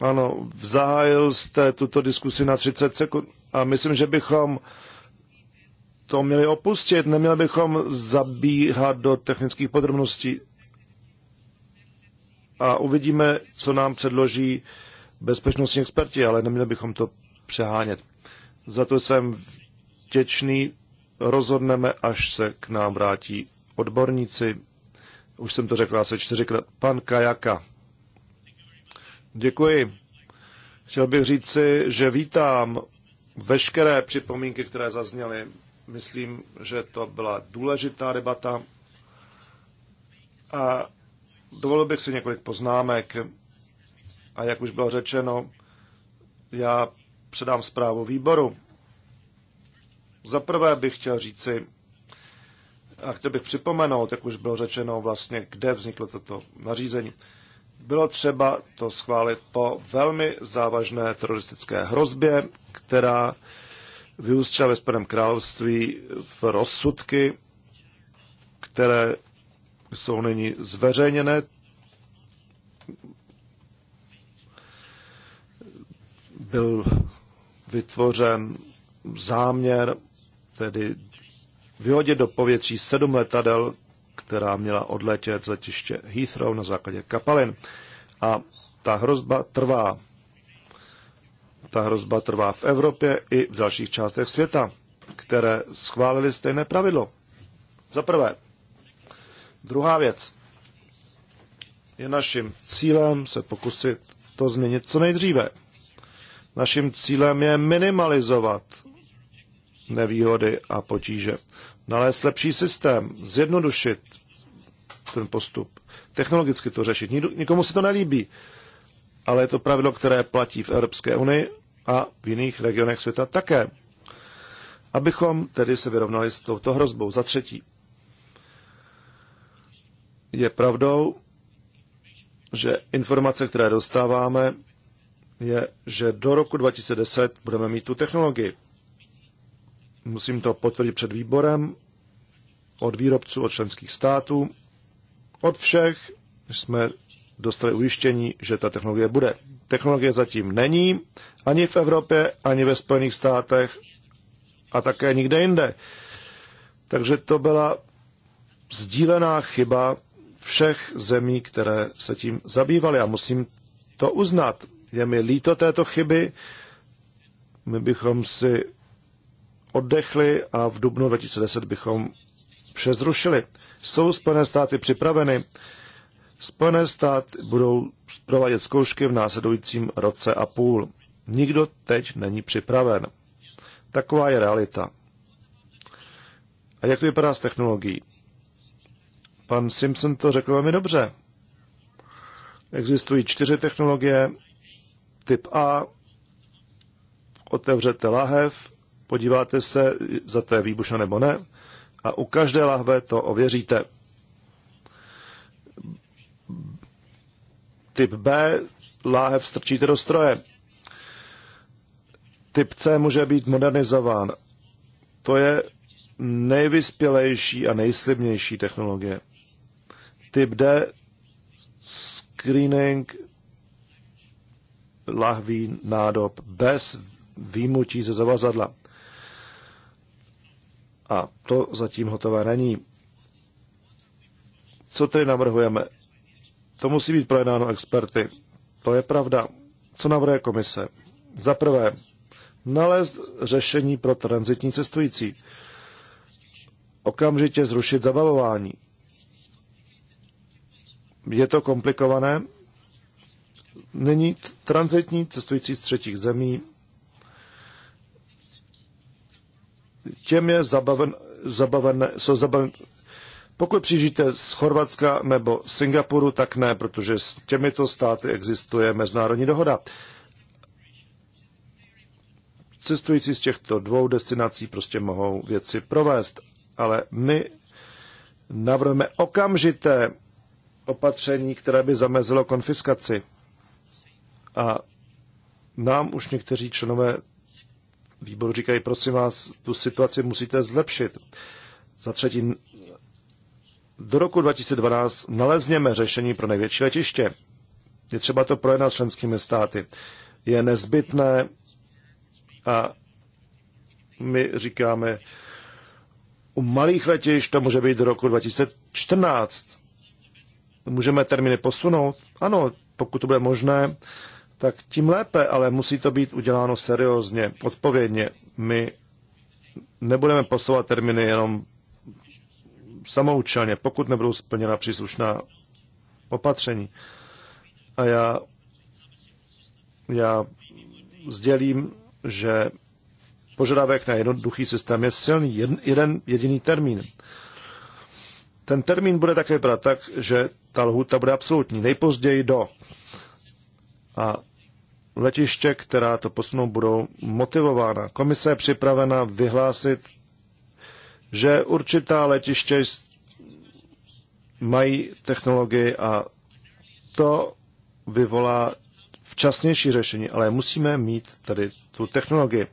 ano, zahájil jste tuto diskusi na 30 sekund a myslím, že bychom to měli opustit, neměli bychom zabíhat do technických podrobností a uvidíme, co nám předloží bezpečnostní experti, ale neměli bychom to přehánět. Za to jsem vděčný. Rozhodneme, až se k nám vrátí odborníci. Už jsem to řekl asi čtyřikrát. Pan Kajaka. Děkuji. Chtěl bych si, že vítám veškeré připomínky, které zazněly. Myslím, že to byla důležitá debata a Dovolil bych si několik poznámek a jak už bylo řečeno, já předám zprávu výboru. Za prvé bych chtěl říci, a chtěl bych připomenout, jak už bylo řečeno vlastně, kde vzniklo toto nařízení. Bylo třeba to schválit po velmi závažné teroristické hrozbě, která vyústila ve Spojeném království v rozsudky, které jsou nyní zveřejněné. Byl vytvořen záměr, tedy vyhodit do povětří sedm letadel, která měla odletět z letiště Heathrow na základě kapalin. A ta hrozba trvá. Ta hrozba trvá v Evropě i v dalších částech světa, které schválili stejné pravidlo. Za prvé, Druhá věc. Je naším cílem se pokusit to změnit co nejdříve. Naším cílem je minimalizovat nevýhody a potíže. Nalézt lepší systém, zjednodušit ten postup, technologicky to řešit. Nikomu se to nelíbí, ale je to pravidlo, které platí v Evropské unii a v jiných regionech světa také. Abychom tedy se vyrovnali s touto hrozbou. Za třetí, je pravdou, že informace, které dostáváme, je, že do roku 2010 budeme mít tu technologii. Musím to potvrdit před výborem od výrobců, od členských států, od všech jsme dostali ujištění, že ta technologie bude. Technologie zatím není ani v Evropě, ani ve Spojených státech a také nikde jinde. Takže to byla sdílená chyba všech zemí, které se tím zabývaly. A musím to uznat. Je mi líto této chyby. My bychom si oddechli a v dubnu 2010 bychom vše zrušili. Jsou Spojené státy připraveny? Spojené státy budou provádět zkoušky v následujícím roce a půl. Nikdo teď není připraven. Taková je realita. A jak to vypadá s technologií? Pan Simpson to řekl velmi dobře. Existují čtyři technologie. Typ A, otevřete lahev, podíváte se, za to je výbušno nebo ne, a u každé lahve to ověříte. Typ B, láhev strčíte do stroje. Typ C může být modernizován. To je nejvyspělejší a nejslibnější technologie typ D, screening lahví nádob bez výmutí ze zavazadla. A to zatím hotové není. Co tedy navrhujeme? To musí být projednáno experty. To je pravda. Co navrhuje komise? Za prvé, nalézt řešení pro transitní cestující. Okamžitě zrušit zabavování je to komplikované. Není transitní cestující z třetích zemí. Těm je zabaven, zabavené, jsou zabaven, pokud přijíždíte z Chorvatska nebo Singapuru, tak ne, protože s těmito státy existuje mezinárodní dohoda. Cestující z těchto dvou destinací prostě mohou věci provést, ale my navrhujeme okamžité opatření, které by zamezilo konfiskaci. A nám už někteří členové výboru říkají, prosím vás, tu situaci musíte zlepšit. Za třetí, do roku 2012 nalezněme řešení pro největší letiště. Je třeba to projednat s členskými státy. Je nezbytné a my říkáme, u malých letišť to může být do roku 2014. Můžeme termíny posunout? Ano, pokud to bude možné, tak tím lépe, ale musí to být uděláno seriózně, odpovědně. My nebudeme posouvat termíny jenom samoučelně, pokud nebudou splněna příslušná opatření. A já, já sdělím, že požadavek na jednoduchý systém je silný, jeden, jediný termín. Ten termín bude také brát, tak, že ta lhuta bude absolutní, nejpozději do. A letiště, která to posunou, budou motivována. Komise je připravena vyhlásit, že určitá letiště mají technologii a to vyvolá včasnější řešení, ale musíme mít tady tu technologii.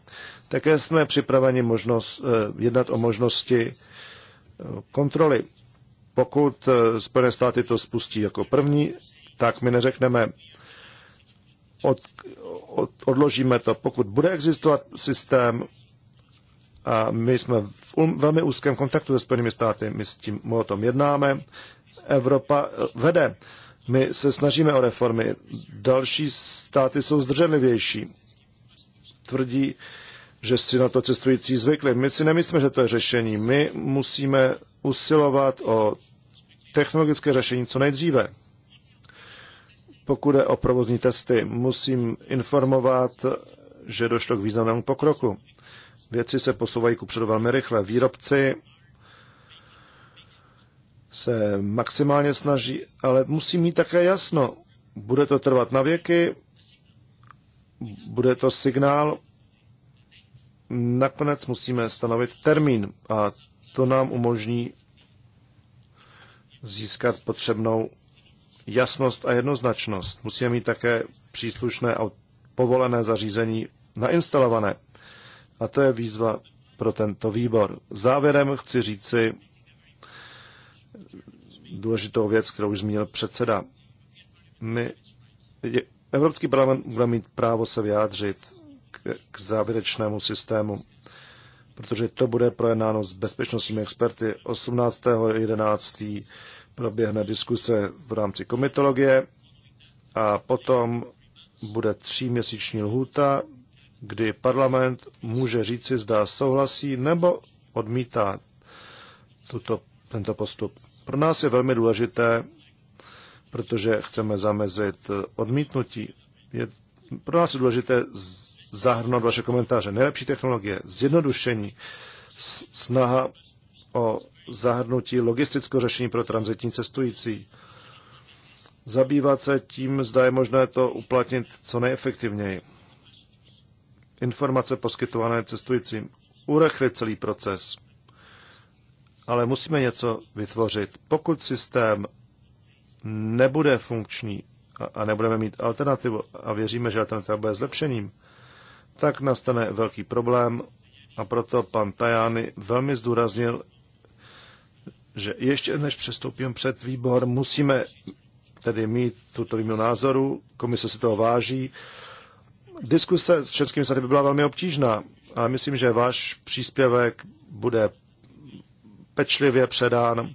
Také jsme připraveni možnost, eh, jednat o možnosti eh, kontroly. Pokud eh, Spojené státy to spustí jako první, tak my neřekneme, od, od, odložíme to. Pokud bude existovat systém, a my jsme v um, velmi úzkém kontaktu se Spojenými státy, my s tím my o tom jednáme, Evropa eh, vede. My se snažíme o reformy. Další státy jsou zdrženlivější. Tvrdí, že si na to cestující zvykli. My si nemyslíme, že to je řešení. My musíme usilovat o technologické řešení co nejdříve. Pokud je o provozní testy, musím informovat, že došlo k významnému pokroku. Věci se posouvají kupředu velmi rychle. Výrobci se maximálně snaží, ale musí mít také jasno. Bude to trvat na věky, bude to signál, nakonec musíme stanovit termín a to nám umožní získat potřebnou jasnost a jednoznačnost. Musíme mít také příslušné a povolené zařízení nainstalované. A to je výzva pro tento výbor. Závěrem chci říci důležitou věc, kterou už zmínil předseda. My, je, Evropský parlament bude mít právo se vyjádřit k, k závěrečnému systému protože to bude projednáno s bezpečnostními experty 18.11. proběhne diskuse v rámci komitologie a potom bude tříměsíční lhůta, kdy parlament může říci, zda souhlasí nebo odmítá tuto, tento postup. Pro nás je velmi důležité, protože chceme zamezit odmítnutí. Je, pro nás je důležité z zahrnout vaše komentáře. Nejlepší technologie, zjednodušení, snaha o zahrnutí logistického řešení pro transitní cestující, zabývat se tím, zda je možné to uplatnit co nejefektivněji. Informace poskytované cestujícím, urechlit celý proces. Ale musíme něco vytvořit. Pokud systém nebude funkční a nebudeme mít alternativu a věříme, že alternativa bude zlepšením, tak nastane velký problém a proto pan Tajány velmi zdůraznil, že ještě než přestoupím před výbor, musíme tedy mít tuto výměnu názoru, komise se toho váží. Diskuse s českými sady by byla velmi obtížná a myslím, že váš příspěvek bude pečlivě předán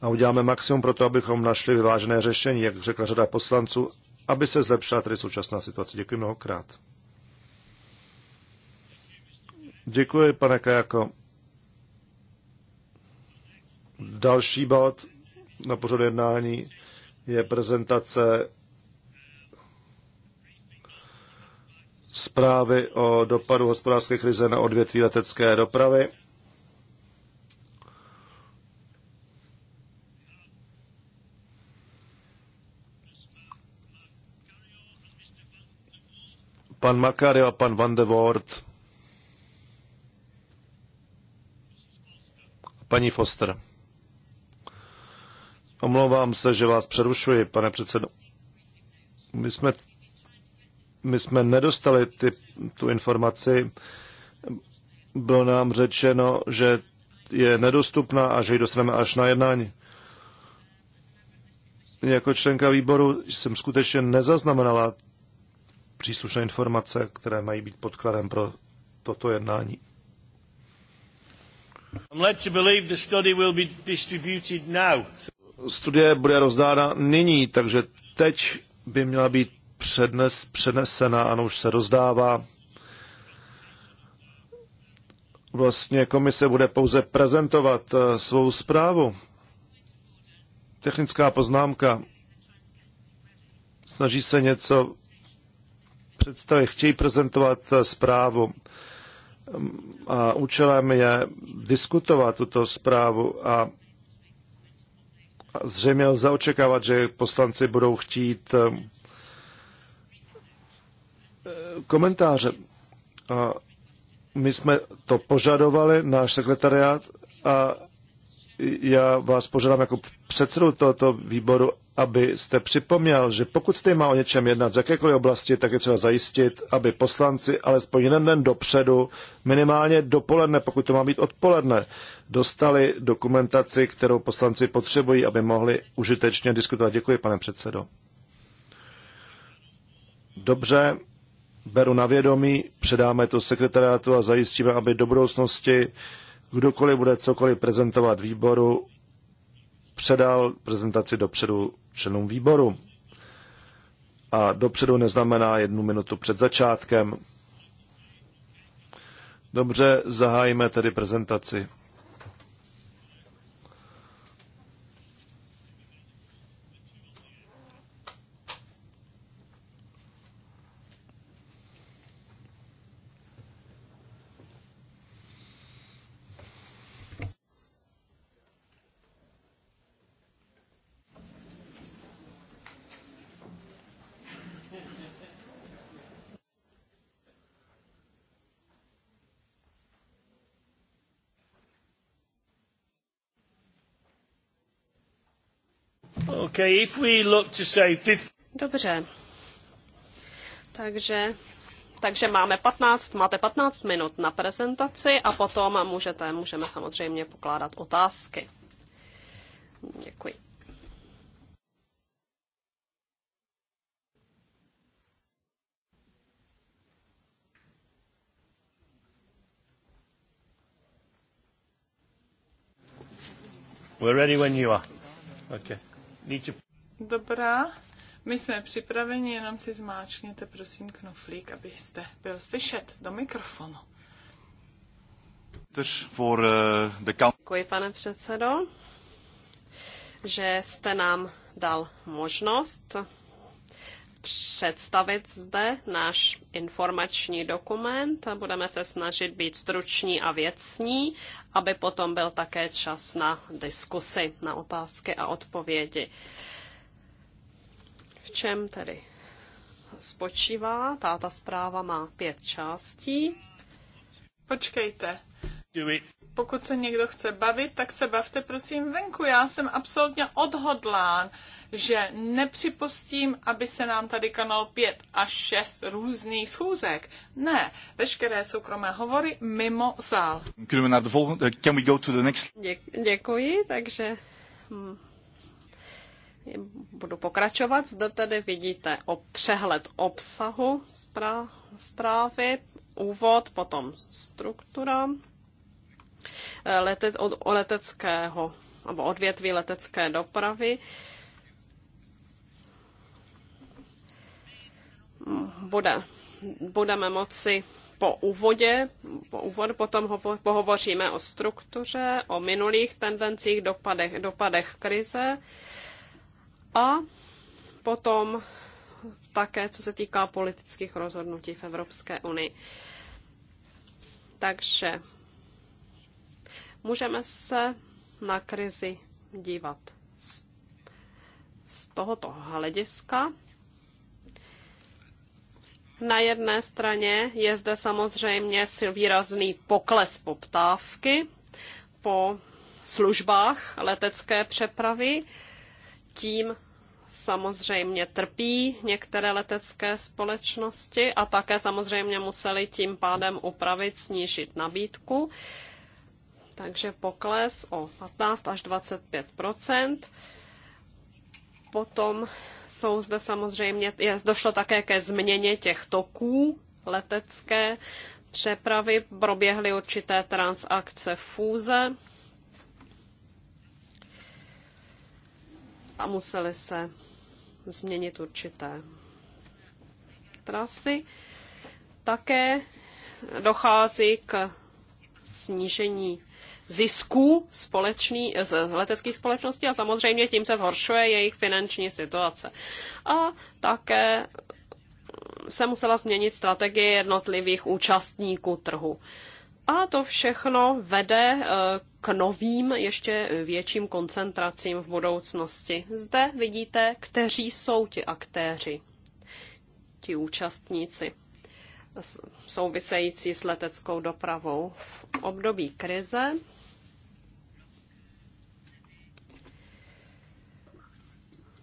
a uděláme maximum pro to, abychom našli vyvážené řešení, jak řekla řada poslanců, aby se zlepšila tedy současná situace. Děkuji mnohokrát. Děkuji, pane Kajako. Další bod na pořad jednání je prezentace zprávy o dopadu hospodářské krize na odvětví letecké dopravy. Pan Makario a pan Van de Voort Paní Foster. Omlouvám se, že vás přerušuji, pane předsedo. My jsme, my jsme nedostali ty, tu informaci. Bylo nám řečeno, že je nedostupná a že ji dostaneme až na jednání. Jako členka výboru jsem skutečně nezaznamenala příslušné informace, které mají být podkladem pro toto jednání. Studie bude rozdána nyní, takže teď by měla být přednes, přednesena, ano, už se rozdává. Vlastně komise bude pouze prezentovat eh, svou zprávu. Technická poznámka. Snaží se něco představit, chtějí prezentovat eh, zprávu a účelem je diskutovat tuto zprávu a zřejmě lze očekávat, že poslanci budou chtít eh, komentáře. A my jsme to požadovali, náš sekretariát, a já vás požádám jako předsedu tohoto výboru, abyste připomněl, že pokud jste má o něčem jednat z jakékoliv oblasti, tak je třeba zajistit, aby poslanci alespoň jeden den dopředu, minimálně dopoledne, pokud to má být odpoledne, dostali dokumentaci, kterou poslanci potřebují, aby mohli užitečně diskutovat. Děkuji, pane předsedo. Dobře, beru na vědomí, předáme to sekretariátu a zajistíme, aby do budoucnosti kdokoliv bude cokoliv prezentovat výboru, předal prezentaci dopředu členům výboru. A dopředu neznamená jednu minutu před začátkem. Dobře, zahájíme tedy prezentaci. Okay, if we look to say 50... Dobře. Takže, takže máme 15, máte 15 minut na prezentaci a potom můžete, můžeme samozřejmě pokládat otázky. Děkuji. We're ready when you are. Okay. Dobrá, my jsme připraveni, jenom si zmáčkněte prosím knoflík, abyste byl slyšet do mikrofonu. Eh, Děkuji, pane předsedo, že jste nám dal možnost představit zde náš informační dokument. Budeme se snažit být struční a věcní, aby potom byl také čas na diskusy, na otázky a odpovědi. V čem tedy spočívá? Táta zpráva má pět částí. Počkejte, pokud se někdo chce bavit, tak se bavte prosím venku. Já jsem absolutně odhodlán, že nepřipustím, aby se nám tady kanal 5 a 6 různých schůzek. Ne, veškeré soukromé hovory mimo sál. Can we go to the next? děkuji, takže hm, budu pokračovat. Zde tady vidíte o přehled obsahu zprávy, úvod, potom struktura od, leteckého, nebo odvětví letecké dopravy. Bude, budeme moci po úvodě, po úvod, potom ho, pohovoříme o struktuře, o minulých tendencích, dopadech, dopadech krize a potom také, co se týká politických rozhodnutí v Evropské unii. Takže Můžeme se na krizi dívat z tohoto hlediska. Na jedné straně je zde samozřejmě výrazný pokles poptávky po službách letecké přepravy. Tím samozřejmě trpí některé letecké společnosti a také samozřejmě museli tím pádem upravit, snížit nabídku takže pokles o 15 až 25 Potom jsou zde samozřejmě, je, došlo také ke změně těch toků letecké přepravy, proběhly určité transakce fůze a musely se změnit určité trasy. Také dochází k snížení zisků společný, z leteckých společností a samozřejmě tím se zhoršuje jejich finanční situace. A také se musela změnit strategie jednotlivých účastníků trhu. A to všechno vede eh, k novým, ještě větším koncentracím v budoucnosti. Zde vidíte, kteří jsou ti aktéři, ti účastníci související s leteckou dopravou. V období krize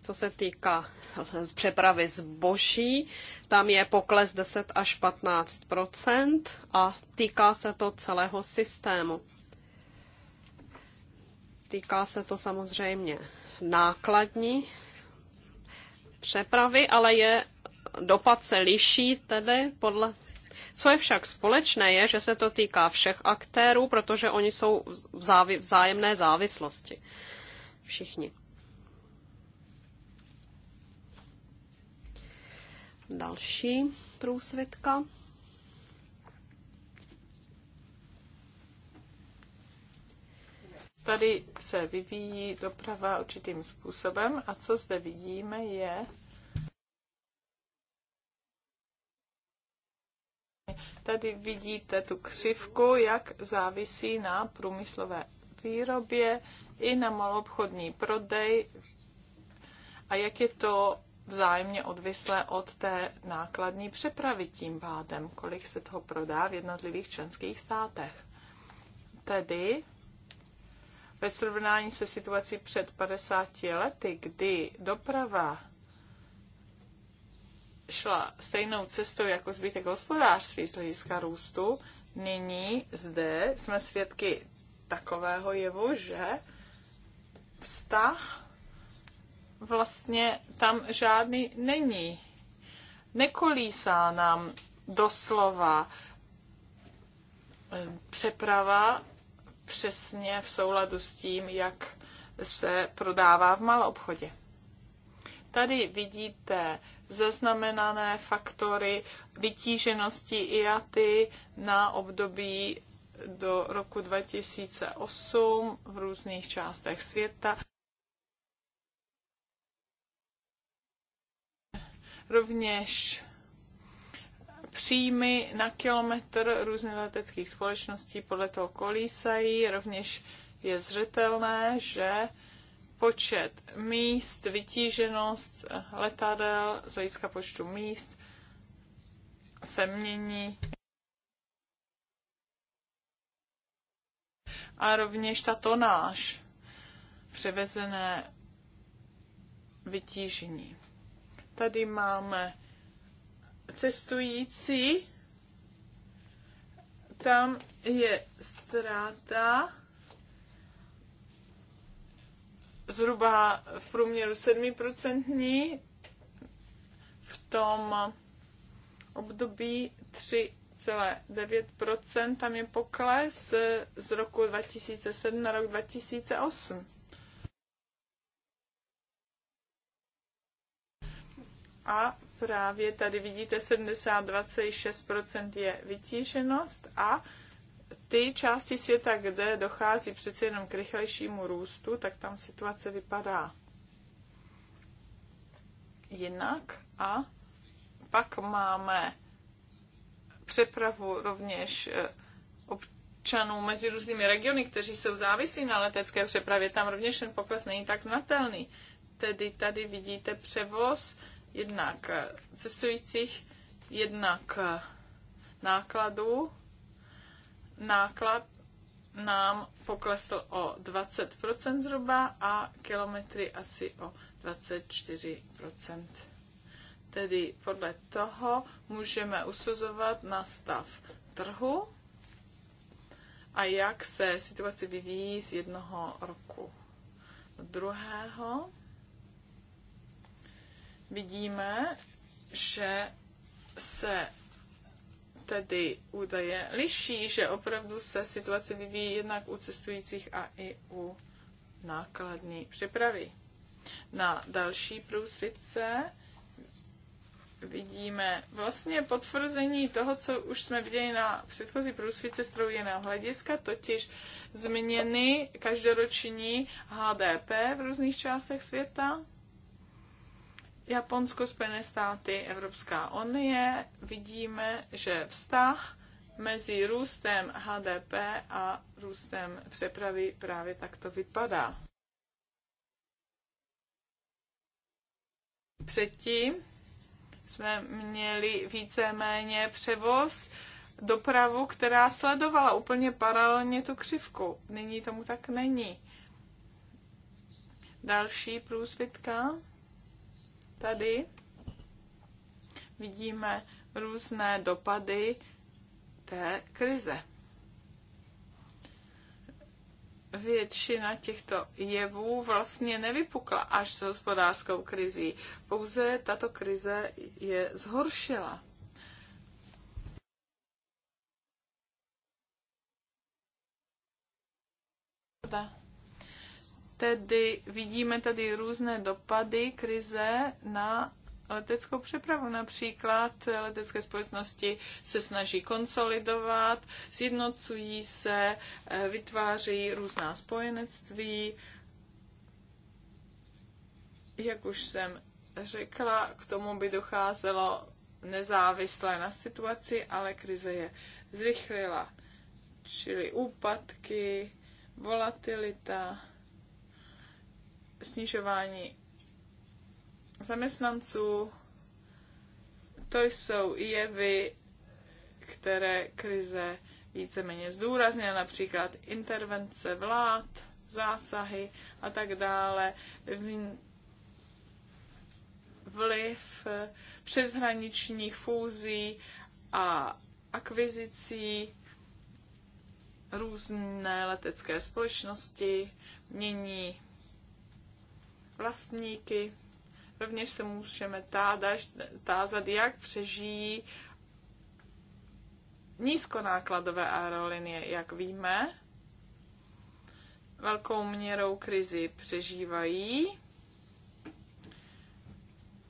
co se týká eh, přepravy zboží, tam je pokles 10 až 15 a týká se to celého systému. Týká se to samozřejmě nákladní přepravy, ale je dopad se liší tedy podle co je však společné, je, že se to týká všech aktérů, protože oni jsou v závi- vzájemné závislosti. Všichni. Další průsvitka. Tady se vyvíjí doprava určitým způsobem a co zde vidíme je Tady vidíte tu křivku, jak závisí na průmyslové výrobě i na malobchodní prodej a jak je to vzájemně odvislé od té nákladní přepravy tím pádem, kolik se toho prodá v jednotlivých členských státech. Tedy ve srovnání se situací před 50 lety, kdy doprava šla stejnou cestou jako zbytek hospodářství z hlediska růstu, nyní zde jsme svědky takového jevu, že vztah vlastně tam žádný není. Nekolísá nám doslova eh, přeprava přesně v souladu s tím, jak se prodává v maloobchodě. Tady vidíte zaznamenané faktory vytíženosti IATY na období do roku 2008 v různých částech světa. Rovněž příjmy na kilometr různých leteckých společností podle toho kolísají. Rovněž je zřetelné, že počet míst, vytíženost letadel z hlediska počtu míst se mění. A rovněž ta tonáž převezené vytížení. Tady máme cestující, tam je ztráta zhruba v průměru 7%, v tom období 3,9%, tam je pokles z roku 2007 na rok 2008. A právě tady vidíte 70-26% je vytíženost a ty části světa, kde dochází přece jenom k rychlejšímu růstu, tak tam situace vypadá jinak. A pak máme přepravu rovněž eh, občanů mezi různými regiony, kteří jsou závislí na letecké přepravě. Tam rovněž ten pokles není tak znatelný. Tedy tady vidíte převoz jednak cestujících, jednak nákladů. Náklad nám poklesl o 20% zhruba a kilometry asi o 24%. Tedy podle toho můžeme usuzovat na stav trhu a jak se situace vyvíjí z jednoho roku do druhého vidíme, že se tedy údaje liší, že opravdu se situace vyvíjí jednak u cestujících a i u nákladní přepravy. Na další průsvitce vidíme vlastně potvrzení toho, co už jsme viděli na předchozí průsvitce z trojujeného hlediska, totiž změny každoroční HDP v různých částech světa, Japonsko, Spojené státy, Evropská unie, vidíme, že vztah mezi růstem HDP a růstem přepravy právě takto vypadá. Předtím jsme měli víceméně převoz, dopravu, která sledovala úplně paralelně tu křivku. Nyní tomu tak není. Další průsvitka. Tady vidíme různé dopady té krize. Většina těchto jevů vlastně nevypukla až s hospodářskou krizí. Pouze tato krize je zhoršila. Pravda tedy vidíme tady různé dopady krize na leteckou přepravu. Například letecké společnosti se snaží konsolidovat, sjednocují se, eh, vytváří různá spojenectví. Jak už jsem řekla, k tomu by docházelo nezávisle na situaci, ale krize je zrychlila. Čili úpadky, volatilita, snižování zaměstnanců. To jsou jevy, které krize víceméně zdůrazně, například intervence vlád, zásahy a tak dále, vliv přeshraničních fúzí a akvizicí různé letecké společnosti mění vlastníky. Rovněž se můžeme tázat, jak přežijí nízkonákladové aerolinie, jak víme. Velkou měrou krizi přežívají.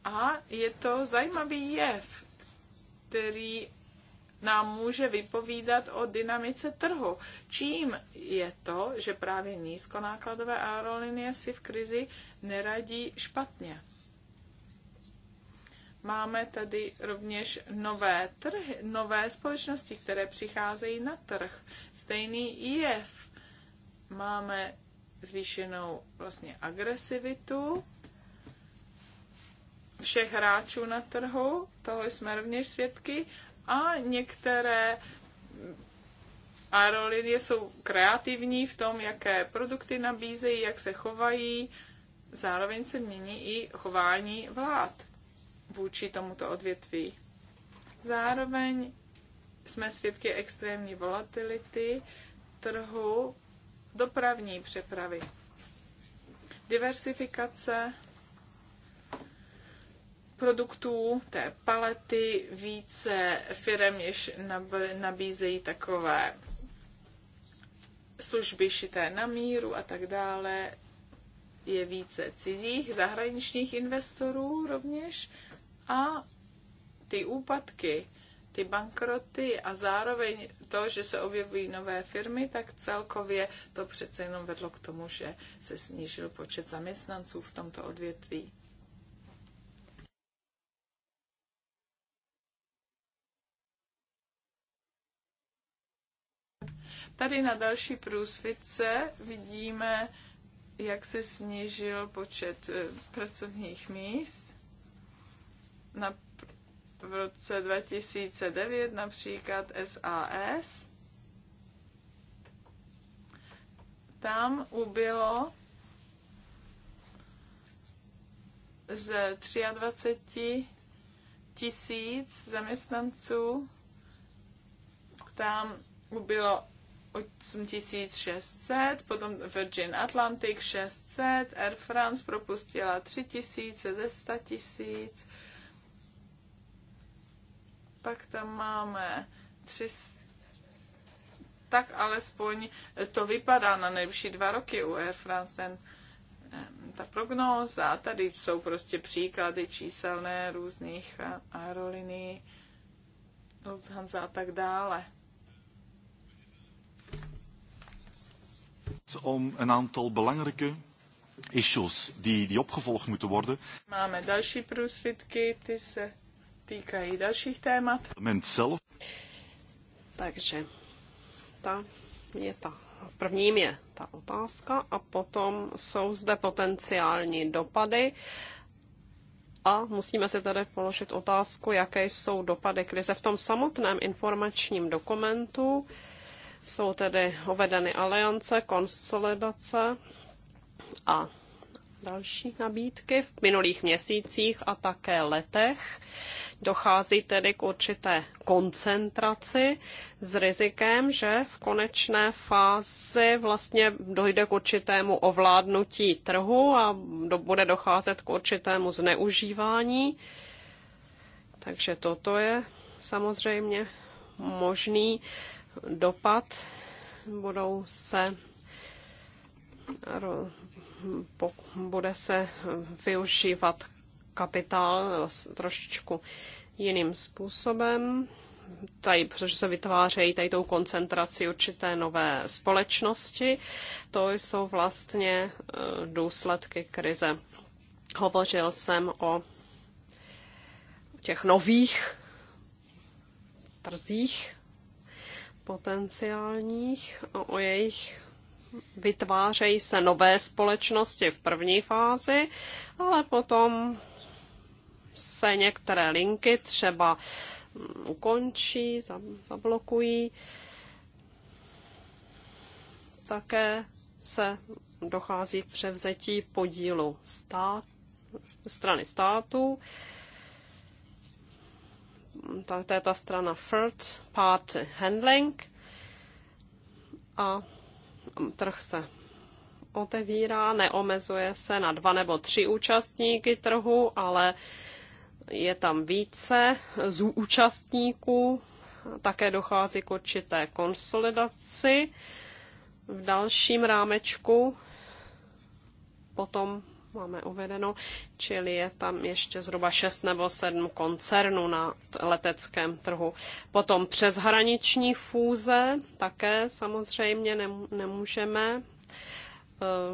A je to zajímavý jev, který nám může vypovídat o dynamice trhu. Čím je to, že právě nízkonákladové aerolinie si v krizi neradí špatně? Máme tady rovněž nové, trhy, nové společnosti, které přicházejí na trh. Stejný IF. Máme zvýšenou vlastně agresivitu všech hráčů na trhu, toho jsme rovněž svědky, a některé aerolinie jsou kreativní v tom, jaké produkty nabízejí, jak se chovají. Zároveň se mění i chování vlád vůči tomuto odvětví. Zároveň jsme svědky extrémní volatility trhu dopravní přepravy. Diversifikace produktů, té palety, více firm již nabízejí takové služby šité na míru a tak dále. Je více cizích, zahraničních investorů rovněž a ty úpadky, ty bankroty a zároveň to, že se objevují nové firmy, tak celkově to přece jenom vedlo k tomu, že se snížil počet zaměstnanců v tomto odvětví. Tady na další průsvitce vidíme, jak se snížil počet eh, pracovních míst. Na, v roce 2009 například SAS. Tam ubylo z 23 tisíc zaměstnanců, tam ubylo 8600, potom Virgin Atlantic 600, Air France propustila 3000 ze 100 tisíc. Pak tam máme 300, tak alespoň to vypadá na nejvyšší dva roky u Air France, ten, ta prognóza. Tady jsou prostě příklady číselné různých aerolinií, Lufthansa a tak dále. om een aantal belangrijke issues die, die opgevolgd moeten worden. Máme další průsvitky, ty se týkají dalších témat. Self. Takže ta je ta. Prvním je ta otázka a potom jsou zde potenciální dopady. A musíme si tedy položit otázku, jaké jsou dopady krize v tom samotném informačním dokumentu jsou tedy uvedeny aliance, konsolidace a další nabídky v minulých měsících a také letech. Dochází tedy k určité koncentraci s rizikem, že v konečné fázi vlastně dojde k určitému ovládnutí trhu a do, bude docházet k určitému zneužívání. Takže toto je samozřejmě možný dopad, budou se bude se využívat kapitál trošičku jiným způsobem, tady, protože se vytvářejí tady tou koncentraci určité nové společnosti. To jsou vlastně e, důsledky krize. Hovořil jsem o těch nových trzích potenciálních a o jejich vytvářejí se nové společnosti v první fázi, ale potom se některé linky třeba ukončí, zablokují. Také se dochází k převzetí podílu stát, strany státu tak to je ta strana Third Party Handling a trh se otevírá, neomezuje se na dva nebo tři účastníky trhu, ale je tam více z účastníků, také dochází k určité konsolidaci. V dalším rámečku potom máme uvedeno, čili je tam ještě zhruba 6 nebo 7 koncernů na leteckém trhu. Potom přeshraniční fúze také samozřejmě nemůžeme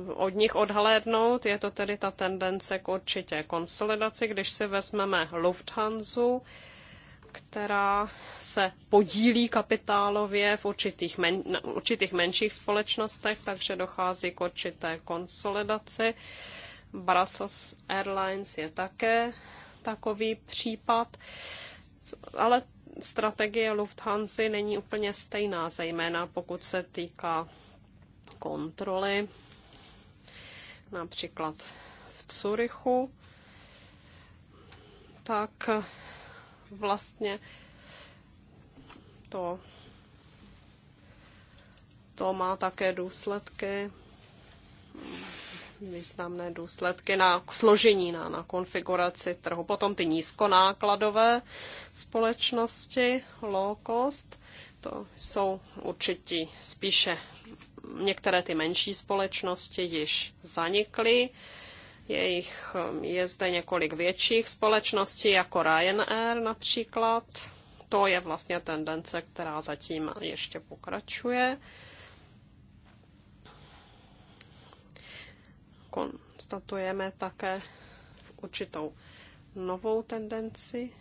eh, od nich odhlédnout. Je to tedy ta tendence k určitě konsolidaci, když si vezmeme Lufthansa, která se podílí kapitálově v určitých, men, určitých menších společnostech, takže dochází k určité konsolidaci. Brussels Airlines je také takový případ, ale strategie Lufthansa není úplně stejná, zejména pokud se týká kontroly, například v Curychu, tak vlastně to, to má také důsledky významné důsledky na složení, na, na konfiguraci trhu. Potom ty nízkonákladové společnosti, low cost, to jsou určitě spíše některé ty menší společnosti již zanikly. Jejich je zde několik větších společností, jako Ryanair například. To je vlastně tendence, která zatím ještě pokračuje. konstatujeme také v určitou novou tendenci.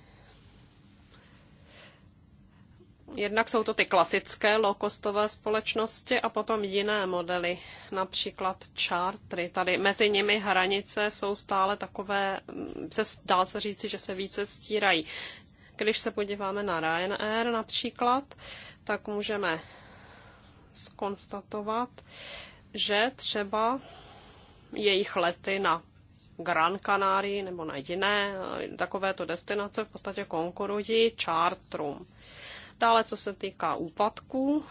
Jednak jsou to ty klasické low-costové společnosti a potom jiné modely, například chartry. Tady mezi nimi hranice jsou stále takové, se, dá se říci, že se více stírají. Když se podíváme na Ryanair například, tak můžeme skonstatovat, že třeba jejich lety na Gran Canary nebo na jiné eh, takovéto destinace v podstatě konkurují chartrům. Dále, co se týká úpadků,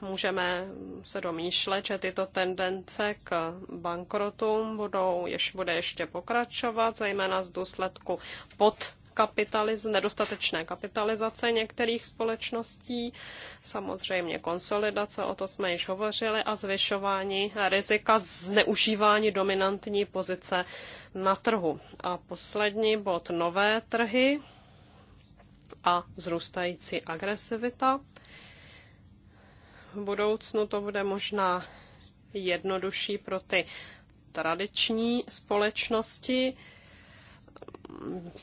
můžeme se domýšlet, že tyto tendence k bankrotům budou, jež bude ještě pokračovat, zejména z důsledku pod kapitaliz- nedostatečné kapitalizace některých společností, samozřejmě konsolidace, o to jsme již hovořili, a zvyšování rizika zneužívání dominantní pozice na trhu. A poslední bod nové trhy a zrůstající agresivita. V budoucnu to bude možná jednodušší pro ty tradiční společnosti,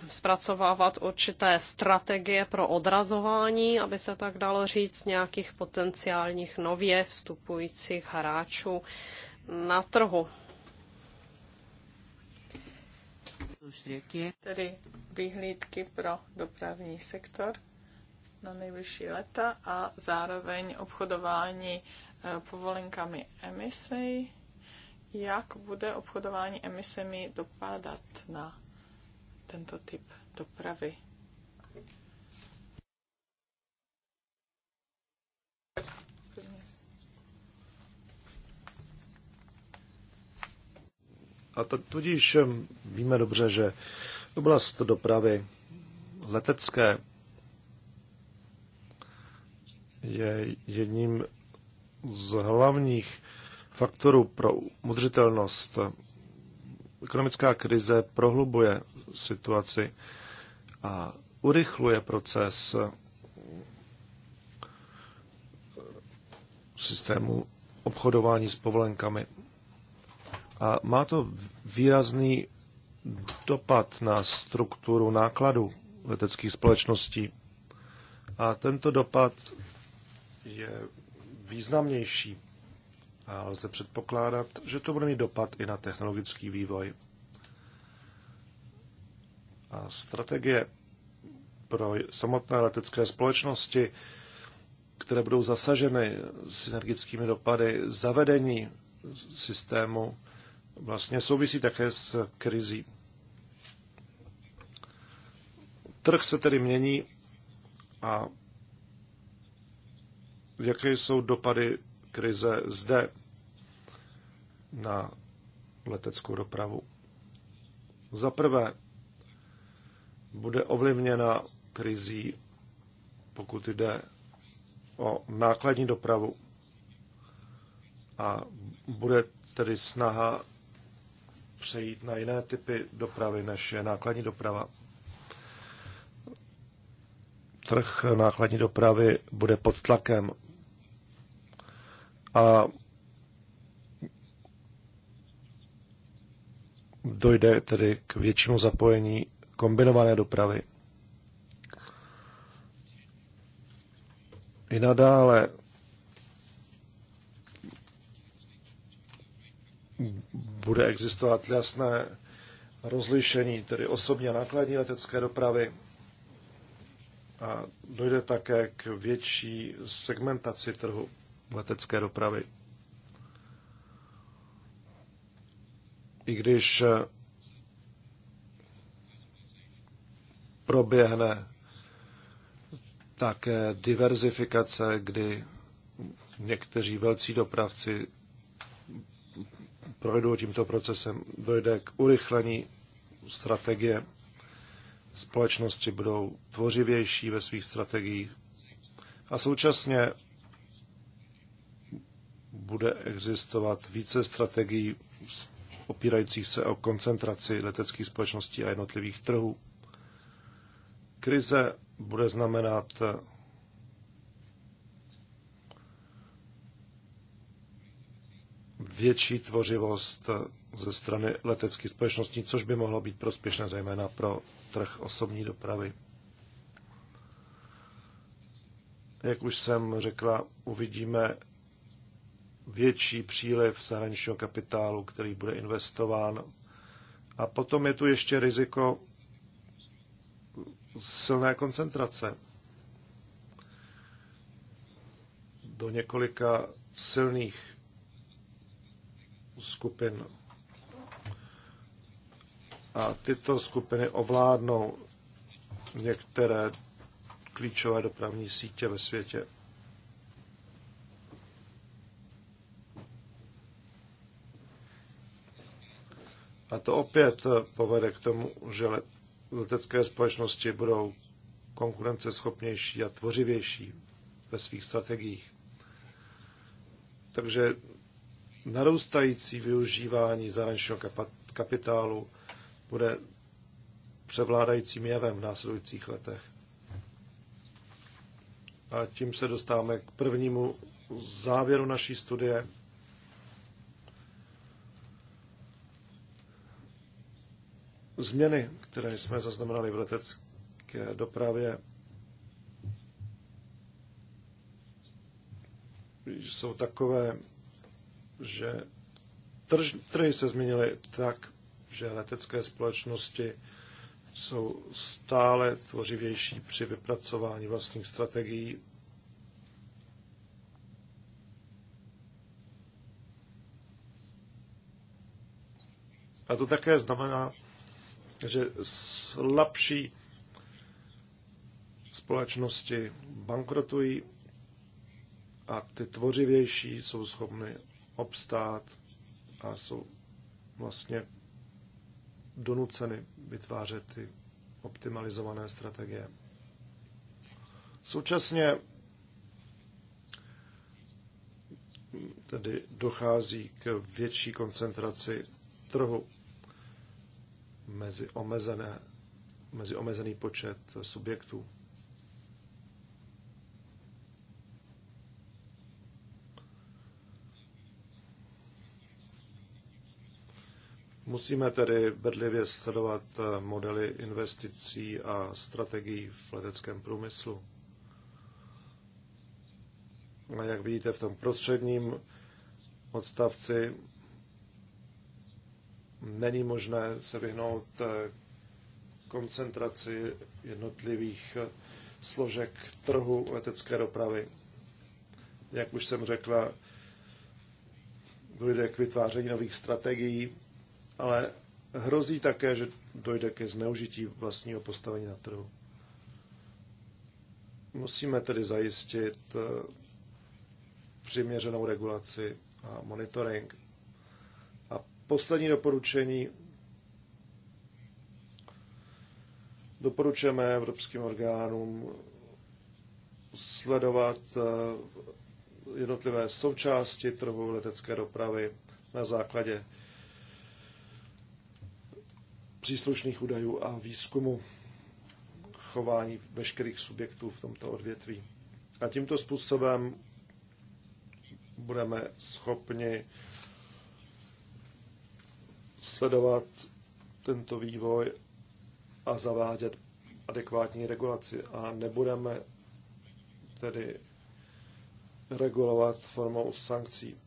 zpracovávat určité strategie pro odrazování, aby se tak dalo říct, nějakých potenciálních nově vstupujících hráčů na trhu. Tedy vyhlídky pro dopravní sektor na nejvyšší leta a zároveň obchodování eh, povolenkami emisí. Jak bude obchodování emisemi dopadat na tento typ dopravy. A to, tudíž víme dobře, že oblast dopravy letecké je jedním z hlavních faktorů pro udržitelnost Ekonomická krize prohlubuje situaci a urychluje proces systému obchodování s povolenkami. A má to výrazný dopad na strukturu nákladů leteckých společností. A tento dopad je významnější a lze předpokládat, že to bude mít dopad i na technologický vývoj. A strategie pro samotné letecké společnosti, které budou zasaženy synergickými dopady zavedení systému, vlastně souvisí také s krizí. Trh se tedy mění a jaké jsou dopady krize zde na leteckou dopravu. Za prvé, bude ovlivněna krizí, pokud jde o nákladní dopravu. A bude tedy snaha přejít na jiné typy dopravy, než je nákladní doprava. Trh nákladní dopravy bude pod tlakem a dojde tedy k většímu zapojení kombinované dopravy. I nadále bude existovat jasné rozlišení, tedy osobní a nákladní letecké dopravy. A dojde také k větší segmentaci trhu letecké dopravy. I když eh, proběhne také diverzifikace, kdy někteří velcí dopravci projdou tímto procesem, dojde k urychlení strategie. Společnosti budou tvořivější ve svých strategiích a současně bude existovat více strategií opírajících se o koncentraci leteckých společností a jednotlivých trhů. Krize bude znamenat větší tvořivost ze strany leteckých společností, což by mohlo být prospěšné zejména pro trh osobní dopravy. Jak už jsem řekla, uvidíme, větší příliv zahraničního kapitálu, který bude investován. A potom je tu ještě riziko silné koncentrace do několika silných skupin. A tyto skupiny ovládnou některé klíčové dopravní sítě ve světě. A to opět eh, povede k tomu, že letecké společnosti budou konkurenceschopnější a tvořivější ve svých strategiích. Takže narůstající využívání zahraničního kapitálu bude převládajícím jevem v následujících letech. A tím se dostáváme k prvnímu závěru naší studie. změny, které jsme zaznamenali v letecké dopravě, jsou takové, že trhy se změnily tak, že letecké společnosti jsou stále tvořivější při vypracování vlastních strategií. A to také znamená, že slabší společnosti bankrotují a ty tvořivější jsou schopny obstát a jsou vlastně donuceny vytvářet ty optimalizované strategie. Současně tedy dochází k větší koncentraci trhu mezi, omezené, mezi omezený počet subjektů. Musíme tedy bedlivě sledovat eh, modely investicí a strategií v leteckém průmyslu. A jak vidíte v tom prostředním odstavci, není možné se vyhnout eh, koncentraci jednotlivých eh, složek trhu letecké dopravy. Jak už jsem řekla, dojde k vytváření nových strategií, ale hrozí také, že dojde ke zneužití vlastního postavení na trhu. Musíme tedy zajistit eh, přiměřenou regulaci a monitoring poslední doporučení. Doporučujeme evropským orgánům sledovat eh, jednotlivé součásti trhu letecké dopravy na základě příslušných údajů a výzkumu chování veškerých subjektů v tomto odvětví. A tímto způsobem budeme schopni sledovat tento vývoj a zavádět adekvátní regulaci a nebudeme tedy regulovat formou sankcí.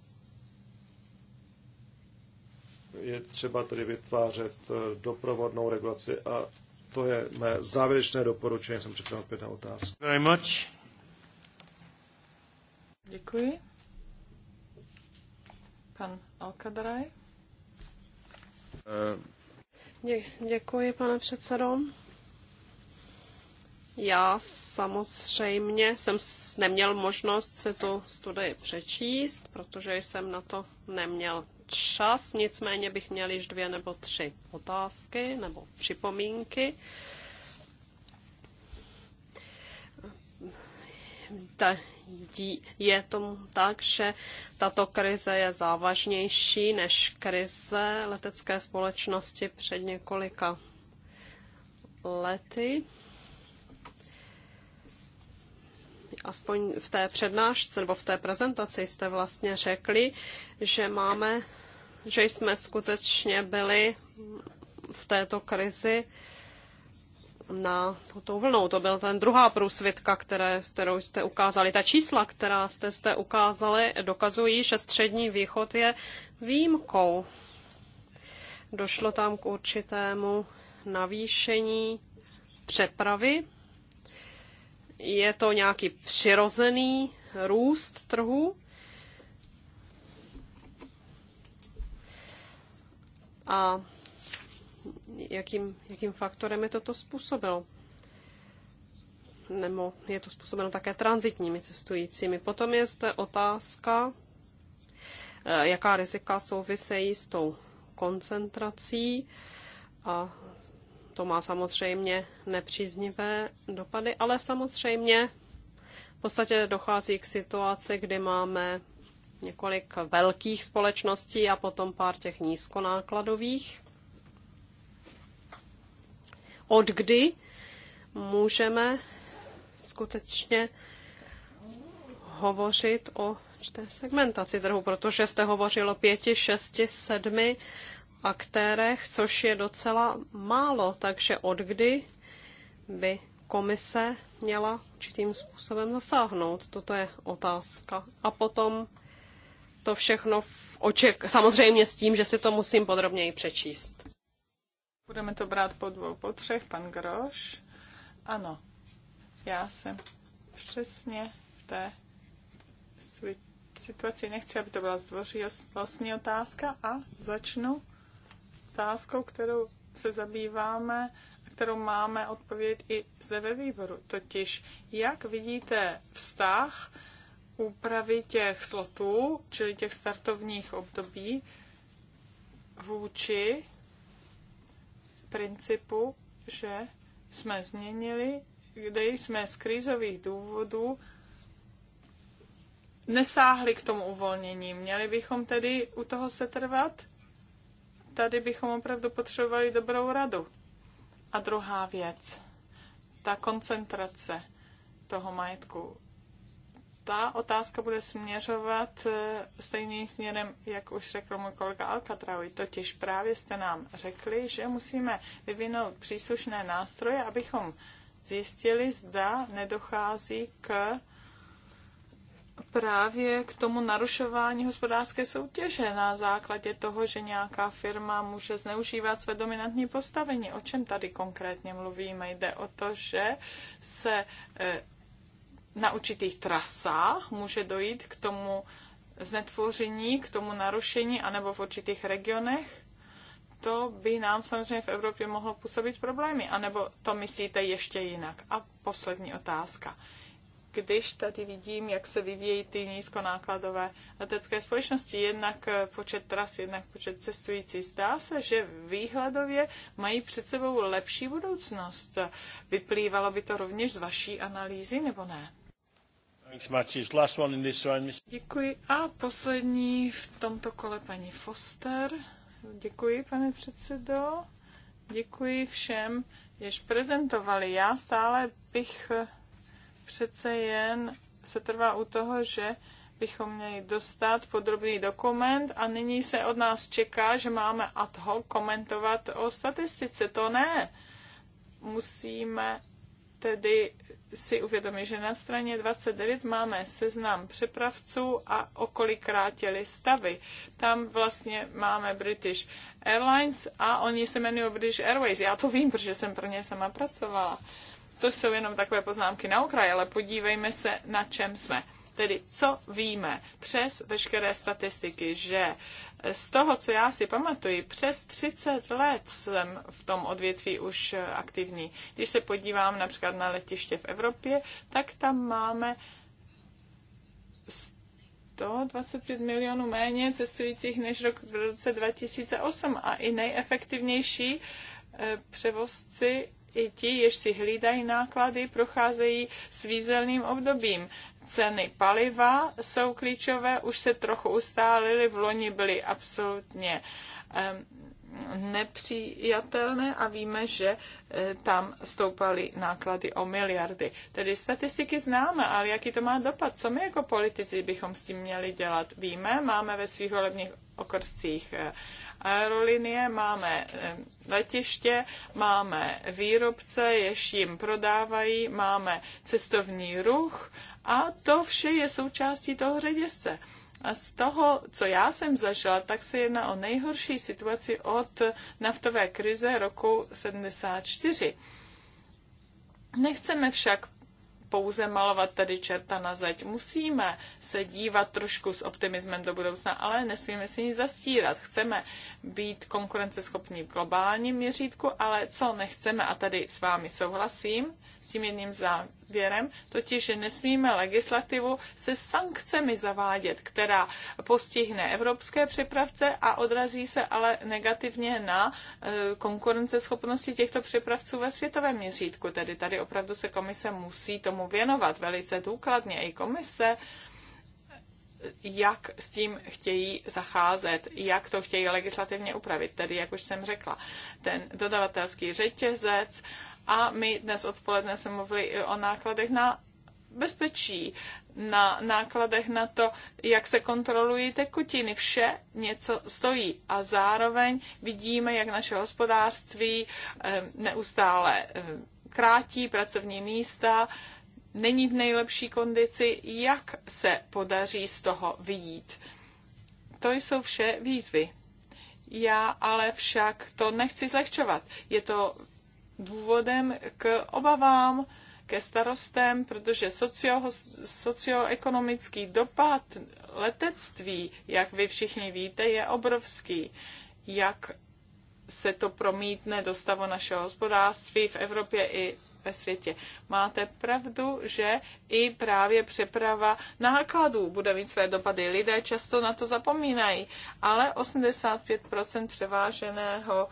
Je třeba tedy vytvářet eh, doprovodnou regulaci a to je mé závěrečné doporučení. Jsem připraven opět na otázku. Very much. Děkuji. Pan Alkadaraj. Dě- děkuji, pane předsedo. Já samozřejmě jsem neměl možnost si tu studii přečíst, protože jsem na to neměl čas, nicméně bych měl již dvě nebo tři otázky nebo připomínky. Ta, je tomu tak, že tato krize je závažnější než krize letecké společnosti před několika lety. Aspoň v té přednášce nebo v té prezentaci jste vlastně řekli, že máme, že jsme skutečně byli v této krizi na tou vlnou. To byl ten druhá průsvitka, které, kterou jste ukázali. Ta čísla, která jste, jste ukázali, dokazují, že střední východ je výjimkou. Došlo tam k určitému navýšení přepravy. Je to nějaký přirozený růst trhu. A jakým, jakým faktorem je toto způsobilo. Nebo je to způsobeno také transitními cestujícími. Potom je zde otázka, eh, jaká rizika souvisejí s tou koncentrací a to má samozřejmě nepříznivé dopady, ale samozřejmě v podstatě dochází k situaci, kdy máme několik velkých společností a potom pár těch nízkonákladových od kdy můžeme skutečně hovořit o té segmentaci trhu, protože jste hovořil o pěti, šesti, sedmi aktérech, což je docela málo, takže od kdy by komise měla určitým způsobem zasáhnout? Toto je otázka. A potom to všechno v oček, samozřejmě s tím, že si to musím podrobněji přečíst. Budeme to brát po dvou, po třech, pan Groš. Ano, já jsem přesně v té situaci. Nechci, aby to byla zdvořilostní otázka a začnu otázkou, kterou se zabýváme a kterou máme odpovědět i zde ve výboru. Totiž, jak vidíte vztah úpravy těch slotů, čili těch startovních období, vůči principu, že jsme změnili, kde jsme z krizových důvodů nesáhli k tomu uvolnění. Měli bychom tedy u toho setrvat? Tady bychom opravdu potřebovali dobrou radu. A druhá věc, ta koncentrace toho majetku ta otázka bude směřovat e, stejným směrem, jak už řekl můj kolega Alcatraoui. Totiž právě jste nám řekli, že musíme vyvinout příslušné nástroje, abychom zjistili, zda nedochází k právě k tomu narušování hospodářské soutěže na základě toho, že nějaká firma může zneužívat své dominantní postavení. O čem tady konkrétně mluvíme? Jde o to, že se e, na určitých trasách může dojít k tomu znetvoření, k tomu narušení, anebo v určitých regionech, to by nám samozřejmě v Evropě mohlo působit problémy. anebo to myslíte ještě jinak? A poslední otázka. Když tady vidím, jak se vyvíjí ty nízkonákladové letecké společnosti, jednak počet tras, jednak počet cestující, zdá se, že výhledově mají před sebou lepší budoucnost. Vyplývalo by to rovněž z vaší analýzy, nebo ne? Děkuji a poslední v tomto kole paní Foster. Děkuji, pane předsedo. Děkuji všem, jež prezentovali. Já stále bych eh, přece jen se trvá u toho, že bychom měli dostat podrobný dokument a nyní se od nás čeká, že máme ad hoc komentovat o statistice. To ne. Musíme tedy si uvědomit, že na straně 29 máme seznam přepravců a okolí jeli stavy. Tam vlastně máme British Airlines a oni se jmenují British Airways. Já to vím, protože jsem pro ně sama pracovala. To jsou jenom takové poznámky na okraj, ale podívejme se, na čem jsme. Tedy co víme přes veškeré statistiky, že z toho, co já si pamatuji, přes 30 let jsem v tom odvětví už aktivní. Když se podívám například na letiště v Evropě, tak tam máme 125 milionů méně cestujících než rok v roce 2008 a i nejefektivnější eh, převozci i ti, jež si hlídají náklady, procházejí svízelným obdobím. Ceny paliva jsou klíčové, už se trochu ustálily, v loni byly absolutně nepřijatelné a víme, že eh, tam stoupaly náklady o miliardy. Tedy statistiky známe, ale jaký to má dopad? Co my jako politici bychom s tím měli dělat? Víme, máme ve svých volebních okrscích eh, aerolinie, máme eh, letiště, máme výrobce, jež jim prodávají, máme cestovní ruch a to vše je součástí toho řetězce. A z toho, co já jsem zažila, tak se jedná o nejhorší situaci od naftové krize roku 74. Nechceme však pouze malovat tady čerta na zeď. Musíme se dívat trošku s optimismem do budoucna, ale nesmíme si nic zastírat. Chceme být konkurenceschopní v globálním měřítku, ale co nechceme, a tady s vámi souhlasím, s tím jedním závěrem, totiž, že nesmíme legislativu se sankcemi zavádět, která postihne evropské přepravce a odrazí se ale negativně na e, konkurenceschopnosti těchto přepravců ve světovém měřítku. Tedy tady opravdu se komise musí tomu věnovat velice důkladně. I komise jak s tím chtějí zacházet, jak to chtějí legislativně upravit. Tedy, jak už jsem řekla, ten dodavatelský řetězec a my dnes odpoledne jsme mluvili i o nákladech na bezpečí, na nákladech na to, jak se kontrolují tekutiny. Vše něco stojí a zároveň vidíme, jak naše hospodářství eh, neustále eh, krátí pracovní místa, není v nejlepší kondici, jak se podaří z toho vyjít. To jsou vše výzvy. Já ale však to nechci zlehčovat. Je to důvodem k obavám, ke starostem, protože socio, socioekonomický dopad letectví, jak vy všichni víte, je obrovský. Jak se to promítne do stavu našeho hospodářství v Evropě i ve světě. Máte pravdu, že i právě přeprava nákladů bude mít své dopady. Lidé často na to zapomínají, ale 85% převáženého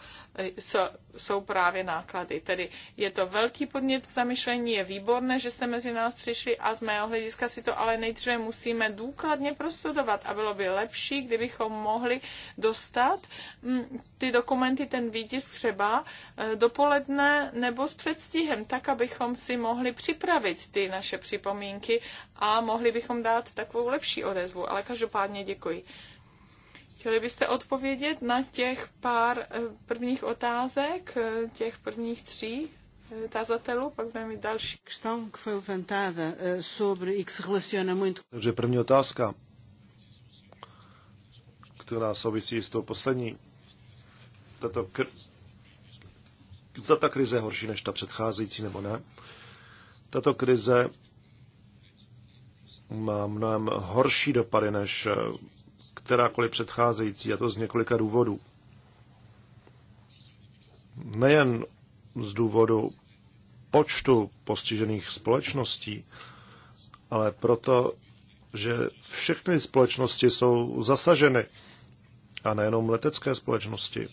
jsou právě náklady. Tedy je to velký podnět k zamyšlení, je výborné, že jste mezi nás přišli a z mého hlediska si to ale nejdříve musíme důkladně prostudovat a bylo by lepší, kdybychom mohli dostat mm, ty dokumenty, ten výtisk třeba eh, dopoledne nebo s předstihem, tak, abychom si mohli připravit ty naše připomínky a mohli bychom dát takovou lepší odezvu. Ale každopádně děkuji. Chtěli byste odpovědět na těch pár eh, prvních otázek, eh, těch prvních tří eh, tazatelů, pak budeme mít další. E Takže první otázka, která souvisí s tou poslední. Tato kr... Za ta krize je horší než ta předcházející, nebo ne? Tato krize má mnohem horší dopady než kterákoliv předcházející, a to z několika důvodů. Nejen z důvodu počtu postižených společností, ale proto, že všechny společnosti jsou zasaženy, a nejenom letecké společnosti.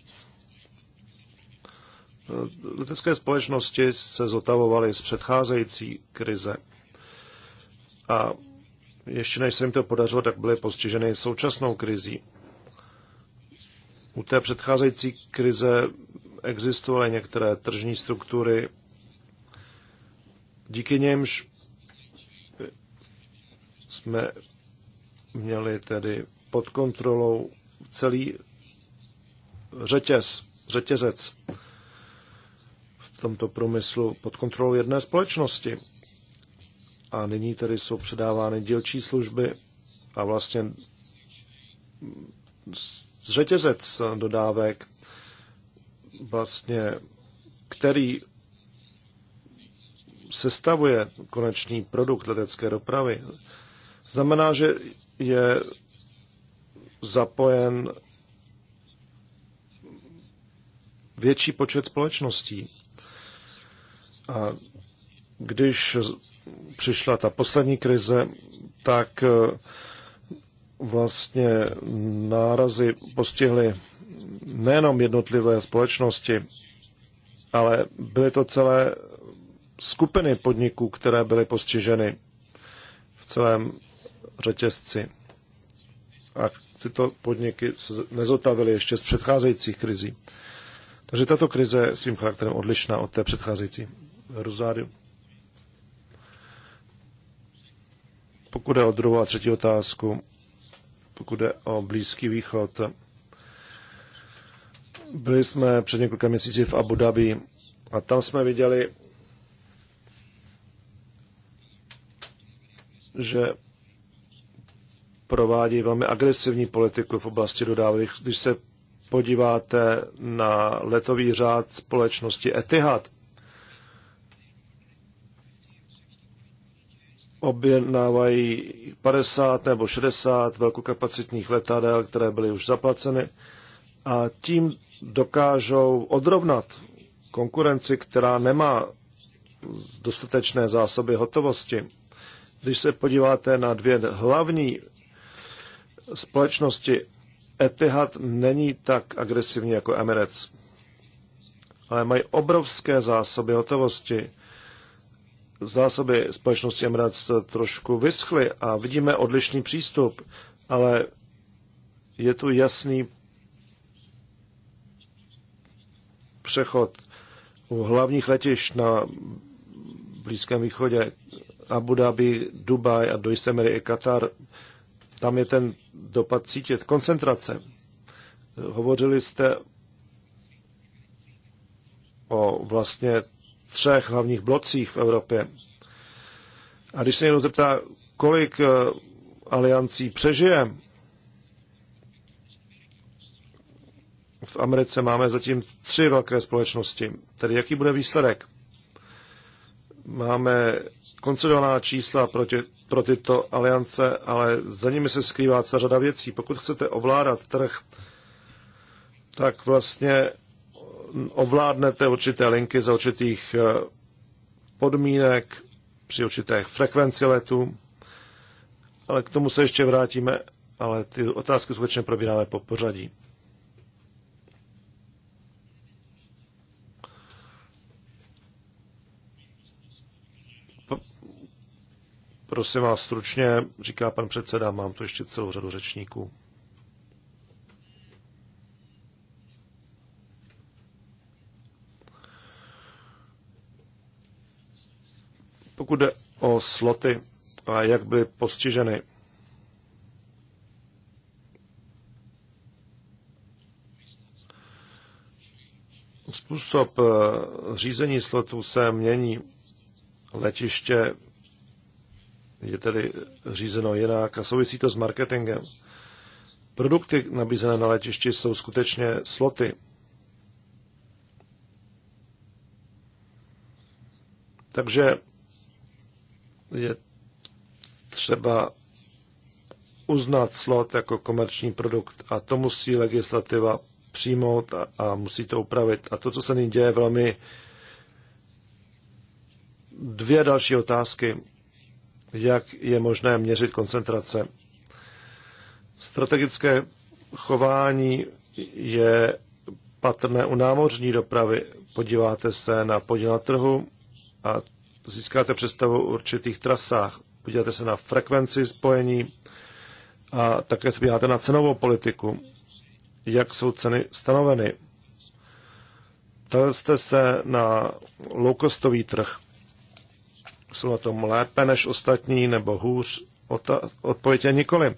Letecké společnosti se zotavovaly z předcházející krize a ještě než se jim to podařilo, tak byly postiženy současnou krizí. U té předcházející krize existovaly některé tržní struktury, díky němž jsme měli tedy pod kontrolou celý řetěz, řetězec v tomto průmyslu pod kontrolou jedné společnosti. A nyní tedy jsou předávány dělčí služby a vlastně řetězec dodávek, vlastně, který sestavuje konečný produkt letecké dopravy, znamená, že je zapojen větší počet společností. A když přišla ta poslední krize, tak eh, vlastně nárazy postihly nejenom jednotlivé společnosti, ale byly to celé skupiny podniků, které byly postiženy v celém řetězci. A tyto podniky se nezotavily ještě z předcházejících krizí. Takže tato krize je svým charakterem odlišná od té předcházející. Rozádium. Pokud je o druhou a třetí otázku, pokud je o Blízký východ, byli jsme před několika měsíci v Abu Dhabi a tam jsme viděli, že provádí velmi agresivní politiku v oblasti dodávek. Když se podíváte na letový řád společnosti Etihad, objednávají 50 nebo 60 velkokapacitních letadel, které byly už zaplaceny a tím dokážou odrovnat konkurenci, která nemá dostatečné zásoby hotovosti. Když se podíváte na dvě hlavní společnosti, Etihad není tak agresivní jako Emirates, ale mají obrovské zásoby hotovosti zásoby společnosti Emirates trošku vyschly a vidíme odlišný přístup, ale je tu jasný přechod u hlavních letišť na Blízkém východě Abu Dhabi, Dubaj a do jisté míry i Katar. Tam je ten dopad cítit. Koncentrace. Hovořili jste o vlastně třech hlavních blocích v Evropě. A když se někdo zeptá, kolik eh, aliancí přežije, v Americe máme zatím tři velké společnosti. Tedy jaký bude výsledek? Máme konsolidovaná čísla proti, pro tyto aliance, ale za nimi se skrývá celá řada věcí. Pokud chcete ovládat trh, tak vlastně ovládnete určité linky za určitých eh, podmínek při určité frekvenci letu, ale k tomu se ještě vrátíme, ale ty otázky skutečně probíráme po pořadí. Prosím vás stručně, říká pan předseda, mám tu ještě celou řadu řečníků. Pokud jde o sloty a jak byly postiženy, Způsob eh, řízení slotů se mění. Letiště je tedy řízeno jinak a souvisí to s marketingem. Produkty nabízené na letišti jsou skutečně sloty. Takže je třeba uznat slot jako komerční produkt a to musí legislativa přijmout a, a musí to upravit. A to, co se nyní děje, je velmi dvě další otázky. Jak je možné měřit koncentrace? Strategické chování je patrné u námořní dopravy. Podíváte se na podíl na trhu a získáte představu o určitých trasách, podíváte se na frekvenci spojení a také se na cenovou politiku, jak jsou ceny stanoveny. Ptali jste se na loukostový trh. Jsou na tom lépe než ostatní nebo hůř? Odpověď je nikoli.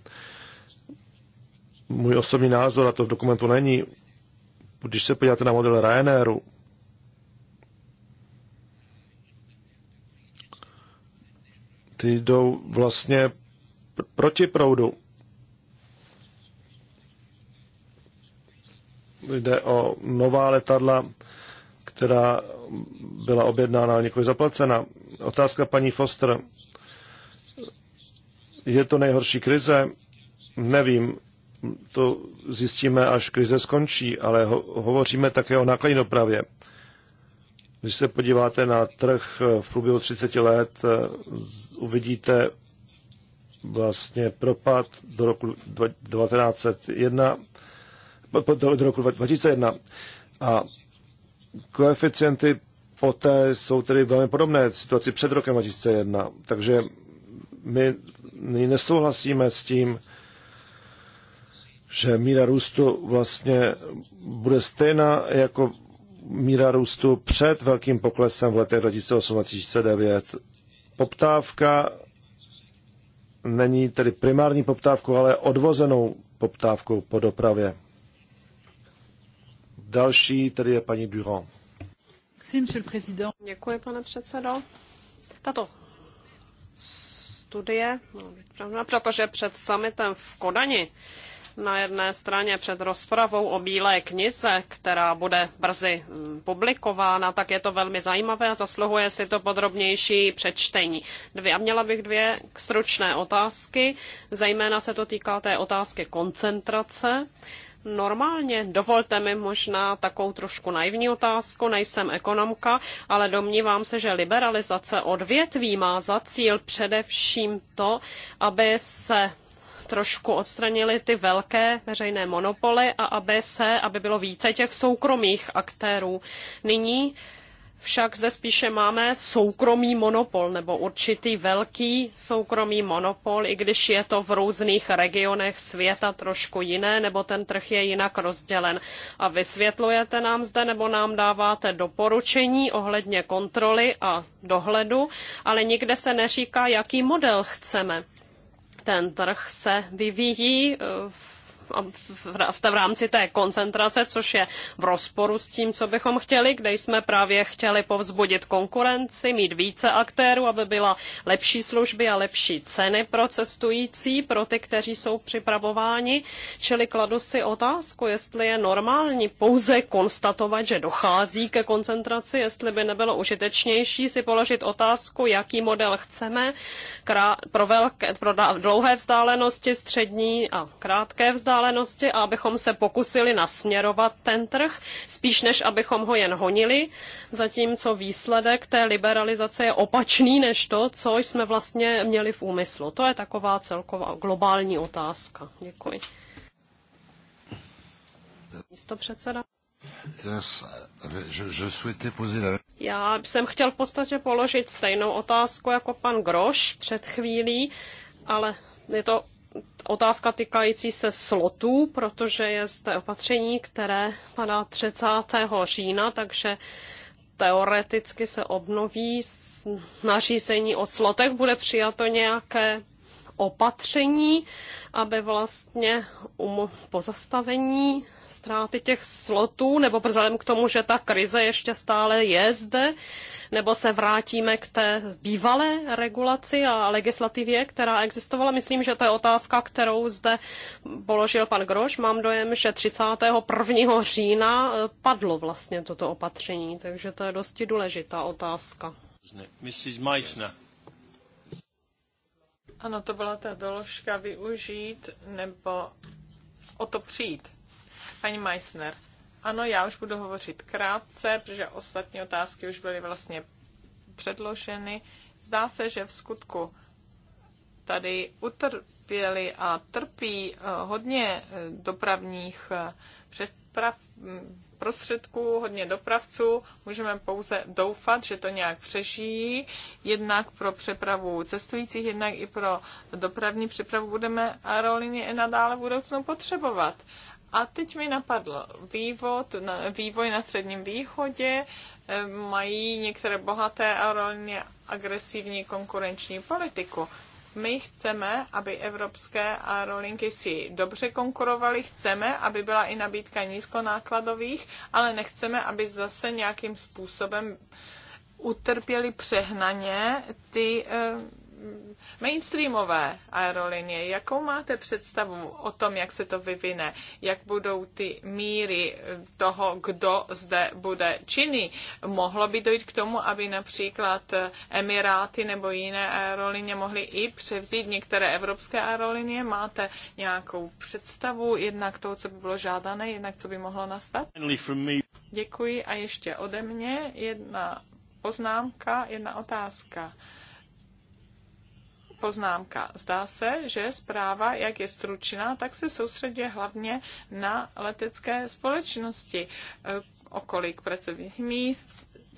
Můj osobní názor, a to v dokumentu není, když se podíváte na model Ryanairu, Ty jdou vlastně proti proudu. Jde o nová letadla, která byla objednána, ale několik zaplacena. Otázka paní Foster. Je to nejhorší krize? Nevím, to zjistíme, až krize skončí, ale ho- hovoříme také o nákladní dopravě. Když se podíváte na trh eh, v průběhu 30 let, eh, uvidíte vlastně propad do roku 1901, do, roku 2001 a koeficienty poté jsou tedy velmi podobné situaci před rokem 2001. Takže my nesouhlasíme s tím, že míra růstu vlastně bude stejná jako míra růstu před velkým poklesem v letech 2008 2009. Poptávka není tedy primární poptávkou, ale odvozenou poptávkou po dopravě. Další tedy je paní Duron. Děkuji, pane předsedo. Tato studie, protože před summitem v Kodani na jedné straně před rozpravou o Bílé knize, která bude brzy mm, publikována, tak je to velmi zajímavé a zasluhuje si to podrobnější přečtení. Dvě, a měla bych dvě stručné otázky, zejména se to týká té otázky koncentrace. Normálně, dovolte mi možná takovou trošku naivní otázku, nejsem ekonomka, ale domnívám se, že liberalizace odvětví má za cíl především to, aby se trošku odstranili ty velké veřejné monopoly a aby se, aby bylo více těch soukromých aktérů. Nyní však zde spíše máme soukromý monopol nebo určitý velký soukromý monopol, i když je to v různých regionech světa trošku jiné, nebo ten trh je jinak rozdělen. A vysvětlujete nám zde nebo nám dáváte doporučení ohledně kontroly a dohledu, ale nikde se neříká, jaký model chceme ten trh se vyvíjí eh, v v rámci té koncentrace, což je v rozporu s tím, co bychom chtěli, kde jsme právě chtěli povzbudit konkurenci, mít více aktérů, aby byla lepší služby a lepší ceny pro cestující, pro ty, kteří jsou připravováni. Čili kladu si otázku, jestli je normální pouze konstatovat, že dochází ke koncentraci, jestli by nebylo užitečnější si položit otázku, jaký model chceme pro, velké, pro dlouhé vzdálenosti, střední a krátké vzdálenosti vzdálenosti a abychom se pokusili nasměrovat ten trh, spíš než abychom ho jen honili, zatímco výsledek té liberalizace je opačný než to, co jsme vlastně měli v úmyslu. To je taková celková globální otázka. Děkuji. Místo předseda. Já jsem chtěl v podstatě položit stejnou otázku jako pan Groš před chvílí, ale je to otázka týkající se slotů, protože je zde opatření, které padá 30. října, takže teoreticky se obnoví nařízení o slotech, bude přijato nějaké opatření, aby vlastně um, pozastavení ztráty těch slotů, nebo vzhledem k tomu, že ta krize ještě stále je zde, nebo se vrátíme k té bývalé regulaci a legislativě, která existovala. Myslím, že to je otázka, kterou zde položil pan Groš. Mám dojem, že 31. října eh, padlo vlastně toto opatření, takže to je dosti důležitá otázka. Mrs. Meissner. Ano, to byla ta doložka využít nebo o to přijít. Paní Meissner, ano, já už budu hovořit krátce, protože ostatní otázky už byly vlastně předloženy. Zdá se, že v skutku tady utrpěli a trpí eh, hodně eh, dopravních eh, přestav prostředků, hodně dopravců. Můžeme pouze doufat, že to nějak přežijí. Jednak pro přepravu cestujících, jednak i pro dopravní přepravu budeme aeroliny i nadále v budoucnu potřebovat. A teď mi napadlo vývod, vývoj na Středním východě. Ehm, mají některé bohaté aeroliny agresivní konkurenční politiku. My chceme, aby evropské aerolinky si dobře konkurovaly, chceme, aby byla i nabídka nízkonákladových, ale nechceme, aby zase nějakým způsobem utrpěli přehnaně ty eh, mainstreamové aerolinie, jakou máte představu o tom, jak se to vyvine, jak budou ty míry toho, kdo zde bude činný. Mohlo by dojít k tomu, aby například Emiráty nebo jiné aerolinie mohly i převzít některé evropské aerolinie. Máte nějakou představu jednak toho, co by bylo žádané, jednak co by mohlo nastat? Děkuji a ještě ode mě jedna poznámka, jedna otázka poznámka. Zdá se, že zpráva, jak je stručná, tak se soustředí hlavně na letecké společnosti, eh, kolik pracovních míst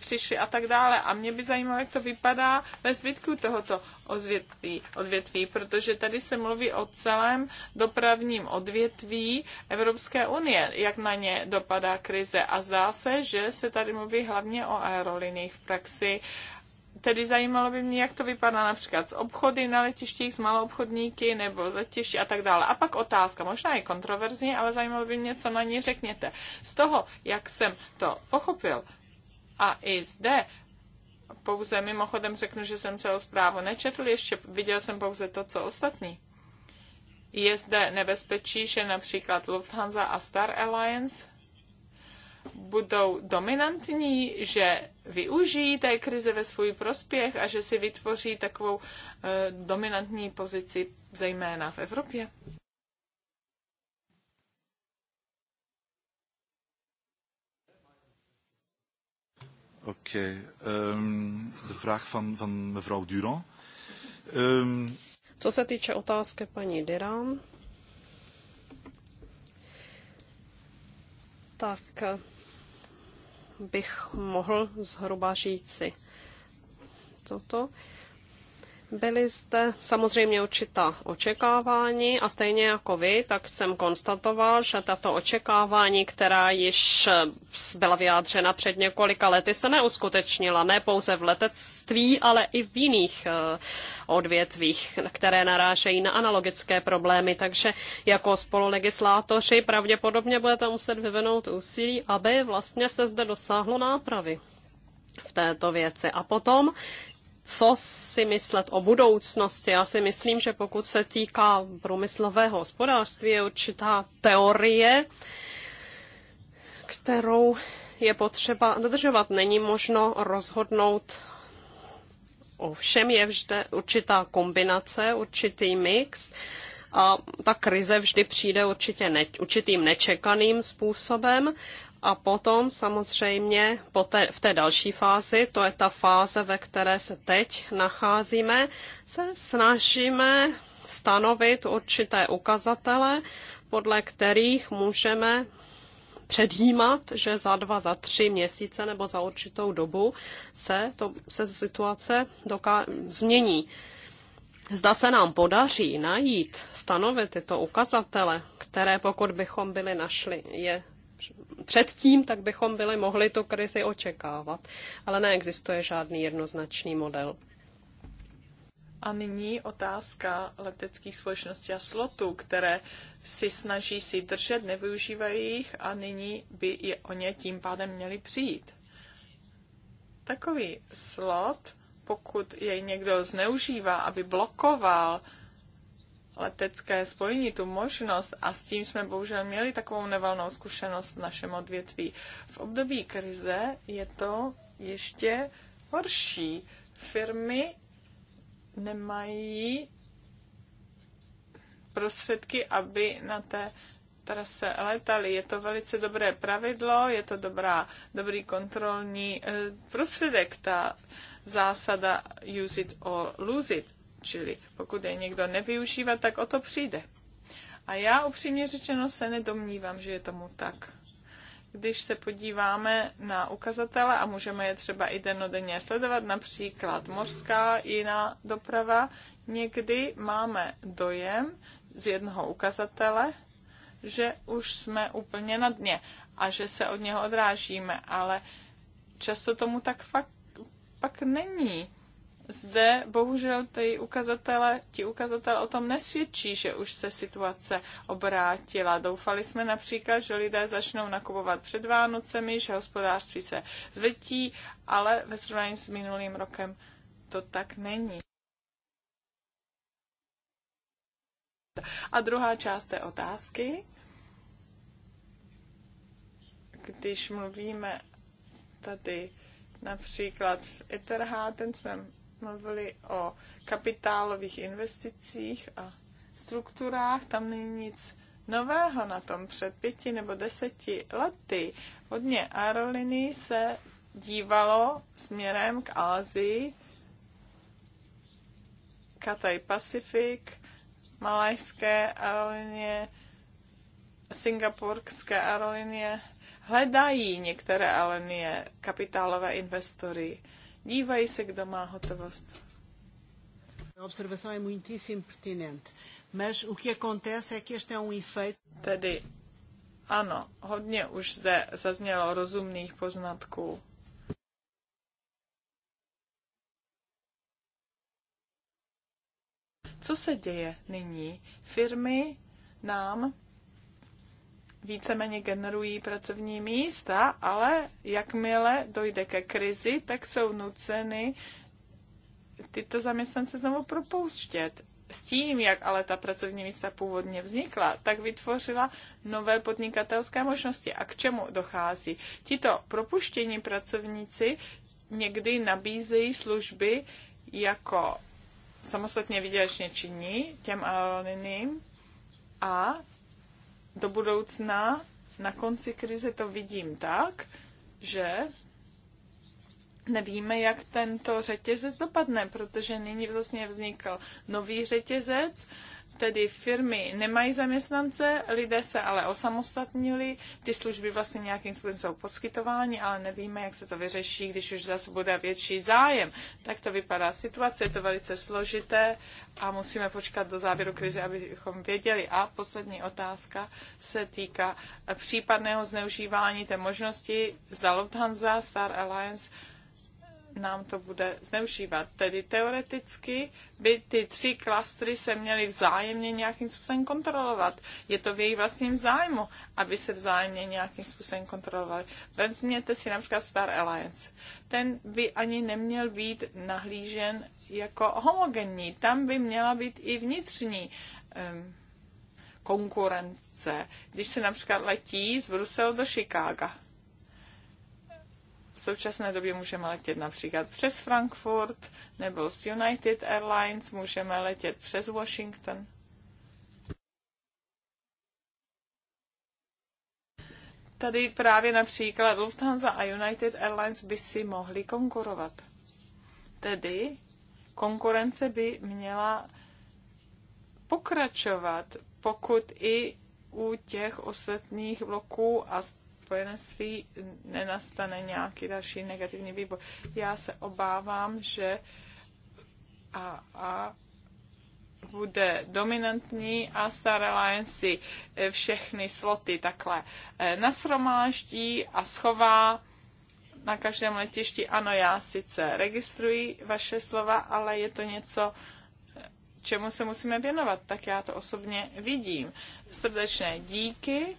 přišli a tak dále. A mě by zajímalo, jak to vypadá ve zbytku tohoto odvětví, odvětví, protože tady se mluví o celém dopravním odvětví Evropské unie, jak na ně dopadá krize. A zdá se, že se tady mluví hlavně o aeroliních v praxi. Uh, Tedy zajímalo by mě, jak to vypadá například s obchody na letištích, s maloobchodníky nebo z letiště a tak dále. A pak otázka, možná je kontroverzní, ale zajímalo by mě, co na ní řekněte. Z toho, jak jsem to pochopil a i zde pouze mimochodem řeknu, že jsem celou zprávu nečetl, ještě viděl jsem pouze to, co ostatní. Je zde nebezpečí, že například Lufthansa a Star Alliance budou dominantní, že využijí té krize ve svůj prospěch a že si vytvoří takovou eh, dominantní pozici, zejména v Evropě? Oké, okay. um, de vraag van, van mevrouw Durand. Um... Co se týče otázky paní Durand, tak bych mohl zhruba říci toto. Byly zde samozřejmě určitá očekávání a stejně jako vy, tak jsem konstatoval, že tato očekávání, která již byla vyjádřena před několika lety, se neuskutečnila ne pouze v letectví, ale i v jiných eh, odvětvích, které narážejí na analogické problémy. Takže jako spolulegislátoři pravděpodobně budete muset vyvinout úsilí, aby vlastně se zde dosáhlo nápravy v této věci. A potom co si myslet o budoucnosti. Já si myslím, že pokud se týká průmyslového hospodářství, je určitá teorie, kterou je potřeba dodržovat. Není možno rozhodnout o všem, je vždy určitá kombinace, určitý mix a ta krize vždy přijde určitě ne, určitým nečekaným způsobem a potom samozřejmě poté, v té další fázi, to je ta fáze, ve které se teď nacházíme, se snažíme stanovit určité ukazatele, podle kterých můžeme předjímat, že za dva, za tři měsíce nebo za určitou dobu se, to, se situace doká- změní. Zda se nám podaří najít, stanovit tyto ukazatele, které pokud bychom byli našli, je předtím, tak bychom byli mohli tu krizi očekávat. Ale neexistuje žádný jednoznačný model. A nyní otázka leteckých společností a slotů, které si snaží si držet, nevyužívají jich a nyní by i o ně tím pádem měli přijít. Takový slot pokud jej někdo zneužívá, aby blokoval letecké spojení, tu možnost, a s tím jsme bohužel měli takovou nevalnou zkušenost v našem odvětví. V období krize je to ještě horší. Firmy nemají prostředky, aby na té trase letali. Je to velice dobré pravidlo, je to dobrá, dobrý kontrolní eh, prostředek, ta zásada use it or lose it, čili pokud je někdo nevyužívá, tak o to přijde. A já upřímně řečeno se nedomnívám, že je tomu tak. Když se podíváme na ukazatele a můžeme je třeba i denodenně sledovat, například mořská jiná doprava, někdy máme dojem z jednoho ukazatele, že už jsme úplně na dně a že se od něho odrážíme, ale často tomu tak fakt pak není. Zde bohužel ty ukazatele, ti ukazatele o tom nesvědčí, že už se situace obrátila. Doufali jsme například, že lidé začnou nakupovat před Vánocemi, že hospodářství se zvětí, ale ve srovnání s minulým rokem to tak není. A druhá část té otázky, když mluvíme tady Například v ten jsme mluvili o kapitálových investicích a strukturách. Tam není nic nového na tom. Před pěti nebo deseti lety hodně aeroliny se dívalo směrem k Ázii, Cathay Pacific, malajské aerolinie, singapurské aerolinie, hledají některé alenie kapitálové investory. Dívají se, kdo má hotovost. Um Tedy ano, hodně už zde zaznělo rozumných poznatků. Co se děje nyní? Firmy nám víceméně generují pracovní místa, ale jakmile dojde ke krizi, tak jsou nuceny tyto zaměstnance znovu propouštět. S tím, jak ale ta pracovní místa původně vznikla, tak vytvořila nové podnikatelské možnosti. A k čemu dochází? Tito propuštění pracovníci někdy nabízejí služby jako samostatně výdělečně činní těm anonymním a do budoucna na konci krize to vidím tak, že nevíme, jak tento řetězec dopadne, protože nyní vlastně vznikl nový řetězec, tedy firmy nemají zaměstnance, lidé se ale osamostatnili, ty služby vlastně nějakým způsobem jsou poskytovány, ale nevíme, jak se to vyřeší, když už zase bude větší zájem. Tak to vypadá situace, je to velice složité a musíme počkat do závěru krize, abychom věděli. A poslední otázka se týká případného zneužívání té možnosti, zda Lufthansa, Star Alliance, nám to bude zneužívat. Tedy teoreticky by ty tři klastry se měly vzájemně nějakým způsobem kontrolovat. Je to v jejich vlastním zájmu, aby se vzájemně nějakým způsobem kontrolovali. Vezměte si například Star Alliance. Ten by ani neměl být nahlížen jako homogenní. Tam by měla být i vnitřní um, konkurence. Když se například letí z Bruselu do Chicaga v současné době můžeme letět například přes Frankfurt nebo z United Airlines, můžeme letět přes Washington. Tady právě například Lufthansa a United Airlines by si mohly konkurovat. Tedy konkurence by měla pokračovat, pokud i u těch ostatních bloků a spojenectví nenastane nějaký další negativní vývoj. Já se obávám, že a, a bude dominantní a Star Alliance si eh, všechny sloty takhle eh, nasromáždí a schová na každém letišti. Ano, já sice registruji vaše slova, ale je to něco, eh, čemu se musíme věnovat. Tak já to osobně vidím. Srdečné díky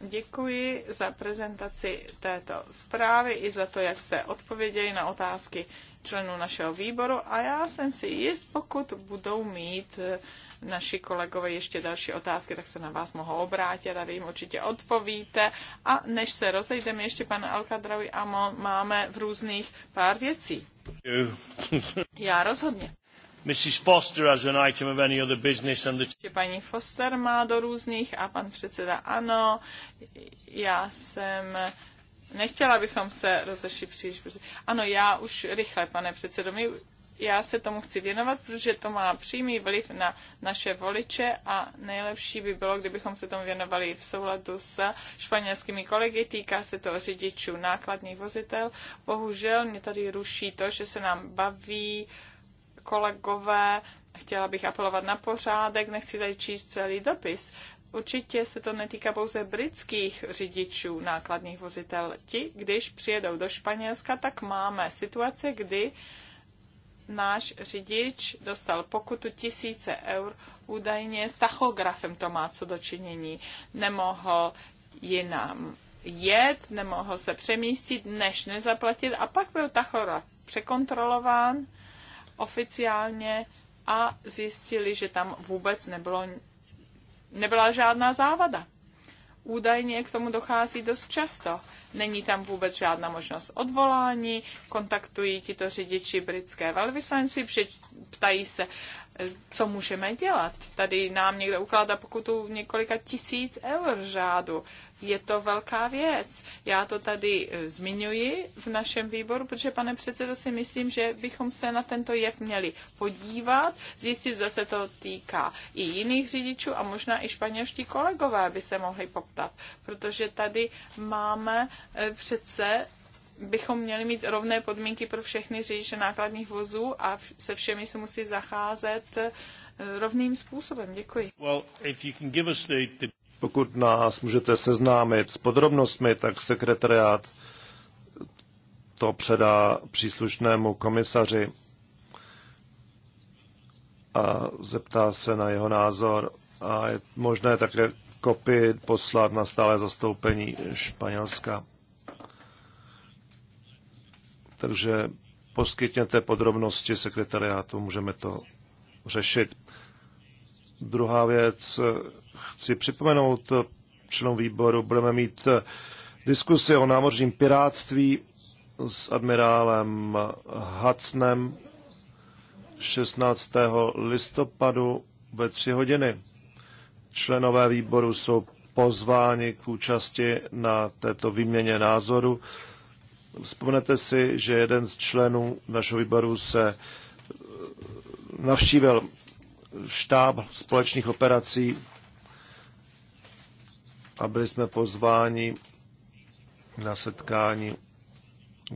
Děkuji za prezentaci této zprávy i za to, jak jste odpověděli na otázky členů našeho výboru a já jsem si jist, pokud budou mít eh, naši kolegové ještě další otázky, tak se na vás mohou obrátit a vy jim určitě odpovíte. A než se rozejdeme, ještě pan Alkadrawi a máme v různých pár věcí. Já rozhodně. Mrs. Foster has an item of any other business and the... Paní Foster má do různých a pan předseda ano. Já jsem nechtěla, bychom se rozešli příliš. Ano, já už rychle, pane předsedo, my já se tomu chci věnovat, protože to má přímý vliv na naše voliče a nejlepší by bylo, kdybychom se tomu věnovali v souladu s španělskými kolegy. Týká se to řidičů nákladních vozitel. Bohužel mě tady ruší to, že se nám baví kolegové, chtěla bych apelovat na pořádek, nechci tady číst celý dopis. Určitě se to netýká pouze britských řidičů nákladních vozitel. Ti, když přijedou do Španělska, tak máme situace, kdy náš řidič dostal pokutu tisíce eur, údajně s tachografem to má co dočinění. Nemohl jinam jet, nemohl se přemístit, než nezaplatit a pak byl tachograf překontrolován oficiálně a zjistili, že tam vůbec nebylo, nebyla žádná závada. Údajně k tomu dochází dost často. Není tam vůbec žádná možnost odvolání, kontaktují tito řidiči britské velvyslanci, ptají se, eh, co můžeme dělat. Tady nám někdo ukládá pokutu několika tisíc eur řádu je to velká věc. Já to tady eh, zmiňuji v našem výboru, protože, pane předsedo, si myslím, že bychom se na tento jev měli podívat, zjistit, zda se to týká i jiných řidičů a možná i španělští kolegové by se mohli poptat, protože tady máme eh, přece bychom měli mít rovné podmínky pro všechny řidiče nákladních vozů a se všemi se musí zacházet eh, rovným způsobem. Děkuji. Well, if you can give us the, the... Pokud nás můžete seznámit s podrobnostmi, tak sekretariát to předá příslušnému komisaři a zeptá se na jeho názor a je možné také kopii poslat na stále zastoupení Španělska. Takže poskytněte podrobnosti sekretariátu, můžeme to řešit. Druhá věc, chci připomenout eh, členům výboru, budeme mít eh, diskusi o námořním piráctví s admirálem Hacnem eh, 16. listopadu ve 3 hodiny. Členové výboru jsou pozváni k účasti na této výměně názoru. Vzpomněte si, že jeden z členů našeho výboru se navštívil štáb společných operací a byli jsme pozváni na setkání,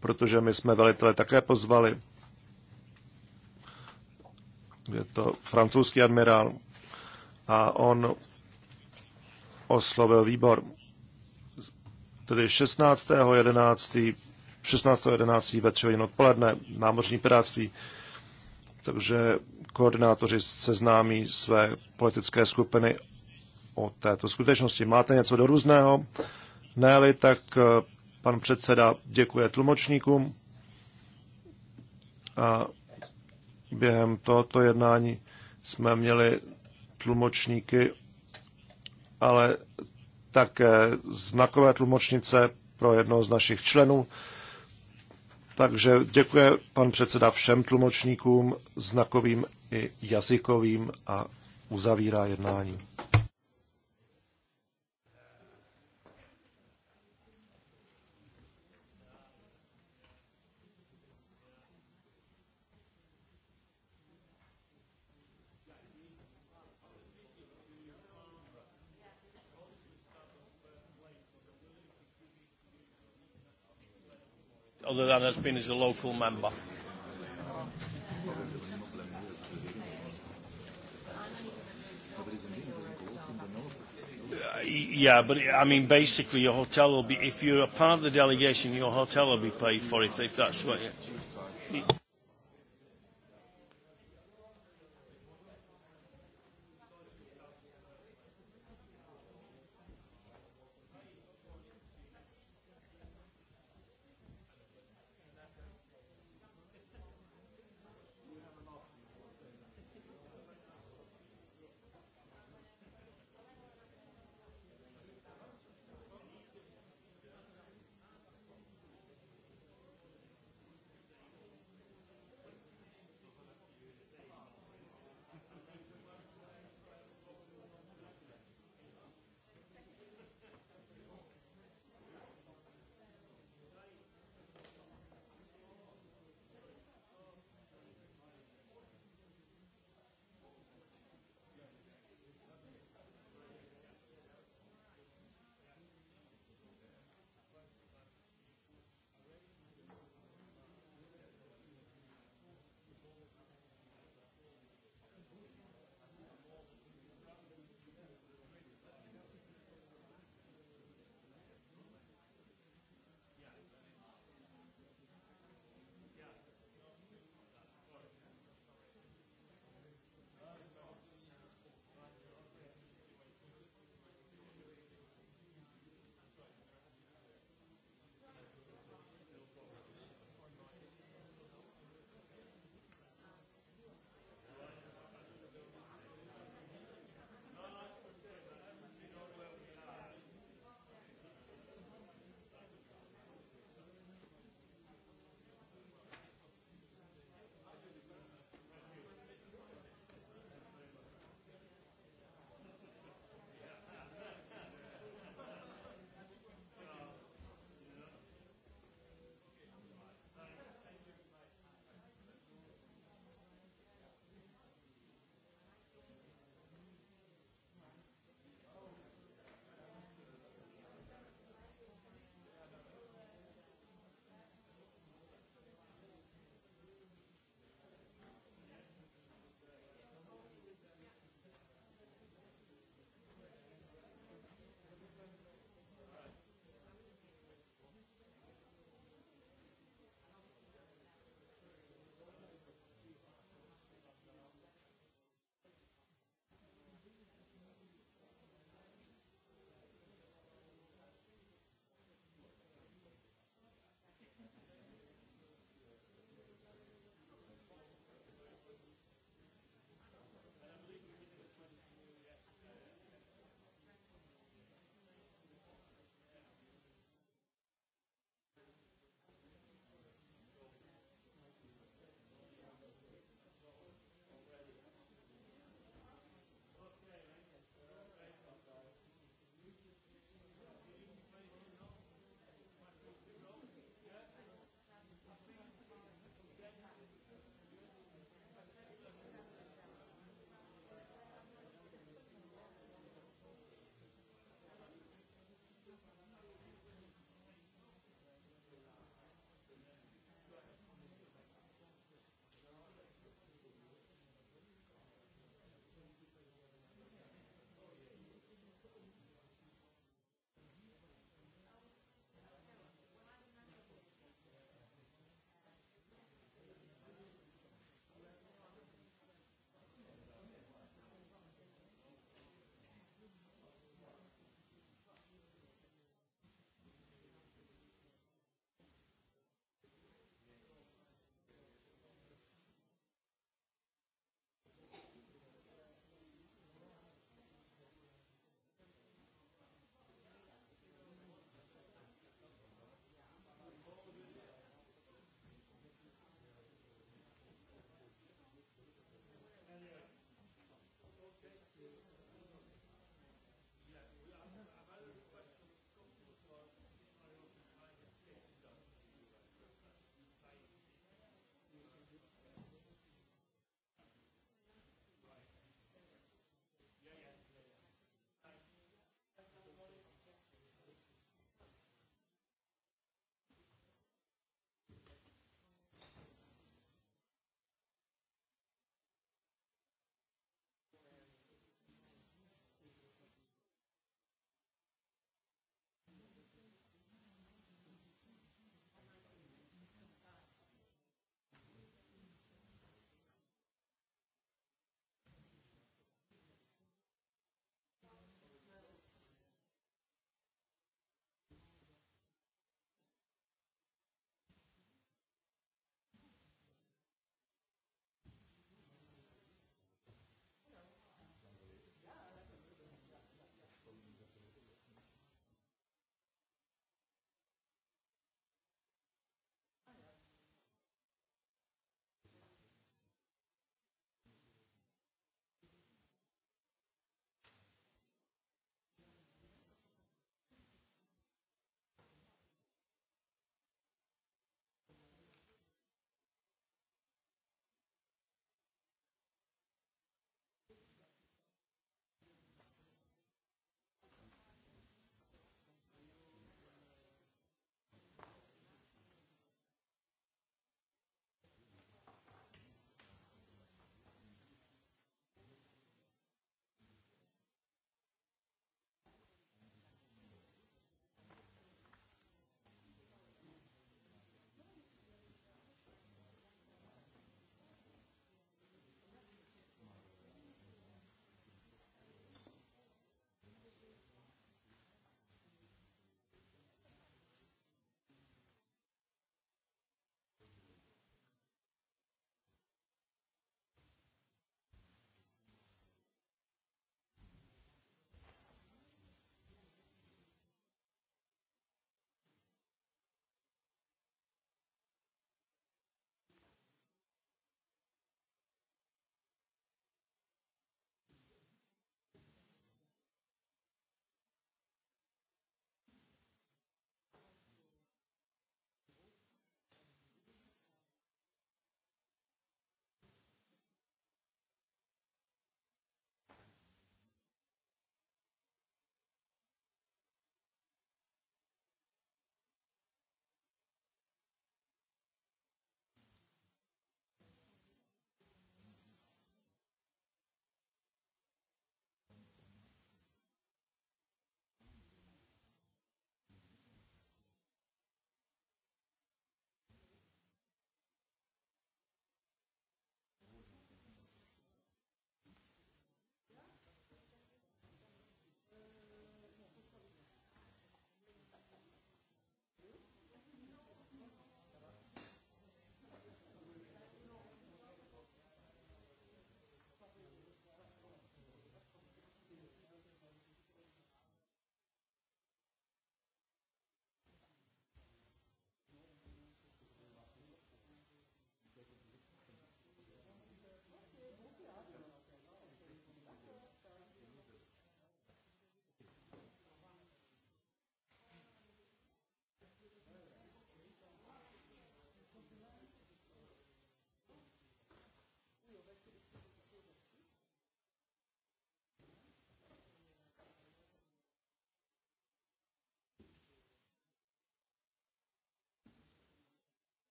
protože my jsme velitele také pozvali. Je to francouzský admirál a on oslovil výbor. Tedy 16.11. 16.11. ve 3 hodin odpoledne námořní pirátství. Takže koordinátoři seznámí své politické skupiny o této skutečnosti. Máte něco do různého? ne tak eh, pan předseda děkuje tlumočníkům a během tohoto jednání jsme měli tlumočníky, ale také znakové tlumočnice pro jednoho z našich členů. Takže děkuje pan předseda všem tlumočníkům, znakovým i jazykovým a uzavírá jednání. other than has been as a local member. Uh, yeah, but I mean, basically, your hotel will be, if you're a part of the delegation, your hotel will be paid for if, if that's what you.